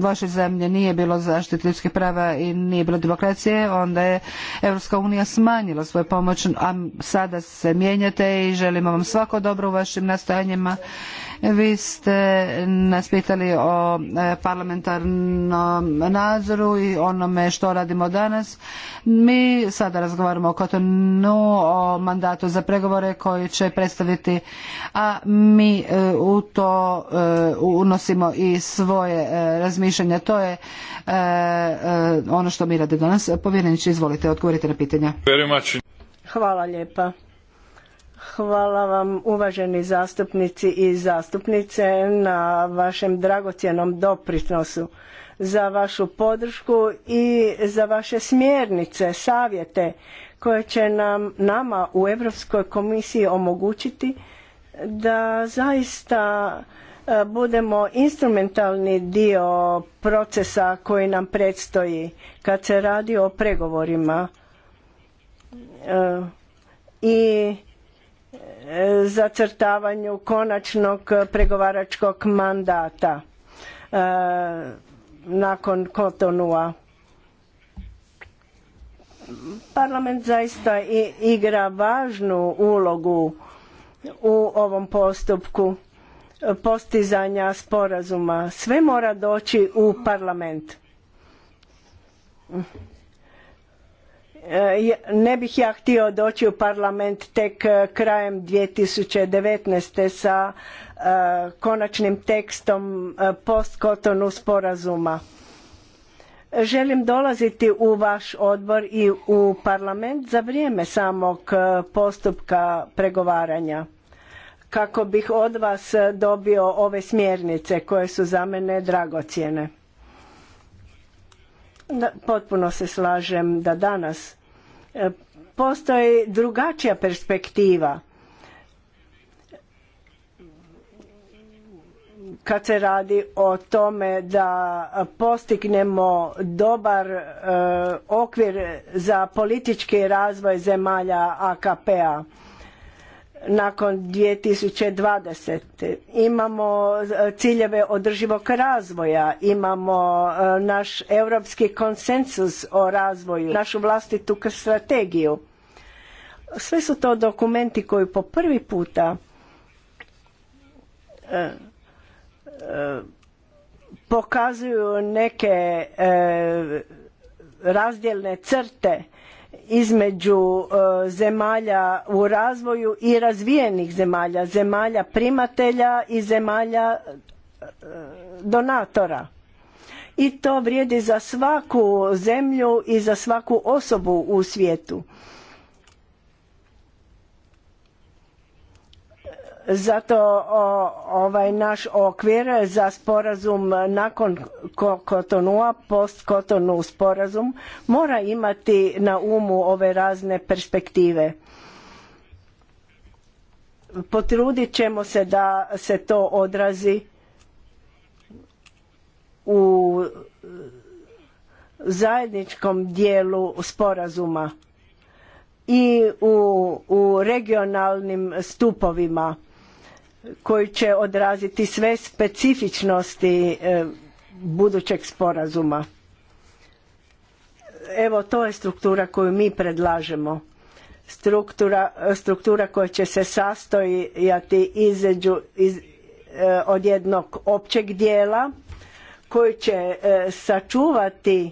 vašoj zemlji nije bilo zaštite ljudskih prava i nije bilo demokracije, onda je Europska unija smanjila svoju pomoć, a sada se mijenjate i želimo vam svako dobro u vašim nastojanjima vi ste nas pitali o e, parlamentarnom nadzoru i onome što radimo danas. Mi sada razgovaramo o Kotonu, o mandatu za pregovore koji će predstaviti, a mi e, u to e, unosimo i svoje razmišljanja. To je ono što mi radi danas. Povjereniče, izvolite, odgovorite na pitanja. Hvala lijepa. Hvala vam uvaženi zastupnici i zastupnice na vašem dragocjenom doprinosu, za vašu podršku i za vaše smjernice, savjete koje će nam nama u Europskoj komisiji omogućiti da zaista e, budemo instrumentalni dio procesa koji nam predstoji kad se radi o pregovorima e, i zacrtavanju konačnog pregovaračkog mandata e, nakon Kotonua. Parlament zaista igra važnu ulogu u ovom postupku postizanja sporazuma. Sve mora doći u parlament. Eh, ne bih ja htio doći u parlament tek eh, krajem 2019. sa eh, konačnim tekstom post postkotonu sporazuma. Želim dolaziti u vaš odbor i u parlament za vrijeme samog postupka pregovaranja kako bih od vas dobio ove smjernice koje su za mene dragocjene. Potpuno se slažem da danas e, postoji drugačija perspektiva kad se radi o tome da postignemo dobar e, okvir za politički razvoj zemalja AKP-a nakon 2020. Imamo e, ciljeve održivog razvoja, imamo e, naš europski konsensus o razvoju, našu vlastitu strategiju. Sve su to dokumenti koji po prvi puta e, pokazuju neke razdjelne crte između e, zemalja u razvoju i razvijenih zemalja, zemalja primatelja i zemalja e, donatora. I to vrijedi za svaku zemlju i za svaku osobu u svijetu. Zato ovaj naš okvir za sporazum nakon Kotonua, post Kotonu sporazum, mora imati na umu ove razne perspektive. Potrudit ćemo se da se to odrazi u zajedničkom dijelu sporazuma i u, u regionalnim stupovima koji će odraziti sve specifičnosti e, budućeg sporazuma. Evo to je struktura koju mi predlažemo. Struktura, struktura koja će se sastojati izeđu iz, e, od jednog općeg dijela koji će e, sačuvati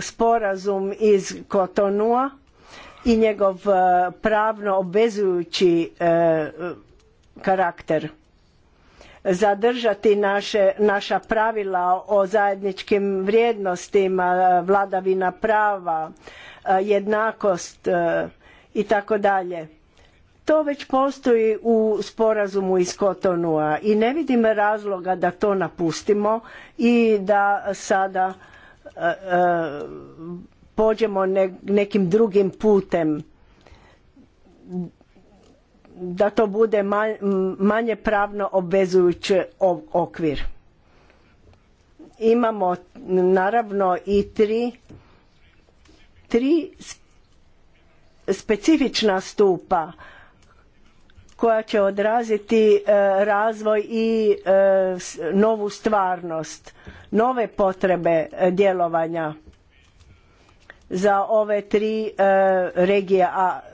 sporazum iz Kotonua i njegov pravno obvezujući karakter zadržati naša pravila o zajedničkim vrijednostima vladavina prava e, jednakost e, i tako dalje to već postoji u sporazumu iz Kotonua i ne vidim razloga da to napustimo i da sada e, pođemo nekim drugim putem da to bude manje pravno obvezujući okvir. Imamo naravno i tri, tri specifična stupa koja će odraziti e, razvoj i e, novu stvarnost, nove potrebe e, djelovanja za ove tri regije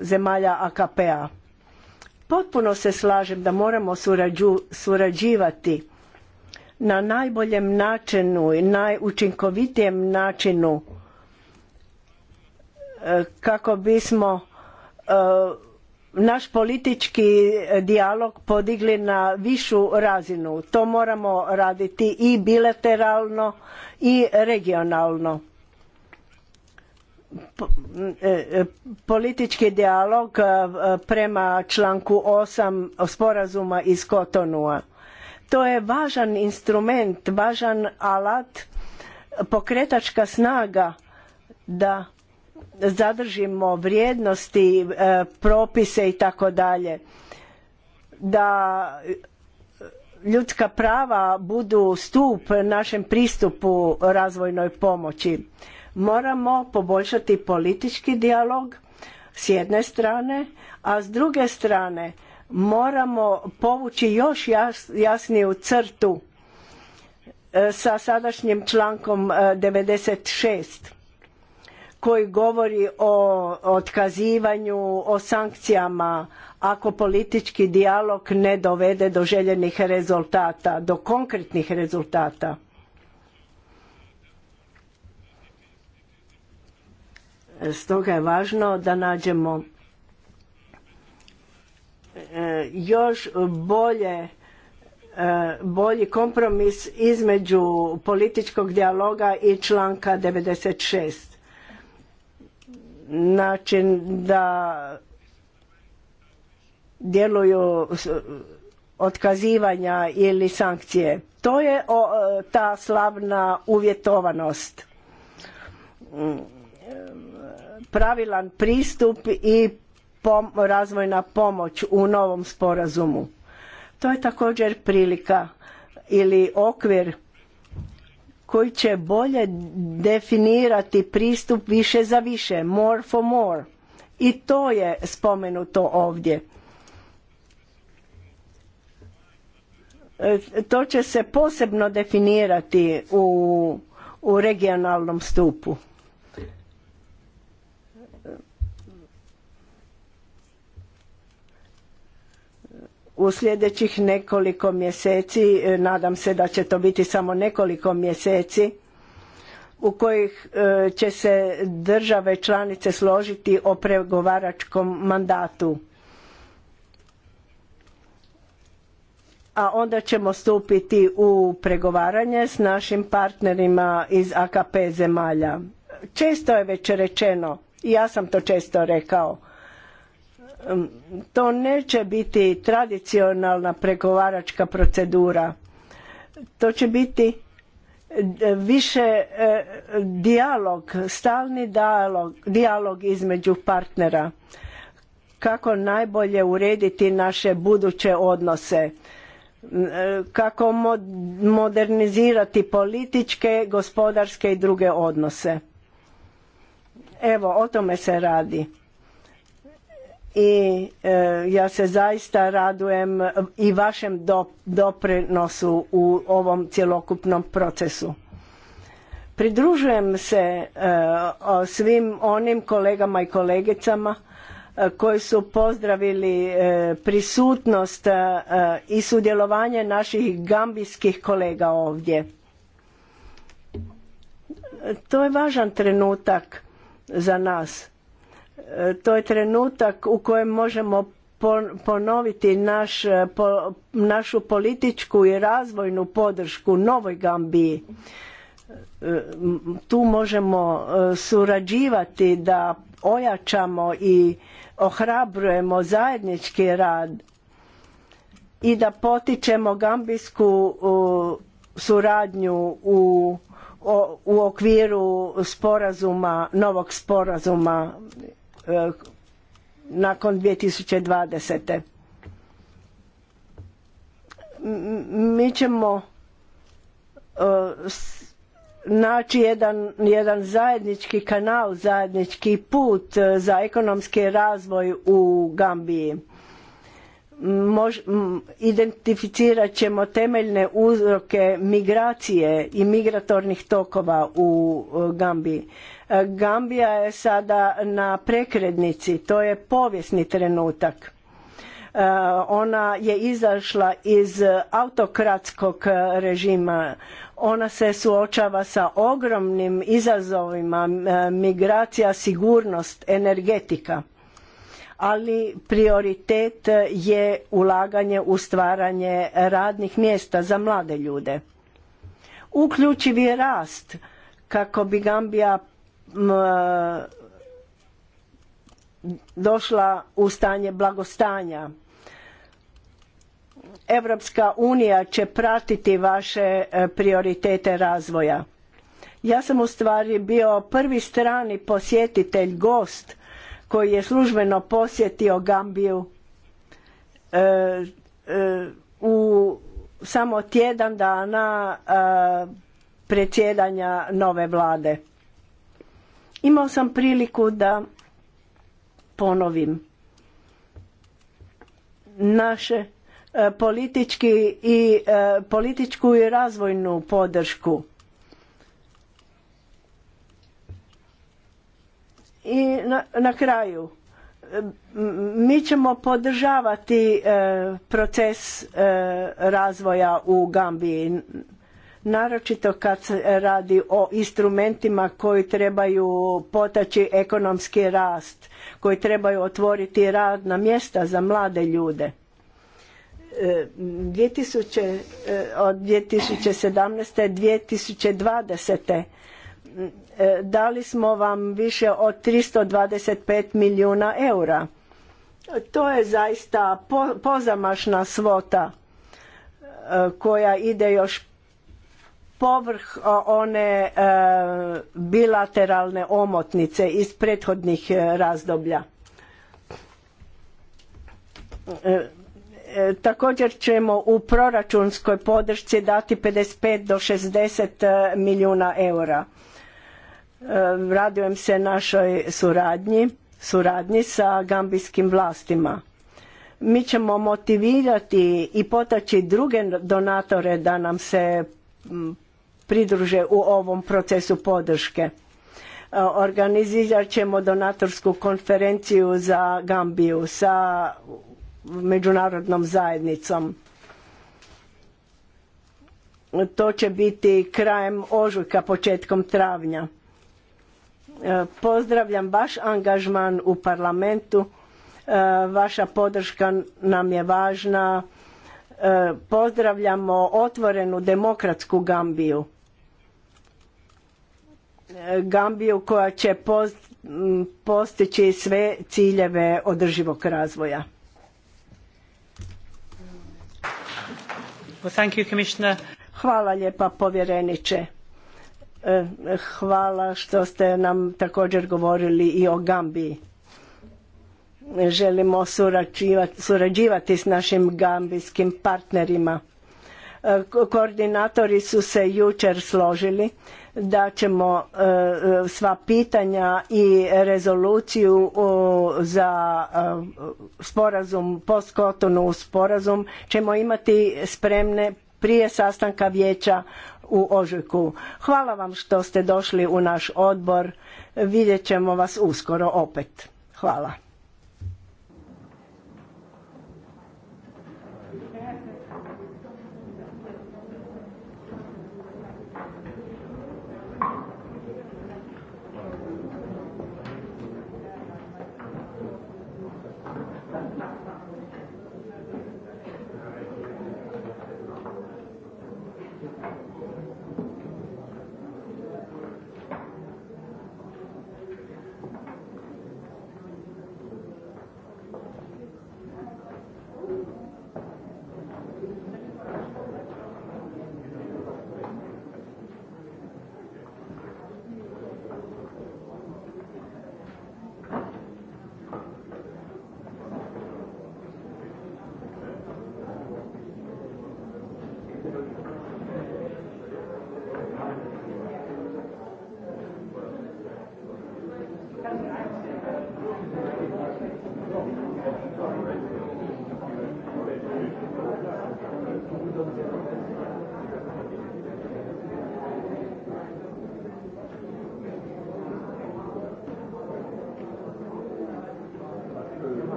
zemalja AKP-a Potpuno se slažem da moramo surađu, surađivati na najboljem načinu i najučinkovitijem načinu e, kako bismo e, naš politički dijalog podigli na višu razinu. To moramo raditi i bilateralno i regionalno E, e, politički dijalog e, prema članku 8 sporazuma iz Kotonua. To je važan instrument, važan alat, pokretačka snaga da zadržimo vrijednosti, propise i tako dalje. Da ljudska prava budu stup našem pristupu razvojnoj pomoći Moramo poboljšati politički dijalog s jedne strane, a s druge strane moramo povući još jasniju crtu e, sa sadašnjim člankom 96 e, koji govori o otkazivanju, o sankcijama ako politički dijalog ne dovede do željenih rezultata, do konkretnih rezultata. Stoga je važno da nađemo e, još bolje e, bolji kompromis između političkog dijaloga i članka 96. Način da djeluju otkazivanja ili sankcije. To je ta slavna uvjetovanost pravilan pristup i razvojna pomoć u novom sporazumu. To je također prilika ili okvir koji će bolje definirati pristup više za više, more for more. I to je spomenuto ovdje. E, to će se posebno definirati u regionalnom stupu. u sljedećih nekoliko mjeseci, e, nadam se da će to biti samo nekoliko mjeseci, u kojih e, će se države članice složiti o pregovaračkom mandatu. A onda ćemo stupiti u pregovaranje s našim partnerima iz AKP zemalja. Često je već rečeno, i ja sam to često rekao, to neće biti tradicionalna pregovaračka procedura to će biti e, više e, dijalog stalni dijalog između partnera kako najbolje urediti naše buduće odnose e, kako modernizirati političke gospodarske i druge odnose evo o tome se radi i e, ja se zaista radujem i vašem doprinosu u ovom cjelokupnom procesu. Pridružujem se e, svim onim kolegama i kolegicama e, koji su pozdravili prisutnost i sudjelovanje naših gambijskih kolega ovdje. To je važan trenutak za nas to je trenutak u kojem možemo ponoviti našu političku i razvojnu podršku novoj Gambiji. Tu možemo e, surađivati da ojačamo i ohrabrujemo zajednički rad i da potičemo gambijsku suradnju u, u okviru sporazuma, novog sporazuma E, nakon 2020. Mi ćemo e, naći jedan, jedan zajednički kanal, zajednički put e, za ekonomski razvoj u Gambiji identificirat ćemo temeljne uzroke migracije i migratornih tokova u e, Gambiji. E, Gambija je sada na prekrednici, to je povijesni trenutak. E, ona je izašla iz autokratskog režima, ona se suočava sa ogromnim izazovima migracija, sigurnost, energetika ali prioritet je ulaganje u stvaranje radnih mjesta za mlade ljude. Uključiv je rast kako bi Gambija došla u stanje blagostanja. Europska unija će pratiti vaše e, prioritete razvoja. Ja sam u stvari bio prvi strani posjetitelj, gost koji je službeno posjetio Gambiju e, e, u samo tjedan dana e, predsjedanja nove vlade. Imao sam priliku da ponovim naše e, politički i e, političku i razvojnu podršku I na, kraju, mi ćemo podržavati e, proces e, razvoja u Gambiji, naročito kad se radi o instrumentima koji trebaju potaći ekonomski rast, koji trebaju otvoriti radna mjesta za mlade ljude. 2000, e, od 2017. 2020. E, dali smo vam više od 325 milijuna eura. To je zaista pozamašna svota e, koja ide još povrh one e, bilateralne omotnice iz prethodnih razdoblja. Također ćemo u proračunskoj podršci dati 55 do 60 milijuna eura radujem se našoj suradnji, suradnji sa gambijskim vlastima. Mi ćemo motivirati i potaći druge donatore da nam se pridruže u ovom procesu podrške. Organizirat ćemo donatorsku konferenciju za Gambiju sa međunarodnom zajednicom. To će biti krajem ožujka, početkom travnja E, pozdravljam vaš angažman u parlamentu. E, vaša podrška nam je važna. E, pozdravljamo otvorenu demokratsku Gambiju. Gambiju koja će postići sve ciljeve održivog razvoja. Hvala lijepa povjereniče. Eh, hvala što ste nam također govorili i o Gambiji. Želimo surađivati s našim gambijskim partnerima. Eh, koordinatori su se jučer složili da ćemo eh, sva pitanja i rezoluciju za sporazum, postkotonu sporazum ćemo imati spremne prije sastanka vijeća u ožujku. Hvala vam što ste došli u naš odbor. Vidjet ćemo vas uskoro opet. Hvala.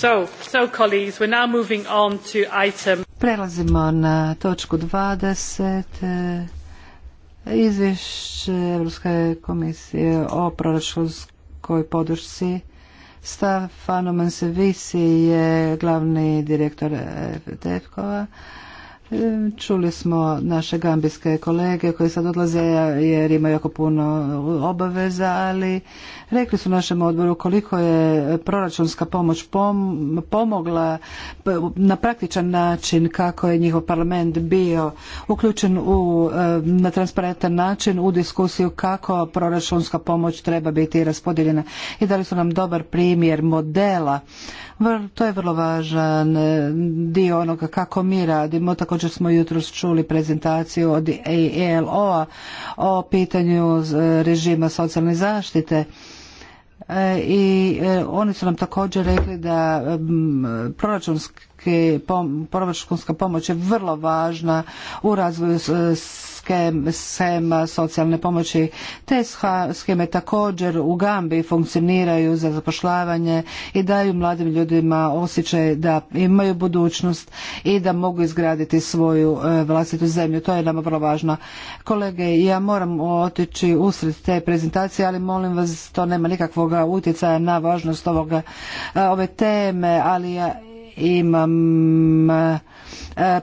So, so colleagues, we're now moving on to item. Prelazimo na točku 20. E, izvješće Evropske komisije o proračunskoj podršci Stefano Mansevisi je glavni direktor e, Tepkova. Čuli smo naše gambijske kolege koji sad odlaze jer imaju jako puno obaveza, ali rekli su našem odboru koliko je proračunska pomoć pomogla na praktičan način kako je njihov parlament bio uključen u, na transparentan način u diskusiju kako proračunska pomoć treba biti raspodijeljena i da li su nam dobar primjer modela to je vrlo važan e, dio onoga kako mi radimo. Također smo jutros čuli prezentaciju od alo a o pitanju e, režima socijalne zaštite e, i oni su nam također rekli da proračunski proračunska pomoć je vrlo važna u razvoju shema socijalne pomoći. Te sheme također u Gambi funkcioniraju za zapošljavanje i daju mladim ljudima osjećaj da imaju budućnost i da mogu izgraditi svoju e, vlastitu zemlju. To je nama vrlo važno. Kolege, ja moram otići usred te prezentacije, ali molim vas, to nema nikakvog utjecaja na važnost e, ove teme, ali ja imam e,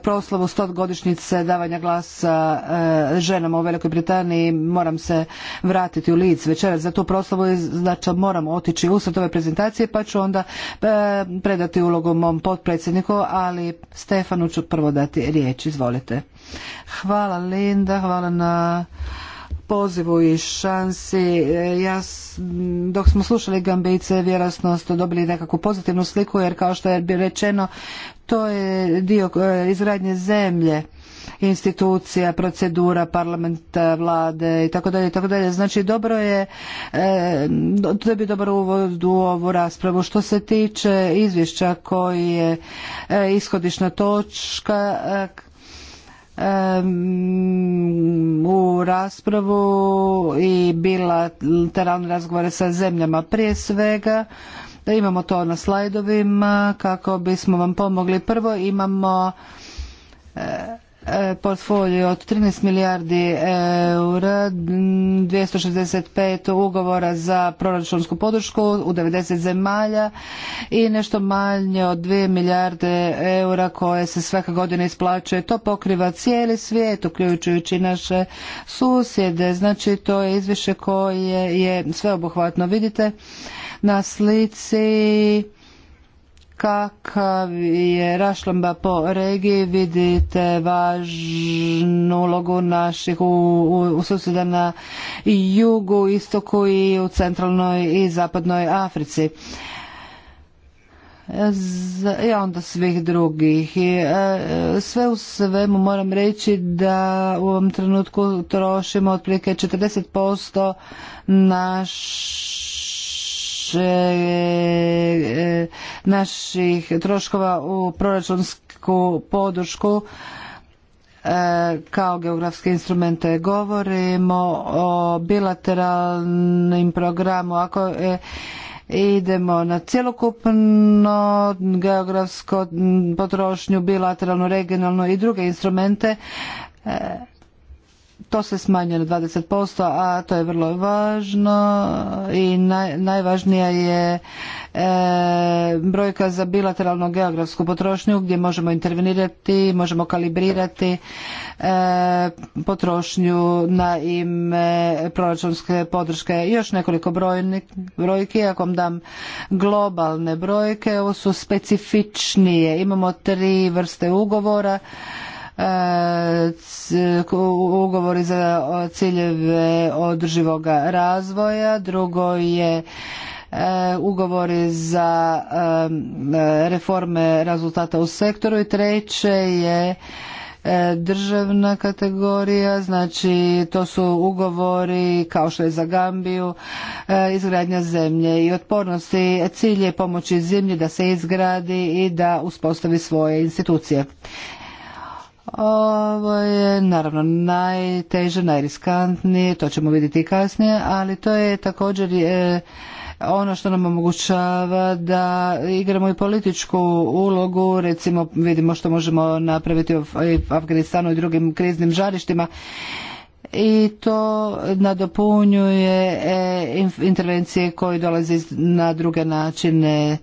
proslavu 100 godišnjice davanja glasa e, ženama u Velikoj Britaniji moram se vratiti u lic večeras za tu proslavu i znači moram otići usred ove prezentacije pa ću onda e, predati ulogu mom potpredsjedniku ali Stefanu ću prvo dati riječ izvolite hvala Linda hvala na pozivu i šansi. E, ja, dok smo slušali Gambice, vjerojatno ste dobili nekakvu pozitivnu sliku, jer kao što je rečeno, to je dio e, izgradnje zemlje institucija, procedura parlamenta, e, vlade i tako dalje tako dalje. Znači dobro je to bi dobar uvod u ovu raspravu. Što se tiče izvješća koji je ishodišna točka u raspravu i bila bilateralne razgovore sa zemljama. Prije svega da imamo to na slajdovima kako bismo vam pomogli. Prvo imamo E, portfolio od 13 milijardi eura, 265 ugovora za proračunsku podršku u 90 zemalja i nešto manje od 2 milijarde eura koje se svake godine isplaćuje. To pokriva cijeli svijet, uključujući naše susjede. Znači, to je izvješće koje je sveobuhvatno. Vidite na slici kakav je rašlomba po regiji, vidite važnu ulogu naših u, u, susjeda na jugu, istoku i u centralnoj i zapadnoj Africi i onda svih drugih. E, sve u svemu moram reći da u ovom trenutku trošimo otprilike 40% naš E, naših troškova u proračunsku podršku e, kao geografske instrumente govorimo o bilateralnim programu ako e, idemo na cjelokupno geografsko potrošnju bilateralno, regionalno i druge instrumente to se smanjuje na 20%, a to je vrlo važno i naj, najvažnija je e, brojka za bilateralnu geografsku potrošnju gdje možemo intervenirati, možemo kalibrirati e, potrošnju na ime proračunske podrške. Još nekoliko brojki, ako vam dam globalne brojke, ovo su specifičnije. Imamo tri vrste ugovora, E, ugovori za ciljeve održivoga razvoja, drugo je e, ugovori za e, reforme rezultata u sektoru i treće je državna kategorija, znači to su ugovori kao što je za Gambiju, izgradnja zemlje i otpornosti. Cilj je pomoći zemlji da se izgradi i da uspostavi svoje institucije. Ovo je naravno najteže, najriskantnije, to ćemo vidjeti i kasnije, ali to je također e, ono što nam omogućava da igramo i političku ulogu, recimo vidimo što možemo napraviti u Afganistanu i drugim kriznim žarištima i to nadopunjuje e, intervencije koje dolaze na druge načine.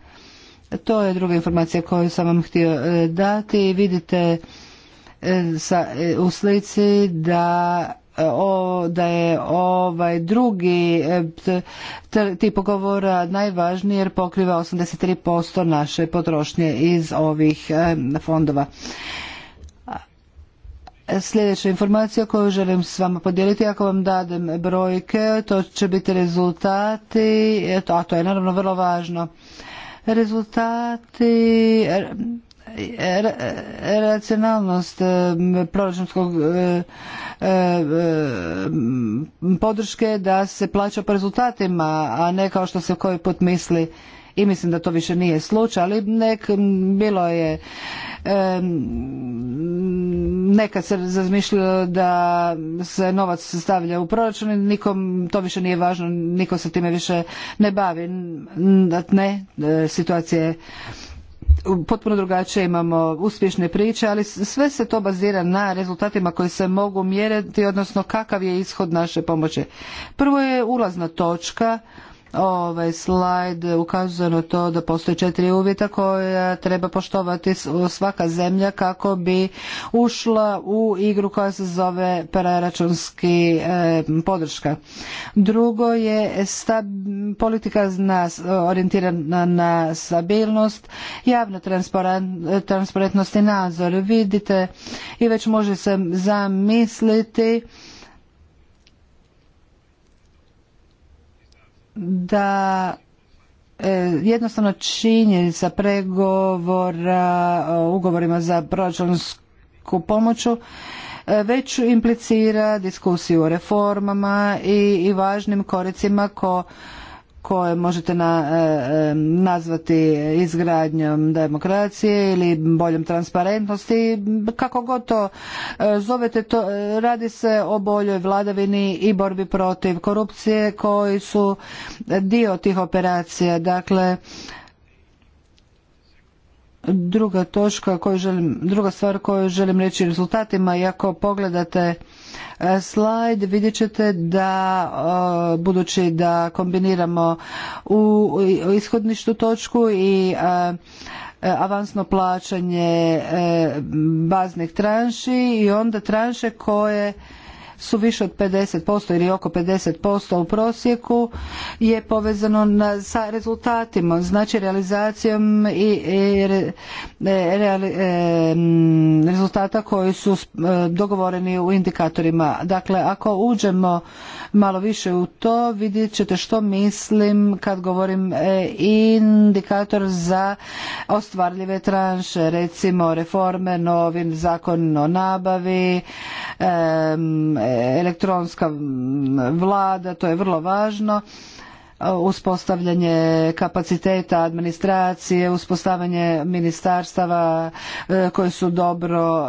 To je druga informacija koju sam vam htio e, dati. Vidite E, e, u slici da e, o, da je ovaj drugi tip ugovora najvažniji jer pokriva 83% naše potrošnje iz ovih fondova. Sljedeća informacija koju želim s vama podijeliti, ako vam dadem brojke, to će biti rezultati, a to je naravno vrlo važno. Rezultati E, e, racionalnost e, proračunskog podrške da se plaća po rezultatima, a ne kao što se koji put misli i mislim da to više nije slučaj, ali nek, bilo je nekad se razmišljalo da se novac stavlja u proračun i nikom to više nije važno, niko se time više ne bavi. Ne, situacija je potpuno drugačije imamo uspješne priče, ali sve se to bazira na rezultatima koji se mogu mjeriti, odnosno kakav je ishod naše pomoći. Prvo je ulazna točka, ovaj slajd ukazuje na to da postoje četiri uvjeta koja treba poštovati svaka zemlja kako bi ušla u igru koja se zove preračunski eh, podrška. Drugo je politika nas orijentirana na stabilnost, javna transparentnost i nadzor. Vidite i već može se zamisliti da e, jednostavno činjenica pregovora o ugovorima za proračunsku pomoću e, već implicira diskusiju o reformama i, i važnim koricima ko koje možete na, e, e, nazvati izgradnjom demokracije ili boljom transparentnosti, kako god to e, zovete, to, radi se o boljoj vladavini i borbi protiv korupcije koji su dio tih operacija. Dakle, druga koju želim, druga stvar koju želim reći rezultatima i ako pogledate E, slajd vidjet ćete da budući da kombiniramo u ishodništu točku i e, e, avansno plaćanje baznih tranši i onda tranše koje su više od 50% ili oko 50% u prosjeku je povezano na, sa rezultatima, znači realizacijom i, e, e, rezultata koji su e, dogovoreni u indikatorima. Dakle, ako uđemo malo više u to, vidjet ćete što mislim kad govorim e, indikator za ostvarljive tranše, recimo reforme, novim zakon o nabavi, elektronska vlada, to je vrlo važno uspostavljanje kapaciteta administracije, uspostavljanje ministarstava e, koje su dobro,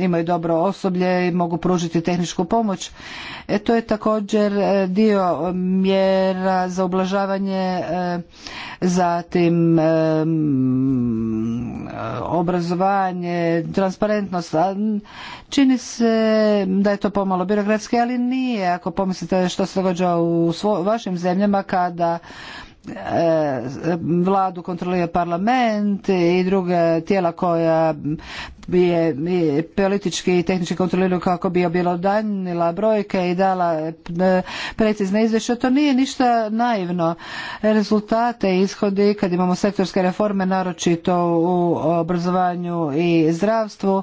e, imaju dobro osoblje i mogu pružiti tehničku pomoć. E, to je također e, dio mjera za ublažavanje, zatim obrazovanje, transparentnost. Čini se da je to pomalo birokratski, ali nije. Ako pomislite što se događa u vašim zemljama, ka da e, vladu kontrolira parlament i druga tijela koja je politički i tehnički kontroliraju kako bi objelodanila brojke i dala e, precizne izvješće. To nije ništa naivno. Rezultate ishodi kad imamo sektorske reforme, naročito u obrazovanju i zdravstvu,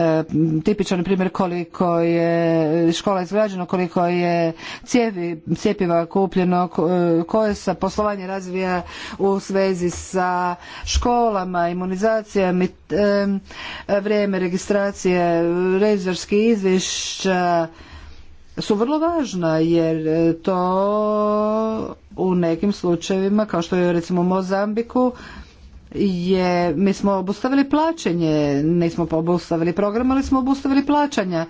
E, tipičan primjer koliko je škola izgrađeno, koliko je cijevi, cijepiva kupljeno, e, koje se poslovanje razvija u svezi sa školama, imunizacijama, e, vrijeme registracije, revizorski izvješća su vrlo važna jer to u nekim slučajevima kao što je recimo u Mozambiku je, mi smo obustavili plaćanje, nismo obustavili program, ali smo obustavili plaćanja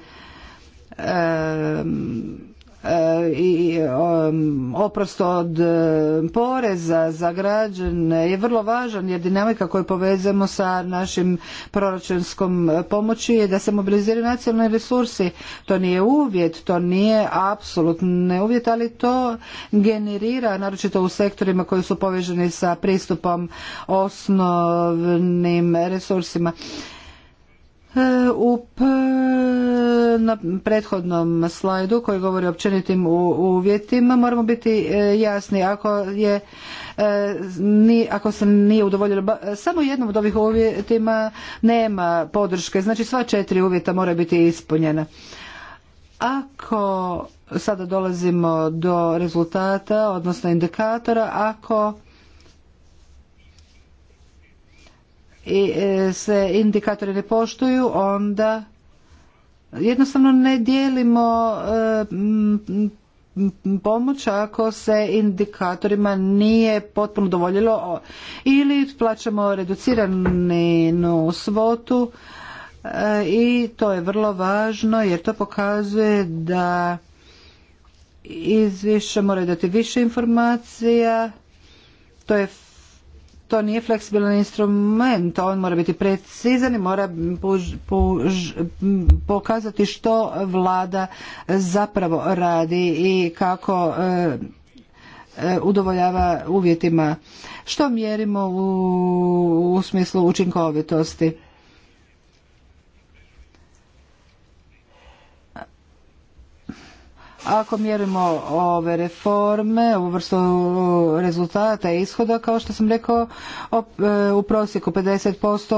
i um, oprost od um, poreza za građane je vrlo važan jer dinamika koju povezujemo sa našim proračunskom uh, pomoći je da se mobiliziraju nacionalni resursi. To nije uvjet, to nije apsolutni uvjet, ali to generira, naročito u sektorima koji su povezani sa pristupom osnovnim resursima E, u na prethodnom slajdu koji govori o općenitim uvjetima moramo biti e, jasni ako je e, ni, ako se nije udovoljilo samo jednom od ovih uvjetima nema podrške znači sva četiri uvjeta moraju biti ispunjena ako sada dolazimo do rezultata odnosno indikatora ako i e, se indikatori ne poštuju, onda jednostavno ne dijelimo e, pomoć ako se indikatorima nije potpuno dovoljilo ili plaćamo reduciranu svotu e, i to je vrlo važno jer to pokazuje da izvješće moraju dati više informacija to je to nije fleksibilan instrument, on mora biti precizan i mora pokazati što vlada zapravo radi i kako e, e, udovoljava uvjetima što mjerimo u, u smislu učinkovitosti Ako mjerimo ove reforme, ovu vrstu rezultata i ishoda, kao što sam rekao, e, u prosjeku 50%,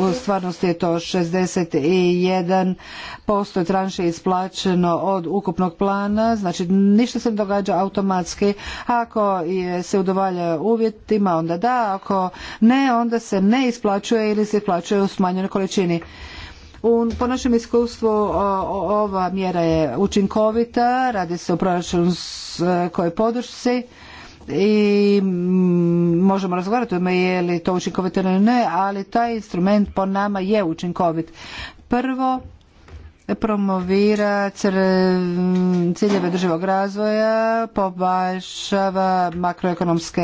u stvarnosti je to 61% tranše isplaćeno od ukupnog plana, znači ništa se ne događa automatski. Ako se udovalja uvjetima, onda da, ako ne, onda se ne isplaćuje ili se isplaćuje u smanjenoj količini po našem iskustvu ova mjera je učinkovita, radi se o e, koje podršci i mm, možemo razgovarati o tome je li to učinkovito ili ne, ali taj instrument po nama je učinkovit. Prvo, promovira mm, ciljeve državog razvoja, poboljšava makroekonomske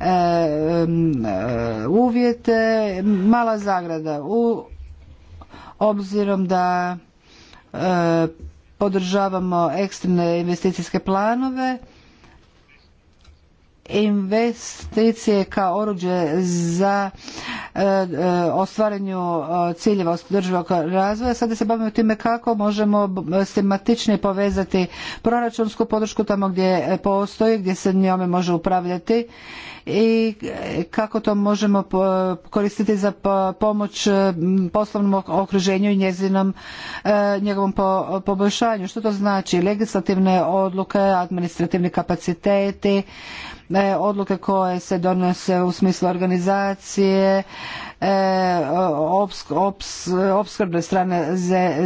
e, e, mm, uvjete, mala zagrada. U obzirom da e, podržavamo ekstremne investicijske planove investicije kao oruđe za ostvaranju e, e, ostvarenju ciljeva održivog razvoja. Sada se bavimo time kako možemo sistematičnije povezati proračunsku podršku tamo gdje postoji, gdje se njome može upravljati i e, kako to možemo koristiti za pomoć e, poslovnom okruženju i njezinom, e, njegovom poboljšanju. Što to znači? Legislativne odluke, administrativni kapaciteti, odluke koje se donose u smislu organizacije, opskrbne strane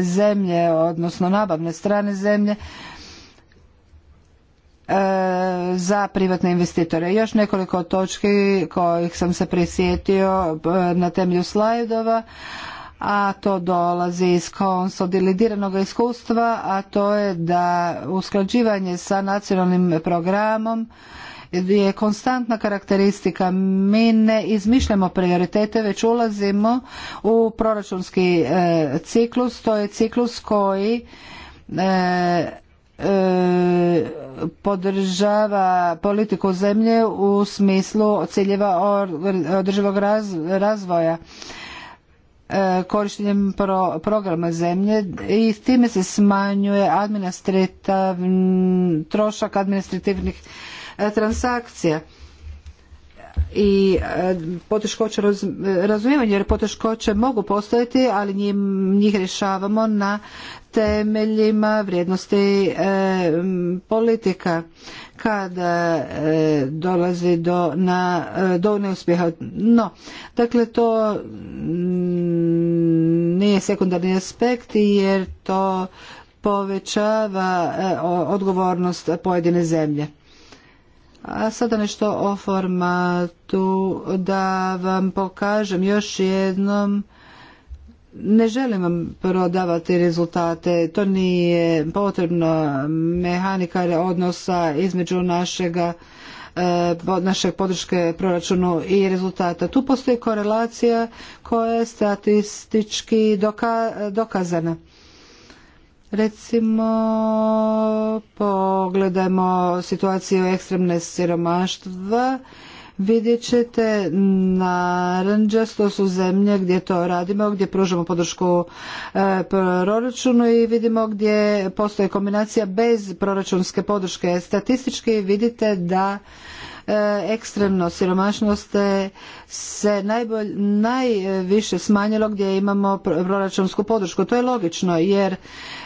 zemlje, odnosno nabavne strane zemlje, E, za privatne investitore. Još nekoliko točki kojih sam se prisjetio e, na temelju slajdova a to dolazi iz konsolidiranog iskustva, a to je da usklađivanje sa nacionalnim programom je konstantna karakteristika. Mi ne izmišljamo prioritete, već ulazimo u proračunski e, ciklus. To je ciklus koji E, podržava politiku zemlje u smislu ciljeva održivog razvoja e, korištenjem programa zemlje i s time se smanjuje administrativ, trošak administrativnih e, transakcija i e, poteškoće razumijevanje, jer poteškoće mogu postojati ali njih, njih rješavamo na temeljima vrijednosti e, politika kada e, dolazi do, na, do neuspjeha. No, dakle to mm, nije sekundarni aspekt jer to povećava odgovornost pojedine zemlje. A sada nešto o formatu da vam pokažem još jednom. Ne želim vam prodavati rezultate, to nije potrebno mehanika odnosa između našega e, naše podrške proračunu i rezultata. Tu postoji korelacija koja je statistički dokazana. Recimo, pogledajmo situaciju ekstremne siromaštva. Vidjet ćete to su zemlje gdje to radimo, gdje pružamo podršku e, proračunu i vidimo gdje postoje kombinacija bez proračunske podrške. Statistički vidite da E, ekstremno siromašnost se najbolj, najviše smanjilo gdje imamo proračunsku podršku. To je logično jer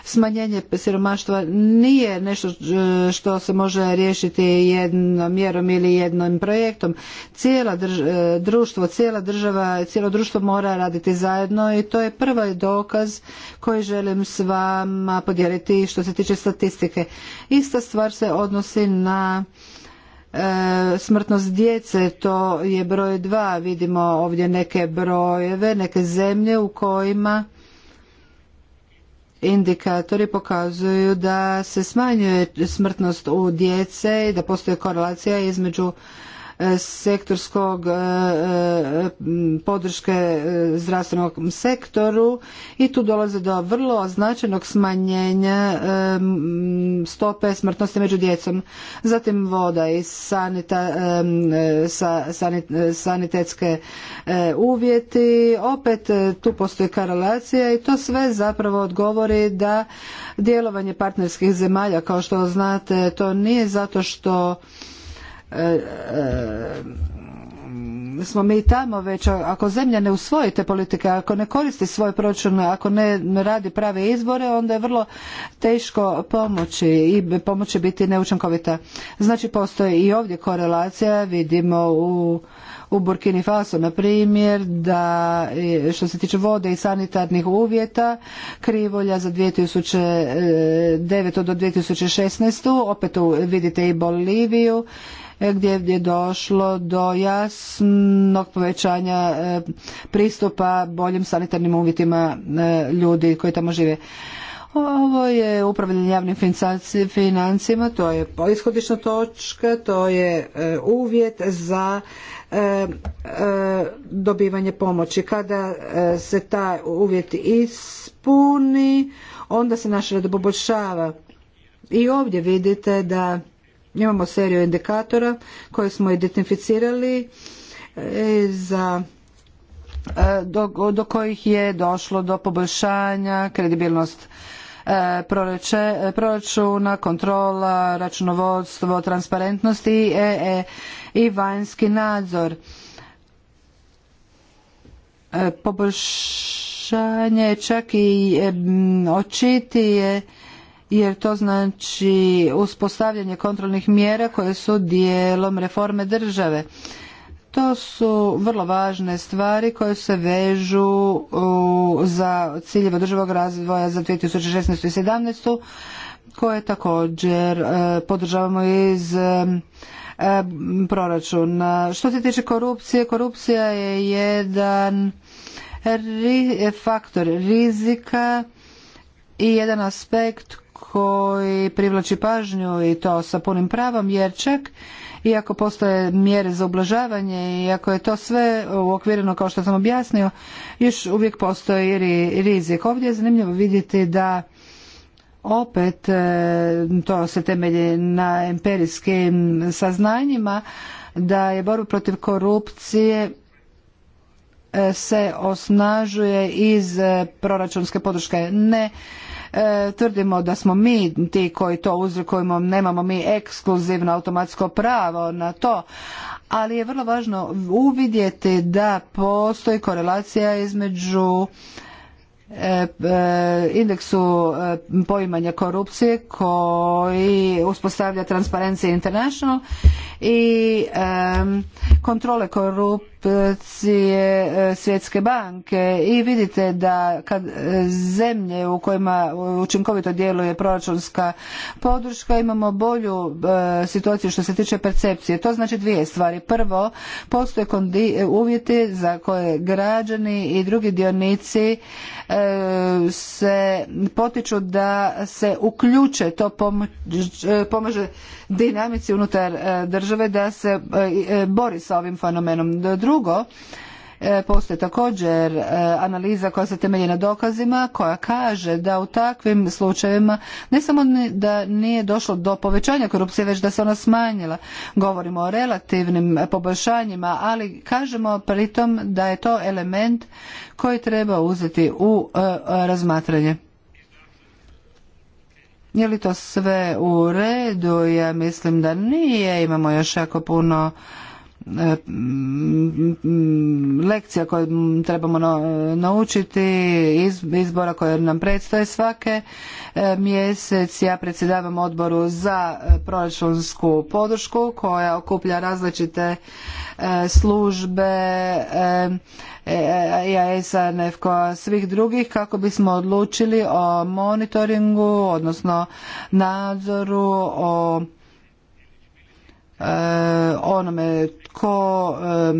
smanjenje siromaštva nije nešto e, što se može riješiti jednom mjerom ili jednom projektom. Cijela e, društvo, cijela država, cijelo društvo mora raditi zajedno i to je prvi dokaz koji želim s vama podijeliti što se tiče statistike. Ista stvar se odnosi na E, smrtnost djece to je broj dva vidimo ovdje neke brojeve neke zemlje u kojima indikatori pokazuju da se smanjuje smrtnost u djece i da postoji korelacija između E, sektorskog e, e, podrške zdravstvenom sektoru i tu dolazi do vrlo značajnog smanjenja stope smrtnosti među djecom. Zatim voda i sanita, sanitetske uvjeti. Opet tu postoji karelacija i to sve zapravo odgovori da djelovanje partnerskih zemalja kao što znate to nije zato što E, e, smo mi tamo već ako zemlja ne usvoji te politike ako ne koristi svoj proračun ako ne radi prave izbore onda je vrlo teško pomoći i pomoći biti neučinkovita znači postoji i ovdje korelacija vidimo u Burkini Faso na primjer da što se tiče vode i sanitarnih uvjeta krivolja za 2009. E, do 2016. opet vidite i Boliviju E, gdje je došlo do jasnog povećanja e, pristupa boljim sanitarnim uvjetima e, ljudi koji tamo žive. Ovo je upravljanje javnim financijama, to je ishodišna točka, to je uvjet za dobivanje pomoći. Kada se taj uvjet ispuni, onda se naš red poboljšava. I ovdje vidite da Imamo seriju indikatora koje smo identificirali e, za e, do, kojih je došlo do poboljšanja, kredibilnost e, proračuna, kontrola, računovodstvo, transparentnost i, i vanjski nadzor. Poboljšanje čak i očitije jer to znači uspostavljanje kontrolnih mjera koje su dijelom reforme države. To su vrlo važne stvari koje se vežu za ciljeve održivog razvoja za 2016. i 2017. koje također e, podržavamo iz e, e, proračuna. Što se tiče korupcije, korupcija je jedan faktor rizika i jedan aspekt koji privlači pažnju i to sa punim pravom jer čak iako postoje mjere za ublažavanje i ako je to sve uokvireno kao što sam objasnio, još uvijek postoji rizik. Ovdje je zanimljivo vidjeti da opet e, to se temelji na emperijskim saznanjima da je borba protiv korupcije e, se osnažuje iz e, proračunske podrške ne E, tvrdimo da smo mi ti koji to uzrokujemo, nemamo mi ekskluzivno automatsko pravo na to, ali je vrlo važno uvidjeti da postoji korelacija između e, e, indeksu poimanja korupcije koji uspostavlja Transparency International i kontrole korupcije percepcije e, svjetske banke i vidite da kad e, zemlje u kojima učinkovito djeluje proračunska podrška imamo bolju e, situaciju što se tiče percepcije. To znači dvije stvari. Prvo, postoje uvjeti za koje građani i drugi dionici se potiču da se uključe, to pomaže dinamici unutar e, države da se e, e, bori sa ovim fenomenom. Drugo, postoji također analiza koja se temelji na dokazima koja kaže da u takvim slučajevima ne samo da nije došlo do povećanja korupcije već da se ona smanjila govorimo o relativnim poboljšanjima ali kažemo pritom da je to element koji treba uzeti u razmatranje je li to sve u redu? Ja mislim da nije. Imamo još jako puno lekcija koje trebamo naučiti izbora koje nam predstoje svake e, mjesec ja predsjedavam odboru za e, proračunsku podršku koja okuplja različite e, službe IAS, a nfk svih drugih kako bismo odlučili o monitoringu odnosno nadzoru o E, onome tko e,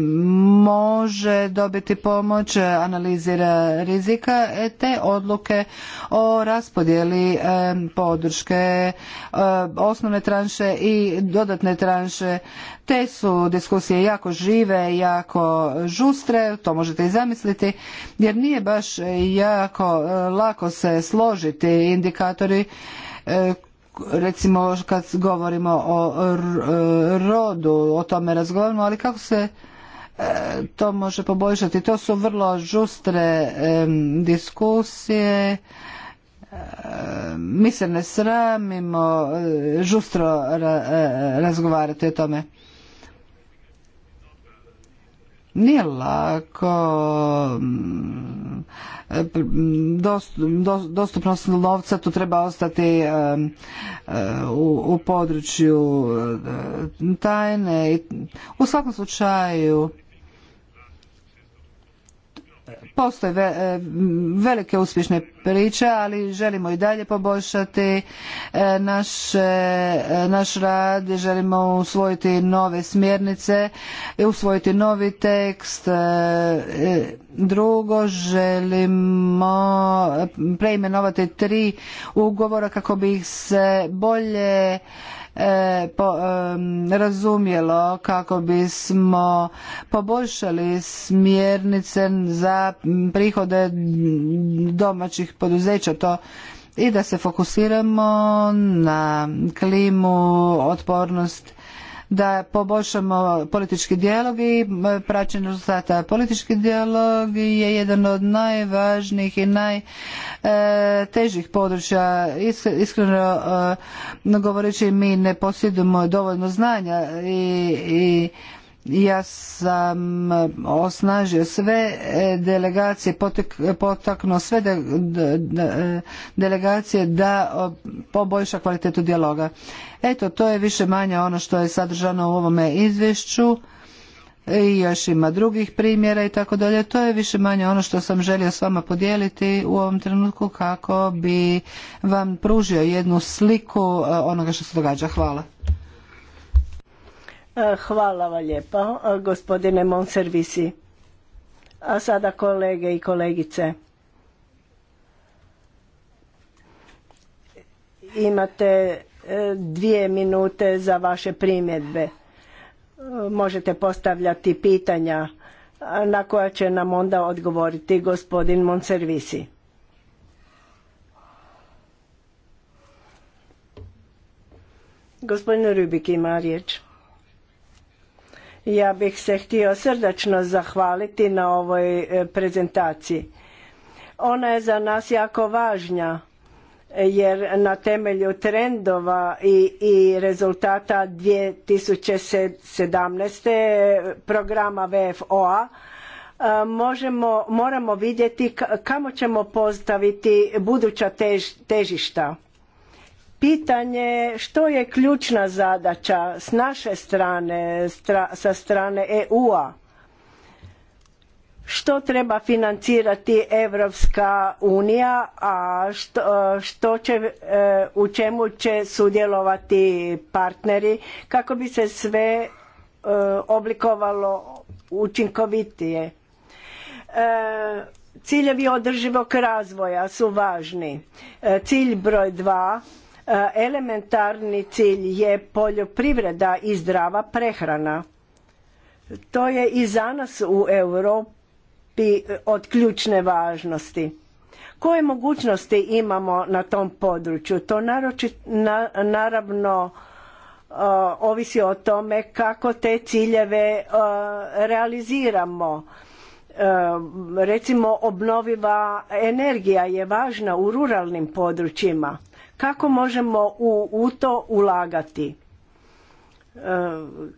može dobiti pomoć, analizira rizika e, te odluke o raspodjeli podrške osnovne tranše i dodatne tranše. Te su diskusije jako žive, jako žustre, to možete i zamisliti, jer nije baš jako lako se složiti indikatori recimo kad govorimo o e, rodu, o tome razgovaramo, ali kako se e, to može poboljšati? To su vrlo žustre e, diskusije, mi se ne sramimo žustro razgovarati o tome nije lako mm, dostupnost novca, tu treba ostati eh, u području eh, tajne u svakom slučaju Postoje e, velike uspješne priče, ali želimo i dalje poboljšati e, naš, e, naš rad, želimo usvojiti nove smjernice, usvojiti novi tekst. Drugo, želimo preimenovati tri ugovora kako bi ih se bolje E, e, razumjelo kako bismo poboljšali smjernice za prihode domaćih poduzeća to i da se fokusiramo na klimu, otpornost da poboljšamo politički dijalog i praćenje rezultata. Politički dijalog je jedan od najvažnijih i najtežih e, područja. Iskreno e, govoreći mi ne posjedujemo dovoljno znanja i, i ja sam e, osnažio sve e, delegacije, potaknuo sve e, delegacije da poboljša kvalitetu dijaloga. Eto, to je više manje ono što je sadržano u ovome izvješću i još ima drugih primjera i tako dalje. To je više manje ono što sam želio s vama podijeliti u ovom trenutku kako bi vam pružio jednu sliku onoga što se događa. Hvala. E, hvala vam lijepa, e, gospodine Monservisi. A sada kolege i kolegice. Imate e, dvije minute za vaše primjedbe. Možete postavljati pitanja na koja će nam onda odgovoriti gospodin Monservisi. Gospodin Rubik ima riječ. Ja bih se htio srdačno zahvaliti na ovoj e, prezentaciji. Ona je za nas jako važna e, jer na temelju trendova i, i rezultata 2017. E, programa VFOA možemo, moramo vidjeti kamo ćemo postaviti buduća težišta pitanje što je ključna zadaća s naše strane, sa strane EU-a. Što treba financirati Europska unija, a što, će, e, u čemu će sudjelovati partneri kako bi se sve e, oblikovalo učinkovitije. E, ciljevi održivog razvoja su važni. Cilj broj dva E, elementarni cilj je poljoprivreda i zdrava prehrana. To je i za nas u Europi e, od ključne važnosti. Koje mogućnosti imamo na tom području? To naravno e, ovisi o tome kako te ciljeve realiziramo. Recimo obnoviva energija je važna u ruralnim područjima kako možemo u, to ulagati? E,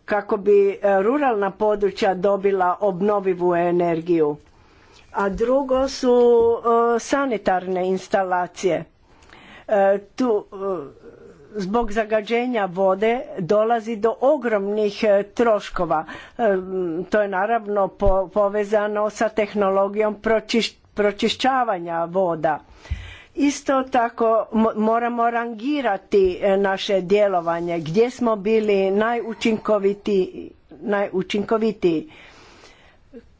kako bi e, ruralna područja dobila obnovivu energiju. A drugo su e, sanitarne instalacije. Tu zbog zagađenja vode dolazi do ogromnih troškova. To je naravno povezano sa tehnologijom pročišćavanja voda Isto tako moramo rangirati e, naše djelovanje, gdje smo bili najučinkovitiji,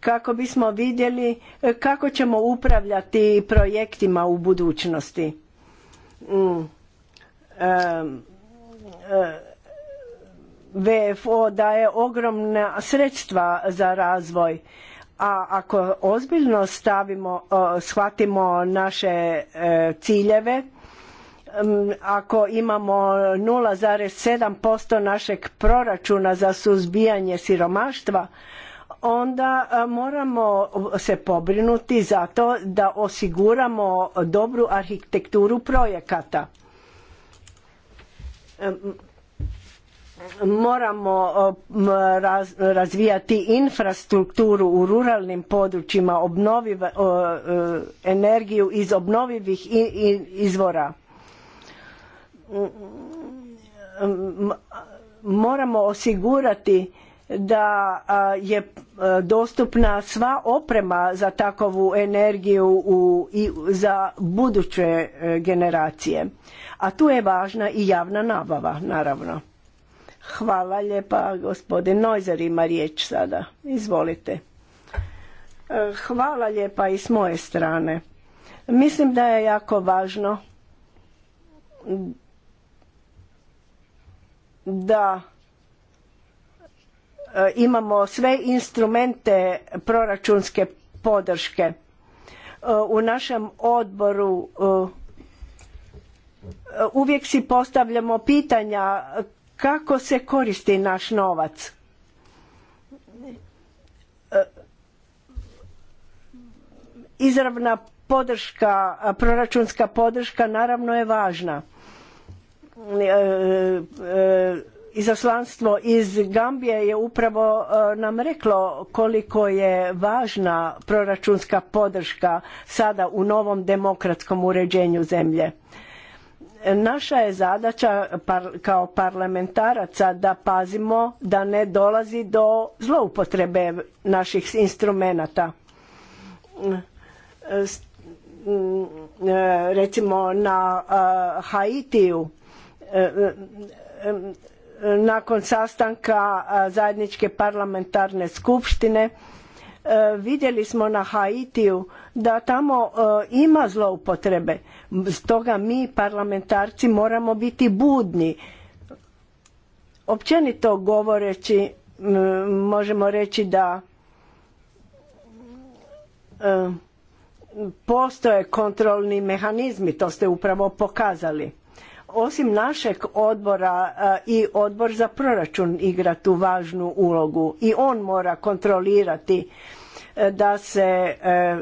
kako bismo vidjeli e, kako ćemo upravljati projektima u budućnosti. Mm. E, VFO daje ogromna sredstva za razvoj a ako ozbiljno stavimo, shvatimo naše e, ciljeve, ako imamo 0,7% našeg proračuna za suzbijanje siromaštva, onda e, moramo se pobrinuti za to da osiguramo dobru arhitekturu projekata e, moramo razvijati infrastrukturu u ruralnim područjima e, energiju iz obnovivih izvora moramo osigurati da je e, dostupna sva oprema za takovu energiju i za buduće e, generacije a tu je važna i javna nabava naravno Hvala lijepa, gospodin Nojzer ima riječ sada. Izvolite. E, hvala lijepa i s moje strane. Mislim da je jako važno da e, imamo sve instrumente proračunske podrške. E, u našem odboru uvijek si postavljamo pitanja kako se koristi naš novac. E, izravna podrška, proračunska podrška naravno je važna. E, e, izaslanstvo iz Gambije je upravo nam reklo koliko je važna proračunska podrška sada u novom demokratskom uređenju zemlje Naša je zadaća kao parlamentaraca da pazimo da ne dolazi do zloupotrebe naših instrumenata. Recimo na Haitiju e, e, nakon sastanka zajedničke parlamentarne skupštine Eh, vidjeli smo na Haitiju da tamo eh, ima zloupotrebe. Stoga mi parlamentarci moramo biti budni. Općenito govoreći možemo reći da eh, postoje kontrolni mehanizmi, to ste upravo pokazali osim našeg odbora i odbor za proračun igra tu važnu ulogu i on mora kontrolirati e, da se e,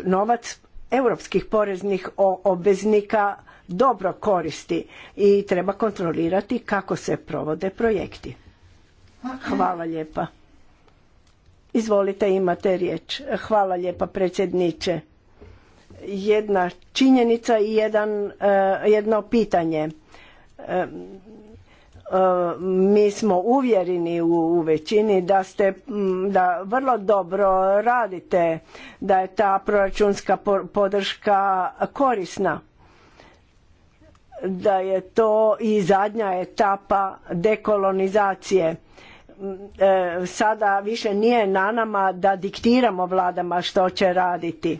novac europskih poreznih obveznika dobro koristi i treba kontrolirati kako se provode projekti. Hvala lijepa. Izvolite, imate riječ. Hvala lijepa predsjedniče. Jedna činjenica i jedan, e, jedno pitanje mi smo uvjereni u, u većini da ste da vrlo dobro radite da je ta proračunska podrška korisna da je to i zadnja etapa dekolonizacije e, sada više nije na nama da diktiramo vladama što će raditi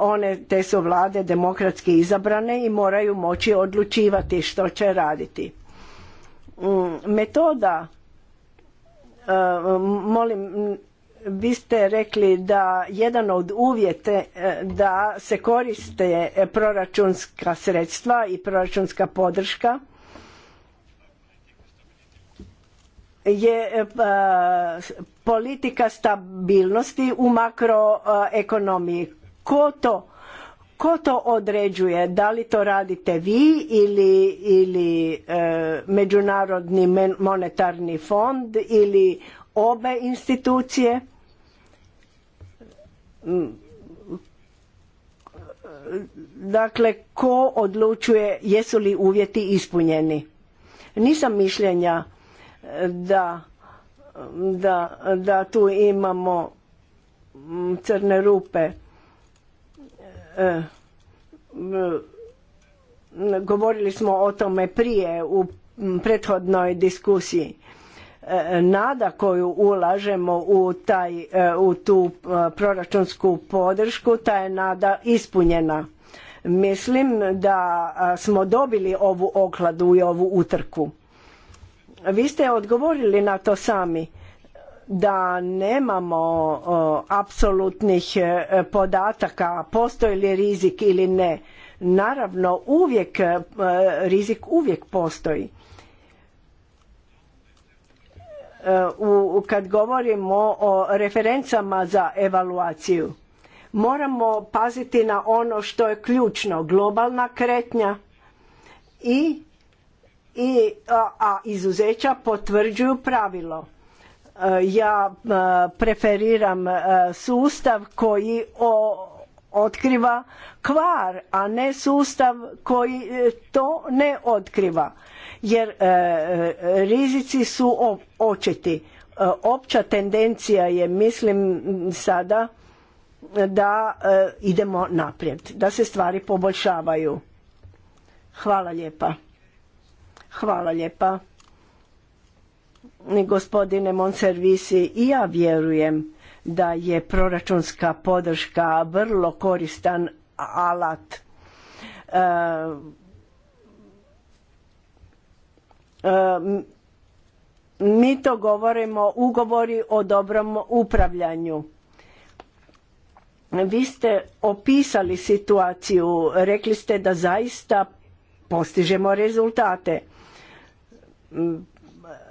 one, te su vlade demokratski izabrane i moraju moći odlučivati što će raditi. Mm, metoda, e, molim, vi ste rekli da jedan od uvjete e, da se koriste proračunska sredstva i proračunska podrška je e, pa, politika stabilnosti u makroekonomiji Ko to? određuje? Da li to radite vi ili, ili e, Međunarodni monetarni fond ili obe institucije? Dakle, ko odlučuje jesu li uvjeti ispunjeni? Nisam mišljenja e, da, da, da tu imamo crne rupe E, govorili smo o tome prije u prethodnoj diskusiji e, nada koju ulažemo u, taj, e, u tu proračunsku podršku ta je nada ispunjena mislim da smo dobili ovu okladu i ovu utrku vi ste odgovorili na to sami da nemamo apsolutnih e, podataka postoji li rizik ili ne naravno uvijek e, rizik uvijek postoji e, u, kad govorimo o referencama za evaluaciju moramo paziti na ono što je ključno globalna kretnja i, i a izuzeća potvrđuju pravilo Eh, ja eh, preferiram eh, sustav koji otkriva kvar a ne sustav koji to ne otkriva jer rizici su očiti opća tendencija je mislim sada da idemo naprijed da se stvari poboljšavaju hvala lijepa hvala lijepa gospodine Monservisi, i ja vjerujem da je proračunska podrška vrlo koristan alat e, mi to govorimo ugovori o dobrom upravljanju vi ste opisali situaciju rekli ste da zaista postižemo rezultate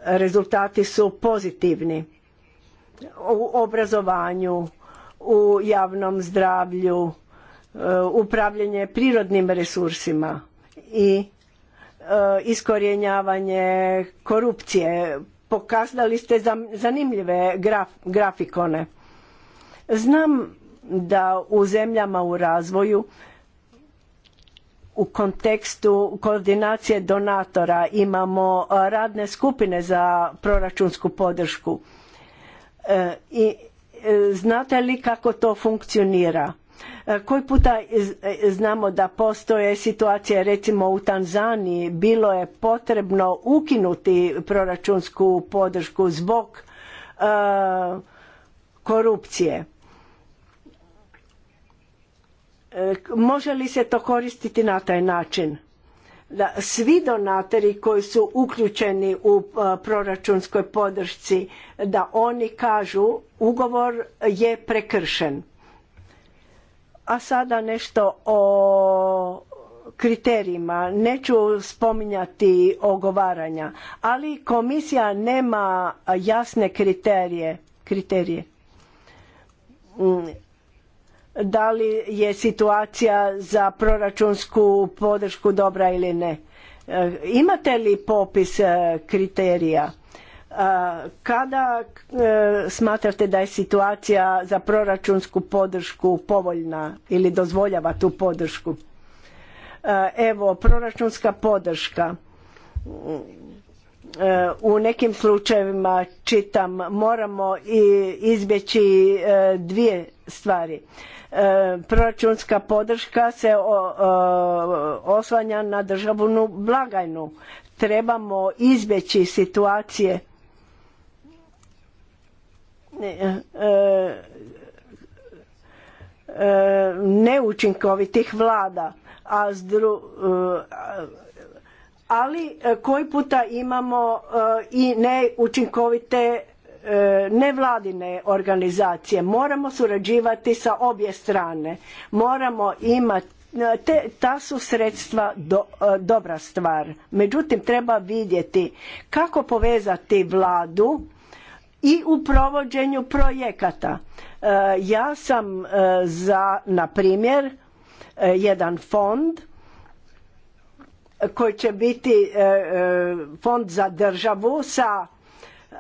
rezultati su pozitivni u obrazovanju, u javnom zdravlju, e, upravljanje prirodnim resursima i e, iskorjenjavanje korupcije. Pokazali ste zanimljive grafikone. Znam da u zemljama u razvoju u kontekstu koordinacije donatora imamo e, radne skupine za proračunsku podršku e, i e, znate li kako to funkcionira koji puta znamo da postoje situacije recimo u Tanzaniji bilo je potrebno ukinuti proračunsku podršku zbog korupcije Može li se to koristiti na taj način? Da svi donatori koji su uključeni u e, proračunskoj podršci, da oni kažu ugovor je prekršen. A sada nešto o kriterijima. Neću spominjati ogovaranja, ali komisija nema jasne kriterije. kriterije mm, da li je situacija za proračunsku podršku dobra ili ne. E, imate li popis e, kriterija? E, kada smatrate da je situacija za proračunsku podršku povoljna ili dozvoljava tu podršku? Evo, proračunska podrška u nekim slučajevima čitam moramo i izbjeći e, dvije stvari e, proračunska podrška se oslanja na državnu blagajnu trebamo izbjeći situacije e, neučinkovitih vlada a ali e, koji puta imamo e, i učinkovite e, nevladine organizacije. Moramo surađivati sa obje strane. Moramo imati te, ta su sredstva dobra stvar. Međutim, treba vidjeti kako povezati vladu i u provođenju projekata. Ja sam za, na primjer, jedan fond koji će biti e, e, fond za državu sa e,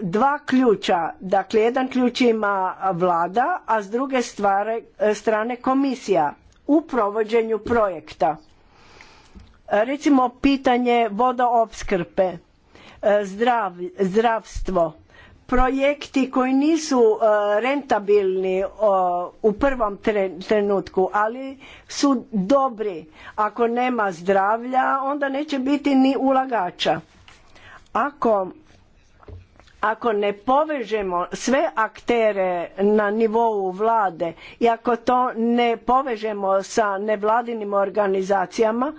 dva ključa. Dakle, jedan ključ ima vlada, a s druge strane komisija u provođenju projekta. Recimo pitanje vodoopskrbe, zdravstvo, projekti koji nisu uh, rentabilni uh, u prvom trenutku, ali su dobri. Ako nema zdravlja, onda neće biti ni ulagača. Ako, ne povežemo sve aktere na nivou vlade i ako to ne povežemo sa nevladinim organizacijama,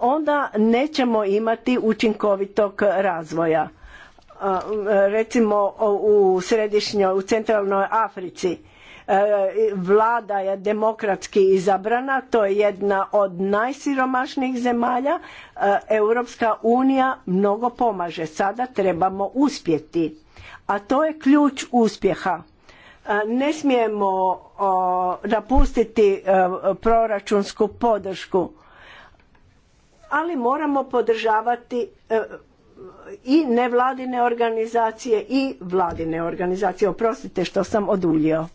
onda nećemo imati učinkovitog razvoja recimo u središnjoj, u centralnoj Africi. E, vlada je demokratski izabrana, to je jedna od najsiromašnijih zemalja. E, Europska unija mnogo pomaže. Sada trebamo uspjeti. A to je ključ uspjeha. E, ne smijemo napustiti proračunsku podršku, ali moramo podržavati i nevladine organizacije i vladine organizacije. Oprostite što sam oduljio.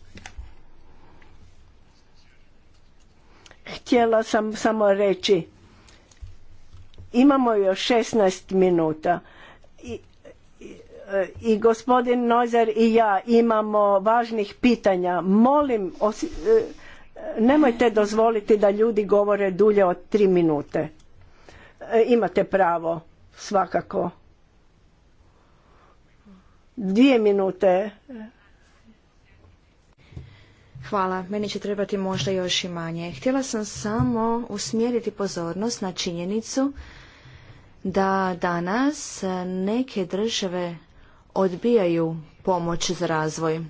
Htjela sam samo reći, imamo još 16 minuta i, gospodin Nozer i ja imamo važnih pitanja. Molim, e, nemojte dozvoliti da ljudi govore dulje od tri minute. E, imate pravo, svakako. Dvije minute. Hvala, meni će trebati možda još i manje. Htjela sam samo usmjeriti pozornost na činjenicu da danas neke države odbijaju pomoć za razvoj.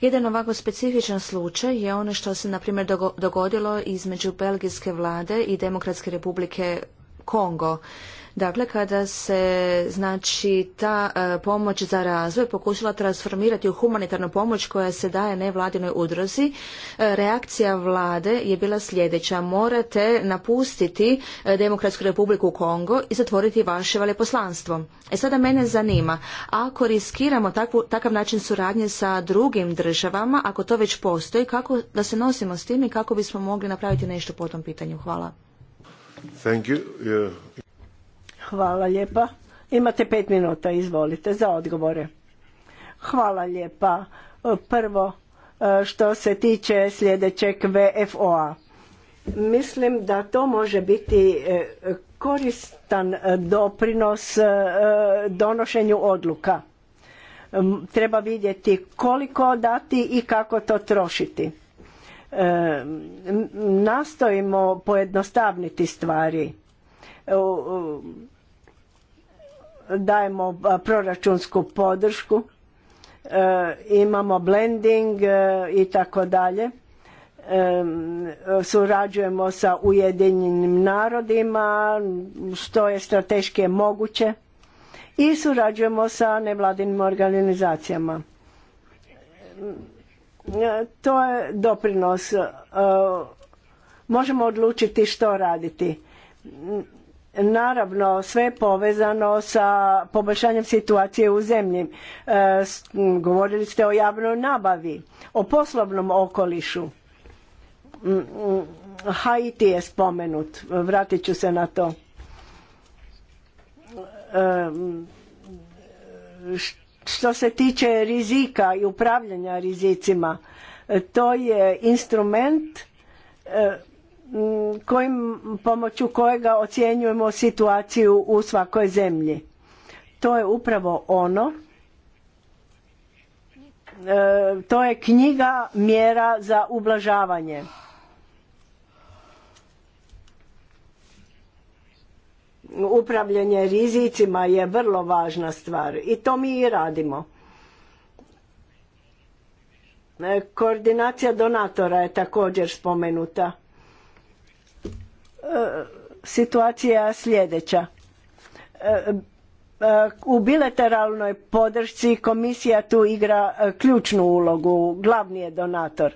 Jedan ovako specifičan slučaj je ono što se, na primjer, dogodilo između Belgijske vlade i Demokratske republike Kongo. Dakle, kada se znači ta e, pomoć za razvoj pokušala transformirati u humanitarnu pomoć koja se daje nevladinoj udruzi, e, reakcija vlade je bila sljedeća. Morate napustiti e, Demokratsku republiku Kongo i zatvoriti vaše veleposlanstvo. E sada mene zanima, ako riskiramo takvu, takav način suradnje sa drugim državama, ako to već postoji, kako da se nosimo s tim i kako bismo mogli napraviti nešto po tom pitanju? Hvala. Thank you. Hvala lijepa. Imate pet minuta, izvolite, za odgovore. Hvala lijepa. Prvo, e, što se tiče sljedećeg VFO-a. Mislim da to može biti e, koristan doprinos e, donošenju odluka. Treba vidjeti koliko dati i kako to trošiti. Nastojimo pojednostavniti stvari dajemo proračunsku podršku, e, imamo blending e, i tako dalje. E, surađujemo sa Ujedinjenim narodima, što je strateški moguće i surađujemo sa nevladinim organizacijama. To je doprinos. Možemo odlučiti što raditi Naravno, sve je povezano sa poboljšanjem situacije u zemlji. E, govorili ste o javnoj nabavi, o poslovnom okolišu. Haiti je spomenut, vratit ću se na to. E, što se tiče rizika i upravljanja rizicima, e, to je instrument kojim, pomoću kojega ocjenjujemo situaciju u svakoj zemlji. To je upravo ono e, to je knjiga mjera za ublažavanje. Upravljanje rizicima je vrlo važna stvar i to mi i radimo. E, koordinacija donatora je također spomenuta situacija sljedeća. E, e, u bilateralnoj podršci komisija tu igra e, ključnu ulogu, glavni je donator.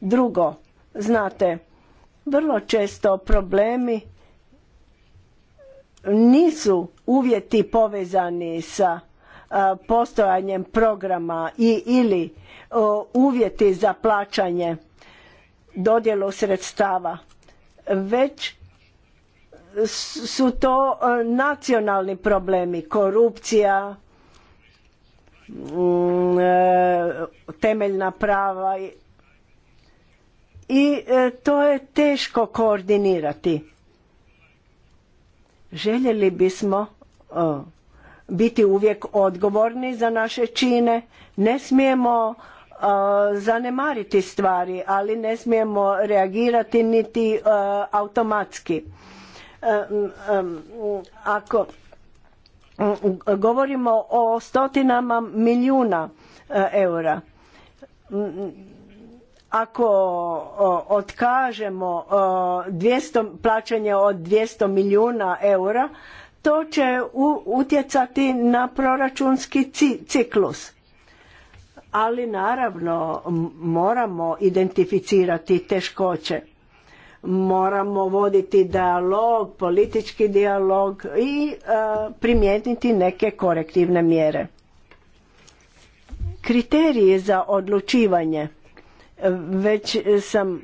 Drugo, znate, vrlo često problemi nisu uvjeti povezani sa postojanjem programa i ili uvjeti za plaćanje dodjelu sredstava već su to e, nacionalni problemi, korupcija, mm, e, temeljna prava i e, to je teško koordinirati. Željeli bismo biti uvijek odgovorni za naše čine, ne smijemo zanemariti stvari, ali ne smijemo reagirati niti automatski. E, e, ako govorimo o stotinama milijuna e, eura, ako otkažemo plaćanje od 200 milijuna eura, to će utjecati na proračunski ciklus ali naravno moramo identificirati teškoće moramo voditi dijalog politički dijalog i e, primijeniti neke korektivne mjere Kriterije za odlučivanje već sam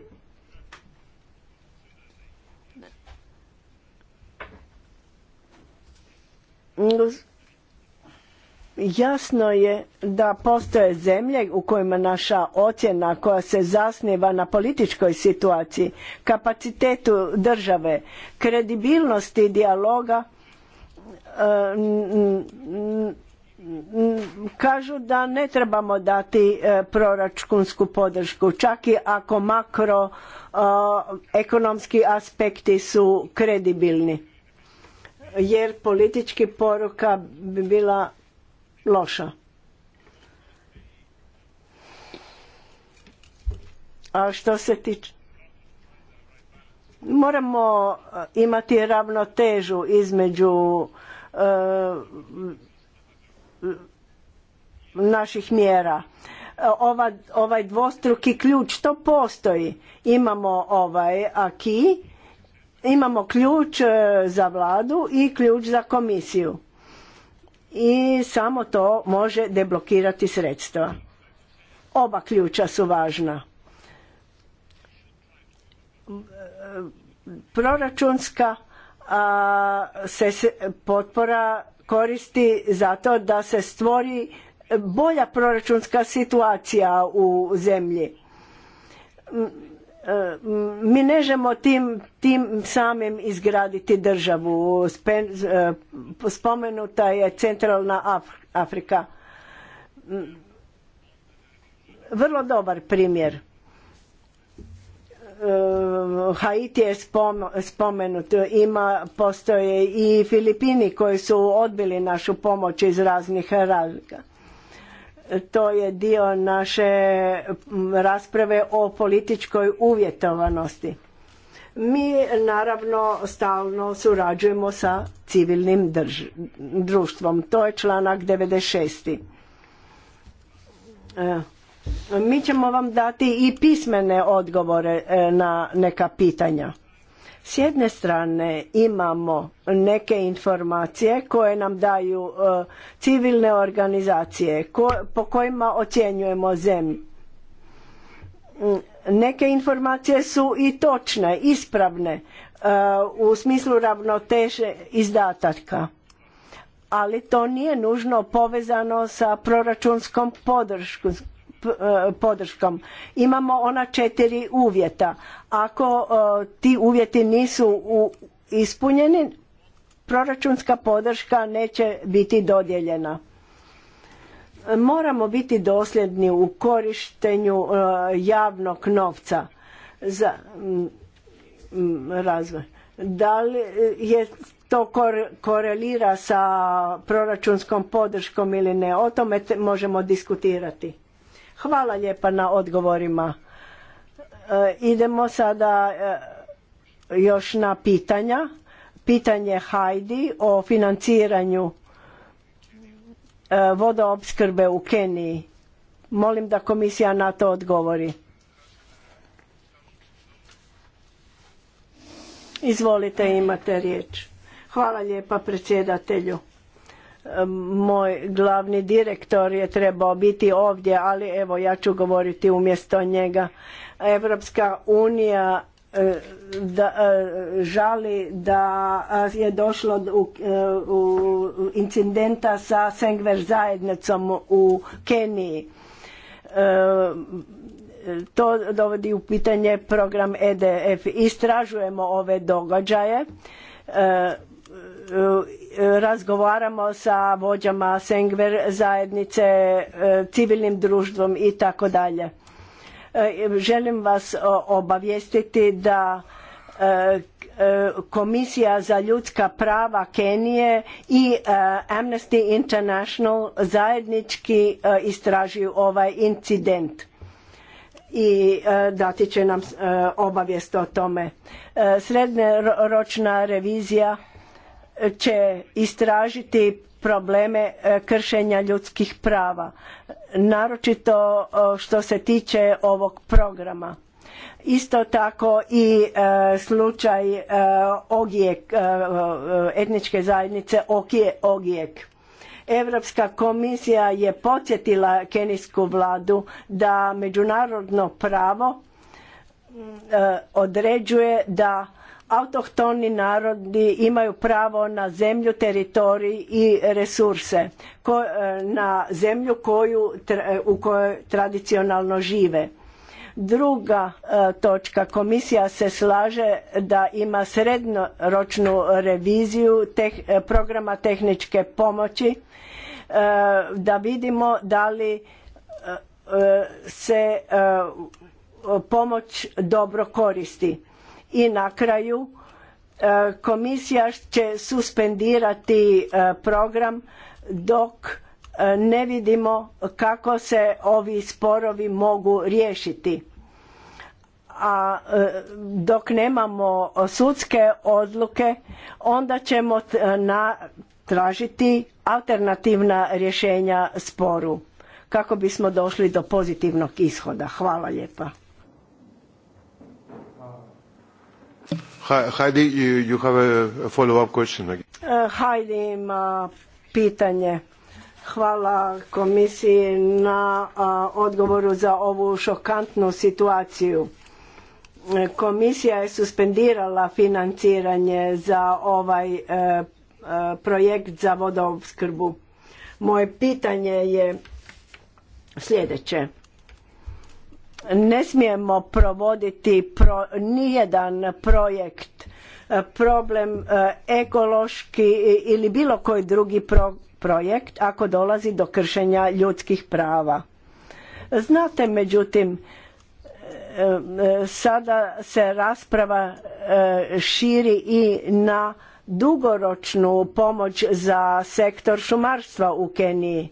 Jasno je da postoje zemlje u kojima naša ocjena koja se zasniva na političkoj situaciji, kapacitetu države, kredibilnosti dijaloga eh, kažu da ne trebamo dati eh, proračunsku podršku čak i ako makroekonomski eh, aspekti su kredibilni jer politički poruka bi bila loša. A što se tiče moramo e, imati ravnotežu između e, naših mjera. E, ova, ovaj dvostruki ključ, to postoji. Imamo ovaj aki, imamo ključ za vladu i ključ za komisiju i samo to može deblokirati sredstva. Oba ključa su važna. Proračunska se potpora koristi zato da se stvori bolja proračunska situacija u zemlji Eh, mi ne žemo tim, tim samim izgraditi državu. Eh, spomenuta je centralna Afrika. Mm. Vrlo dobar primjer. Eh, Haiti je spomenut, ima, postoje i Filipini koji su odbili našu pomoć iz raznih razlika to je dio naše rasprave o političkoj uvjetovanosti. Mi naravno stalno surađujemo sa civilnim društvom. To je članak 96. E, mi ćemo vam dati i pismene odgovore e, na neka pitanja. S jedne strane imamo neke informacije koje nam daju e, civilne organizacije po kojima ocjenjujemo zemlju. Mm, neke informacije su i točne, ispravne e, u smislu ravnoteže izdataka, ali to nije nužno povezano sa proračunskom podrškom E, podrškom. Imamo ona četiri uvjeta. Ako e, ti uvjeti nisu ispunjeni, proračunska podrška neće biti dodijeljena. Moramo biti dosljedni u korištenju e, javnog novca za razvoj. Da li je to korelira sa proračunskom podrškom ili ne, o tome možemo diskutirati. Hvala lijepa na odgovorima. E, idemo sada e, još na pitanja. Pitanje Hajdi o financiranju e, vodoopskrbe u Keniji. Molim da komisija na to odgovori. Izvolite, imate riječ. Hvala lijepa predsjedatelju moj glavni direktor je trebao biti ovdje, ali evo ja ću govoriti umjesto njega. Evropska unija e, da, e, žali da je došlo e, u, incidenta sa Sengver zajednicom u Keniji. To dovodi u pitanje program EDF. Istražujemo ove događaje razgovaramo sa vođama Sengver zajednice, e, civilnim društvom i tako dalje. E, želim vas obavijestiti da e, Komisija za ljudska prava Kenije i Amnesty International zajednički istražuju ovaj incident i dati će nam obavijest o tome. Srednjoročna revizija će istražiti probleme e, kršenja ljudskih prava naročito što se tiče ovog programa isto tako i e, slučaj e, Ogijek etničke zajednice Okije Ogijek Europska komisija je podsjetila kenijsku vladu da međunarodno pravo određuje da Autohtoni narodi imaju pravo na zemlju, teritorij i resurse, e, na zemlju koju, e, u kojoj tradicionalno žive. Druga e, točka, komisija se slaže da ima srednjoročnu reviziju programa tehničke pomoći da vidimo da li se pomoć dobro koristi i na kraju e, komisija će suspendirati e, program dok e, ne vidimo kako se ovi sporovi mogu riješiti a dok nemamo sudske odluke onda ćemo na, tražiti alternativna rješenja sporu kako bismo došli do pozitivnog ishoda. Hvala lijepa. Heidi, you have a follow-up question. Uh, ima pitanje. Hvala komisiji na uh, odgovoru za ovu šokantnu situaciju. Komisija je suspendirala financiranje za ovaj uh, projekt za vodoopskrbu. Moje pitanje je sljedeće ne smijemo provoditi nijedan projekt e, problem e, ekološki ili bilo koji drugi projekt ako dolazi do kršenja ljudskih prava znate međutim e, sada se rasprava širi i na dugoročnu pomoć za sektor šumarstva u Keniji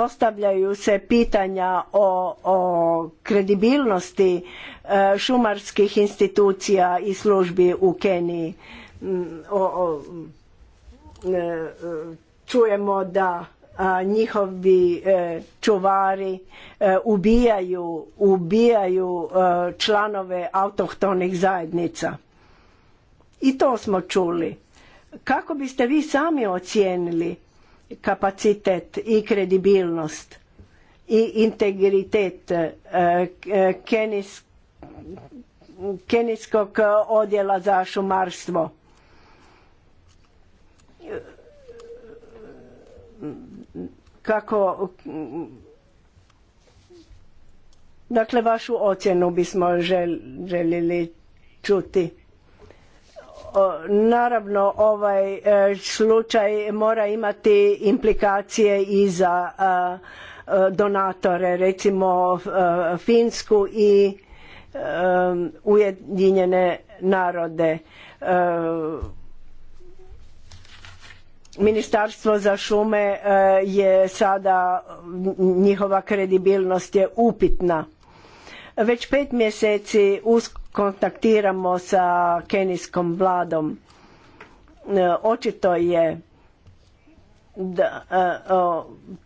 postavljaju se pitanja o, kredibilnosti e, šumarskih institucija i službi u Keniji. Mm, o, e, e, čujemo da njihovi čuvari ubijaju, ubijaju članove autohtonih zajednica. I to smo čuli. Kako biste vi sami ocijenili kapacitet i kredibilnost i integritet e, e, kenijskog odjela za šumarstvo. Kako... Dakle, vašu ocjenu bismo željeli čuti naravno ovaj e, slučaj mora imati implikacije i za e, e, donatore recimo Finsku i Ujedinjene narode Ministarstvo za šume je sada njihova kredibilnost je upitna već pet mjeseci usko kontaktiramo sa kenijskom vladom. E, očito je da, e,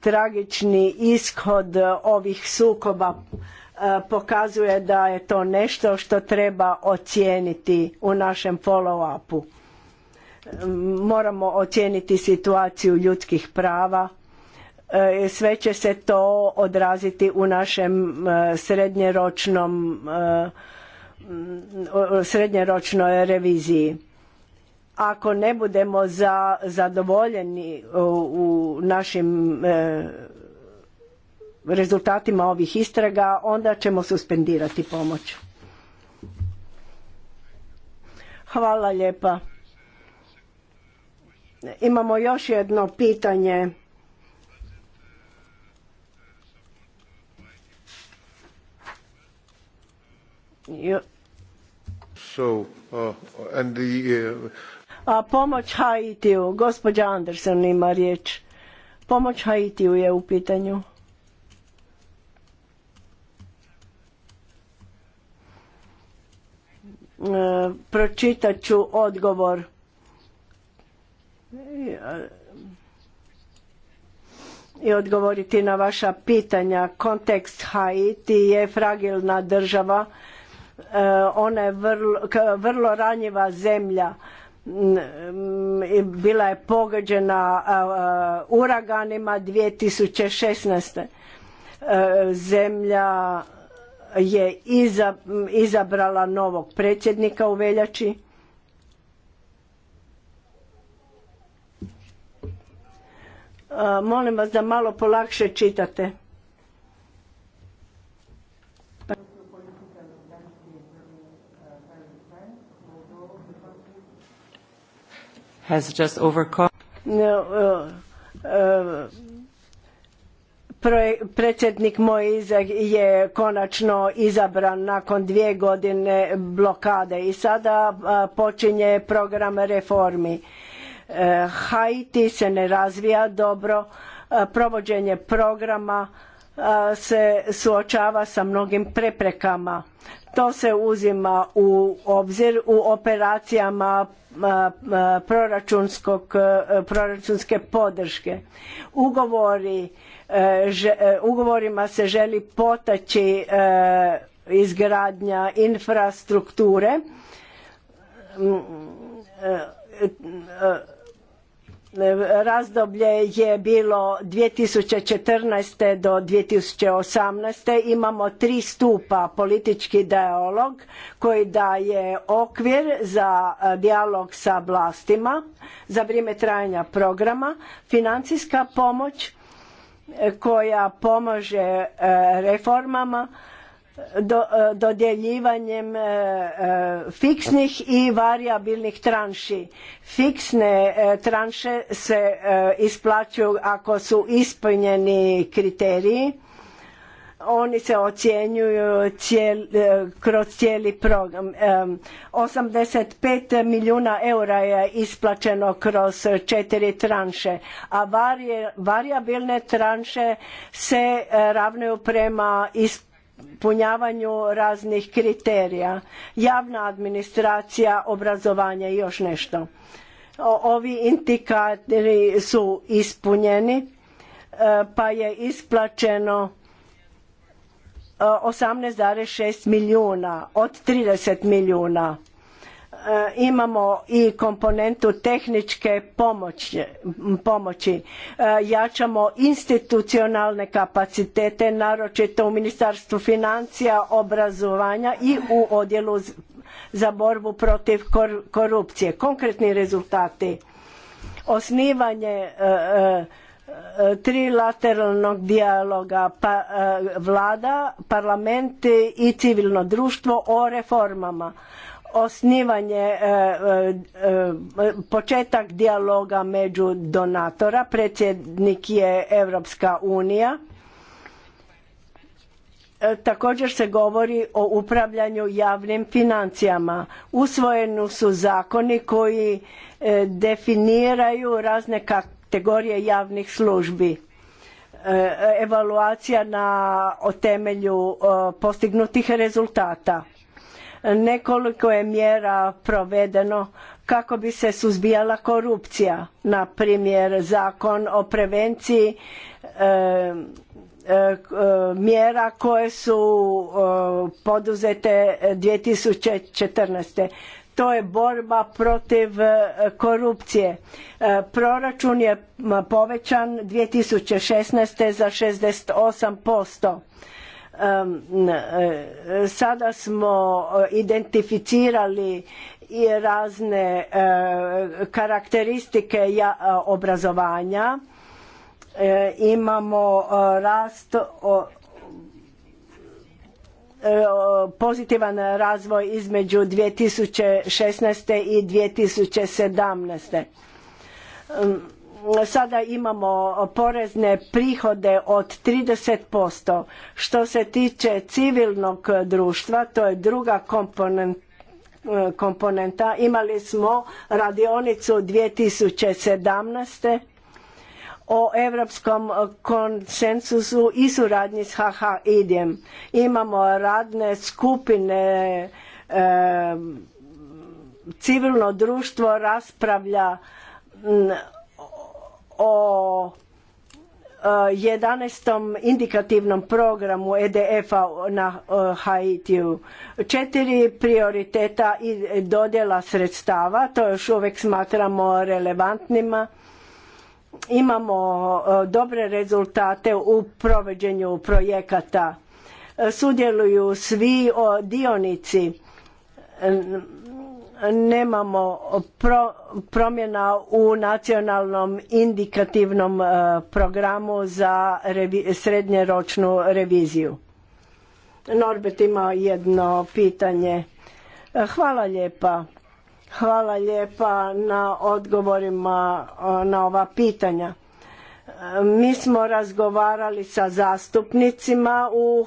tragični ishod ovih sukoba e, pokazuje da je to nešto što treba ocijeniti u našem follow-upu. Moramo ocijeniti situaciju ljudskih prava. Sve će se to odraziti u našem srednjeročnom srednjeročnoj reviziji. Ako ne budemo za, zadovoljeni u, našim e, rezultatima ovih istraga, onda ćemo suspendirati pomoć. Hvala lijepa. Imamo još jedno pitanje. Jo So, uh, and the, uh, A pomoć Haitiju, gospođa Anderson ima riječ. Pomoć Haitiju je u pitanju. E, pročitat ću odgovor. I odgovoriti na vaša pitanja. Kontekst Haiti je fragilna država E, ona je vrlo, vrlo ranjiva zemlja. Mm, bila je pogođena e, e, uraganima 2016. Zemlja je izabrala novog predsjednika u veljači. Molim vas da malo polakše čitate. has just overcome no, uh, uh, predsjednik moj je konačno izabran nakon dvije godine blokade i sada uh, počinje program reformi. Haiti se ne razvija dobro, provođenje programa se suočava sa mnogim preprekama to se uzima u obzir u operacijama proračunskog, proračunske podrške. E, e, ugovorima se želi potaći e, izgradnja infrastrukture mm, razdoblje je bilo 2014. do 2018. imamo tri stupa politički dijalog koji daje okvir za e, dijalog sa vlastima za vrijeme trajanja programa, financijska pomoć e, koja pomaže e, reformama E, dodjeljivanjem e, e, fiksnih i varijabilnih tranši. Fiksne tranše se isplaćuju ako su ispunjeni kriteriji. Oni se ocjenjuju kroz cijeli program. 85 milijuna eura je isplaćeno kroz četiri tranše, a varijabilne tranše se ravnaju prema isplaćenju punjavanju raznih kriterija, javna administracija, obrazovanje i još nešto. Ovi indikatori su ispunjeni e, pa je isplaćeno 18,6 e, milijuna od 30 milijuna E, imamo i komponentu tehničke pomoći, pomoći. E, jačamo institucionalne kapacitete naročito u ministarstvu financija obrazovanja i u odjelu za borbu protiv korupcije konkretni rezultati osnivanje e, trilateralnog dijaloga pa, vlada parlamenti i civilno društvo o reformama osnivanje, e, e, e, početak dijaloga među donatora, predsjednik je Europska unija. Također se govori o upravljanju javnim financijama. Usvojeni su zakoni koji definiraju razne kategorije javnih službi evaluacija na temelju postignutih rezultata Nekoliko je mjera provedeno kako bi se suzbijala korupcija, na primjer zakon o prevenciji e, e, mjera koje su e, poduzete 2014. To je borba protiv korupcije. Proračun je povećan 2016. za 68%. E, sada smo e, identificirali i razne e, karakteristike obrazovanja. Imamo rast pozitivan razvoj između 2016. i 2017 sada imamo porezne prihode od 30%. Što se tiče civilnog društva, to je druga komponenta. Imali smo radionicu 2017 o europskom konsensusu i suradnji s HH IDEM. Imamo radne skupine, civilno društvo raspravlja o 11. E, indikativnom programu EDF-a na e, Haitiju. Četiri prioriteta i dodjela sredstava, to još uvijek smatramo relevantnima. Imamo e, dobre rezultate u provođenju projekata. Sudjeluju svi dionici nemamo promjena u nacionalnom indikativnom e, programu za revi, reviziju. Norbert ima jedno pitanje. E, hvala lijepa. Hvala lijepa na odgovorima e, na ova pitanja. Mi smo razgovarali sa zastupnicima u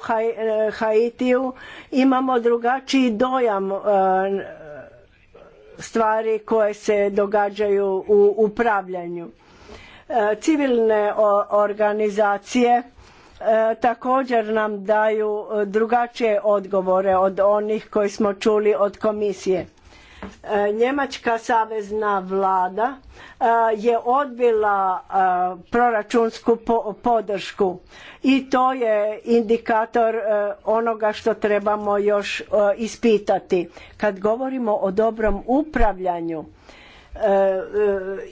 Haitiju. Imamo drugačiji dojam stvari koje se događaju u upravljanju. E, civilne organizacije e, također nam daju e, drugačije odgovore od onih koji smo čuli od komisije E, Njemačka savezna vlada e, je odbila e, proračunsku podršku i to je indikator onoga što trebamo još ispitati. Kad govorimo o dobrom upravljanju,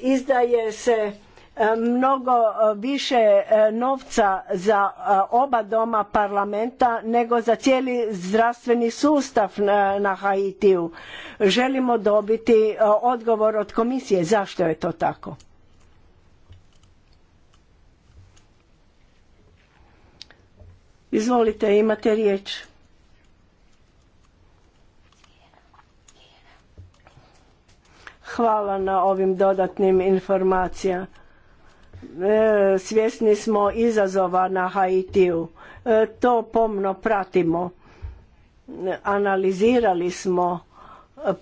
izdaje se E, mnogo e, više e, novca za oba doma parlamenta nego za cijeli zdravstveni sustav na Haitiju. Želimo dobiti odgovor od komisije zašto je to tako. Izvolite, imate riječ. Hvala na ovim dodatnim informacijama E, svjesni smo izazova na Haitiju. E, to pomno pratimo. E, analizirali smo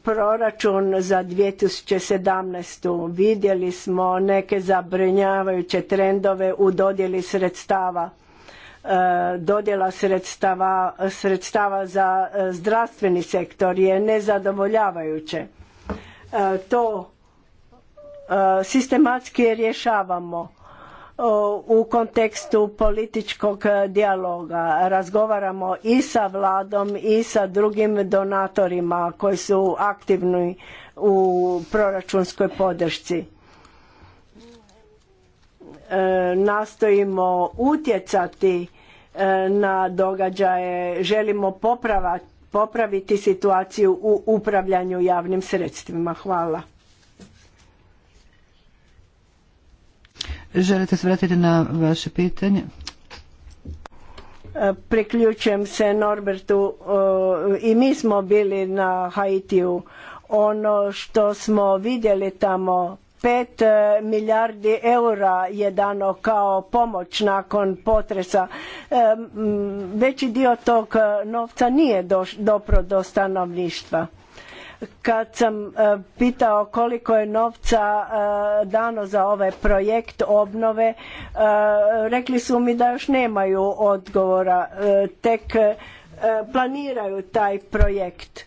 proračun za 2017. Vidjeli smo neke zabrinjavajuće trendove u dodjeli sredstava. Dodjela sredstava, sredstava za zdravstveni sektor je nezadovoljavajuće. To E, sistematski rješavamo e, u kontekstu političkog dijaloga. Razgovaramo i sa vladom i sa drugim donatorima koji su aktivni u proračunskoj podršci. E, nastojimo utjecati na događaje, želimo popraviti situaciju u upravljanju javnim sredstvima. Hvala. Želite se vratiti na vaše pitanje? E, priključujem se Norbertu e, i mi smo bili na Haitiju. Ono što smo vidjeli tamo, pet e, milijardi eura je dano kao pomoć nakon potresa. Veći dio tog novca nije dopro do stanovništva kad sam e, pitao koliko je novca e, dano za ovaj projekt obnove, e, rekli su mi da još nemaju odgovora, tek planiraju taj projekt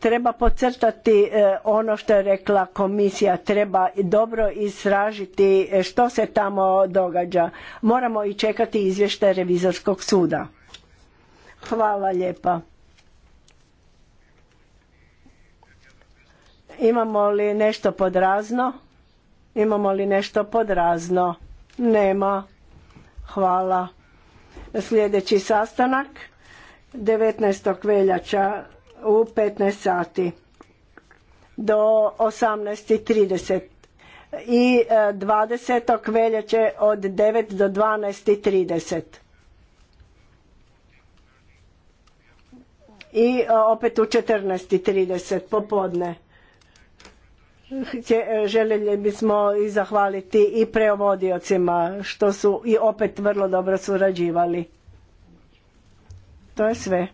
treba podcrtati ono što je rekla komisija treba dobro istražiti što se tamo događa moramo i čekati izvještaj revizorskog suda hvala lijepa Imamo li nešto podrazno? Imamo li nešto podrazno? Nema. Hvala. Sljedeći sastanak 19. veljača u 15 sati do 18.30 i 20. E, veljače od 9 do 12.30. I e, opet u 14.30 popodne. E, željeli bismo i zahvaliti i prevodiocima što su i opet vrlo dobro surađivali. To je sve.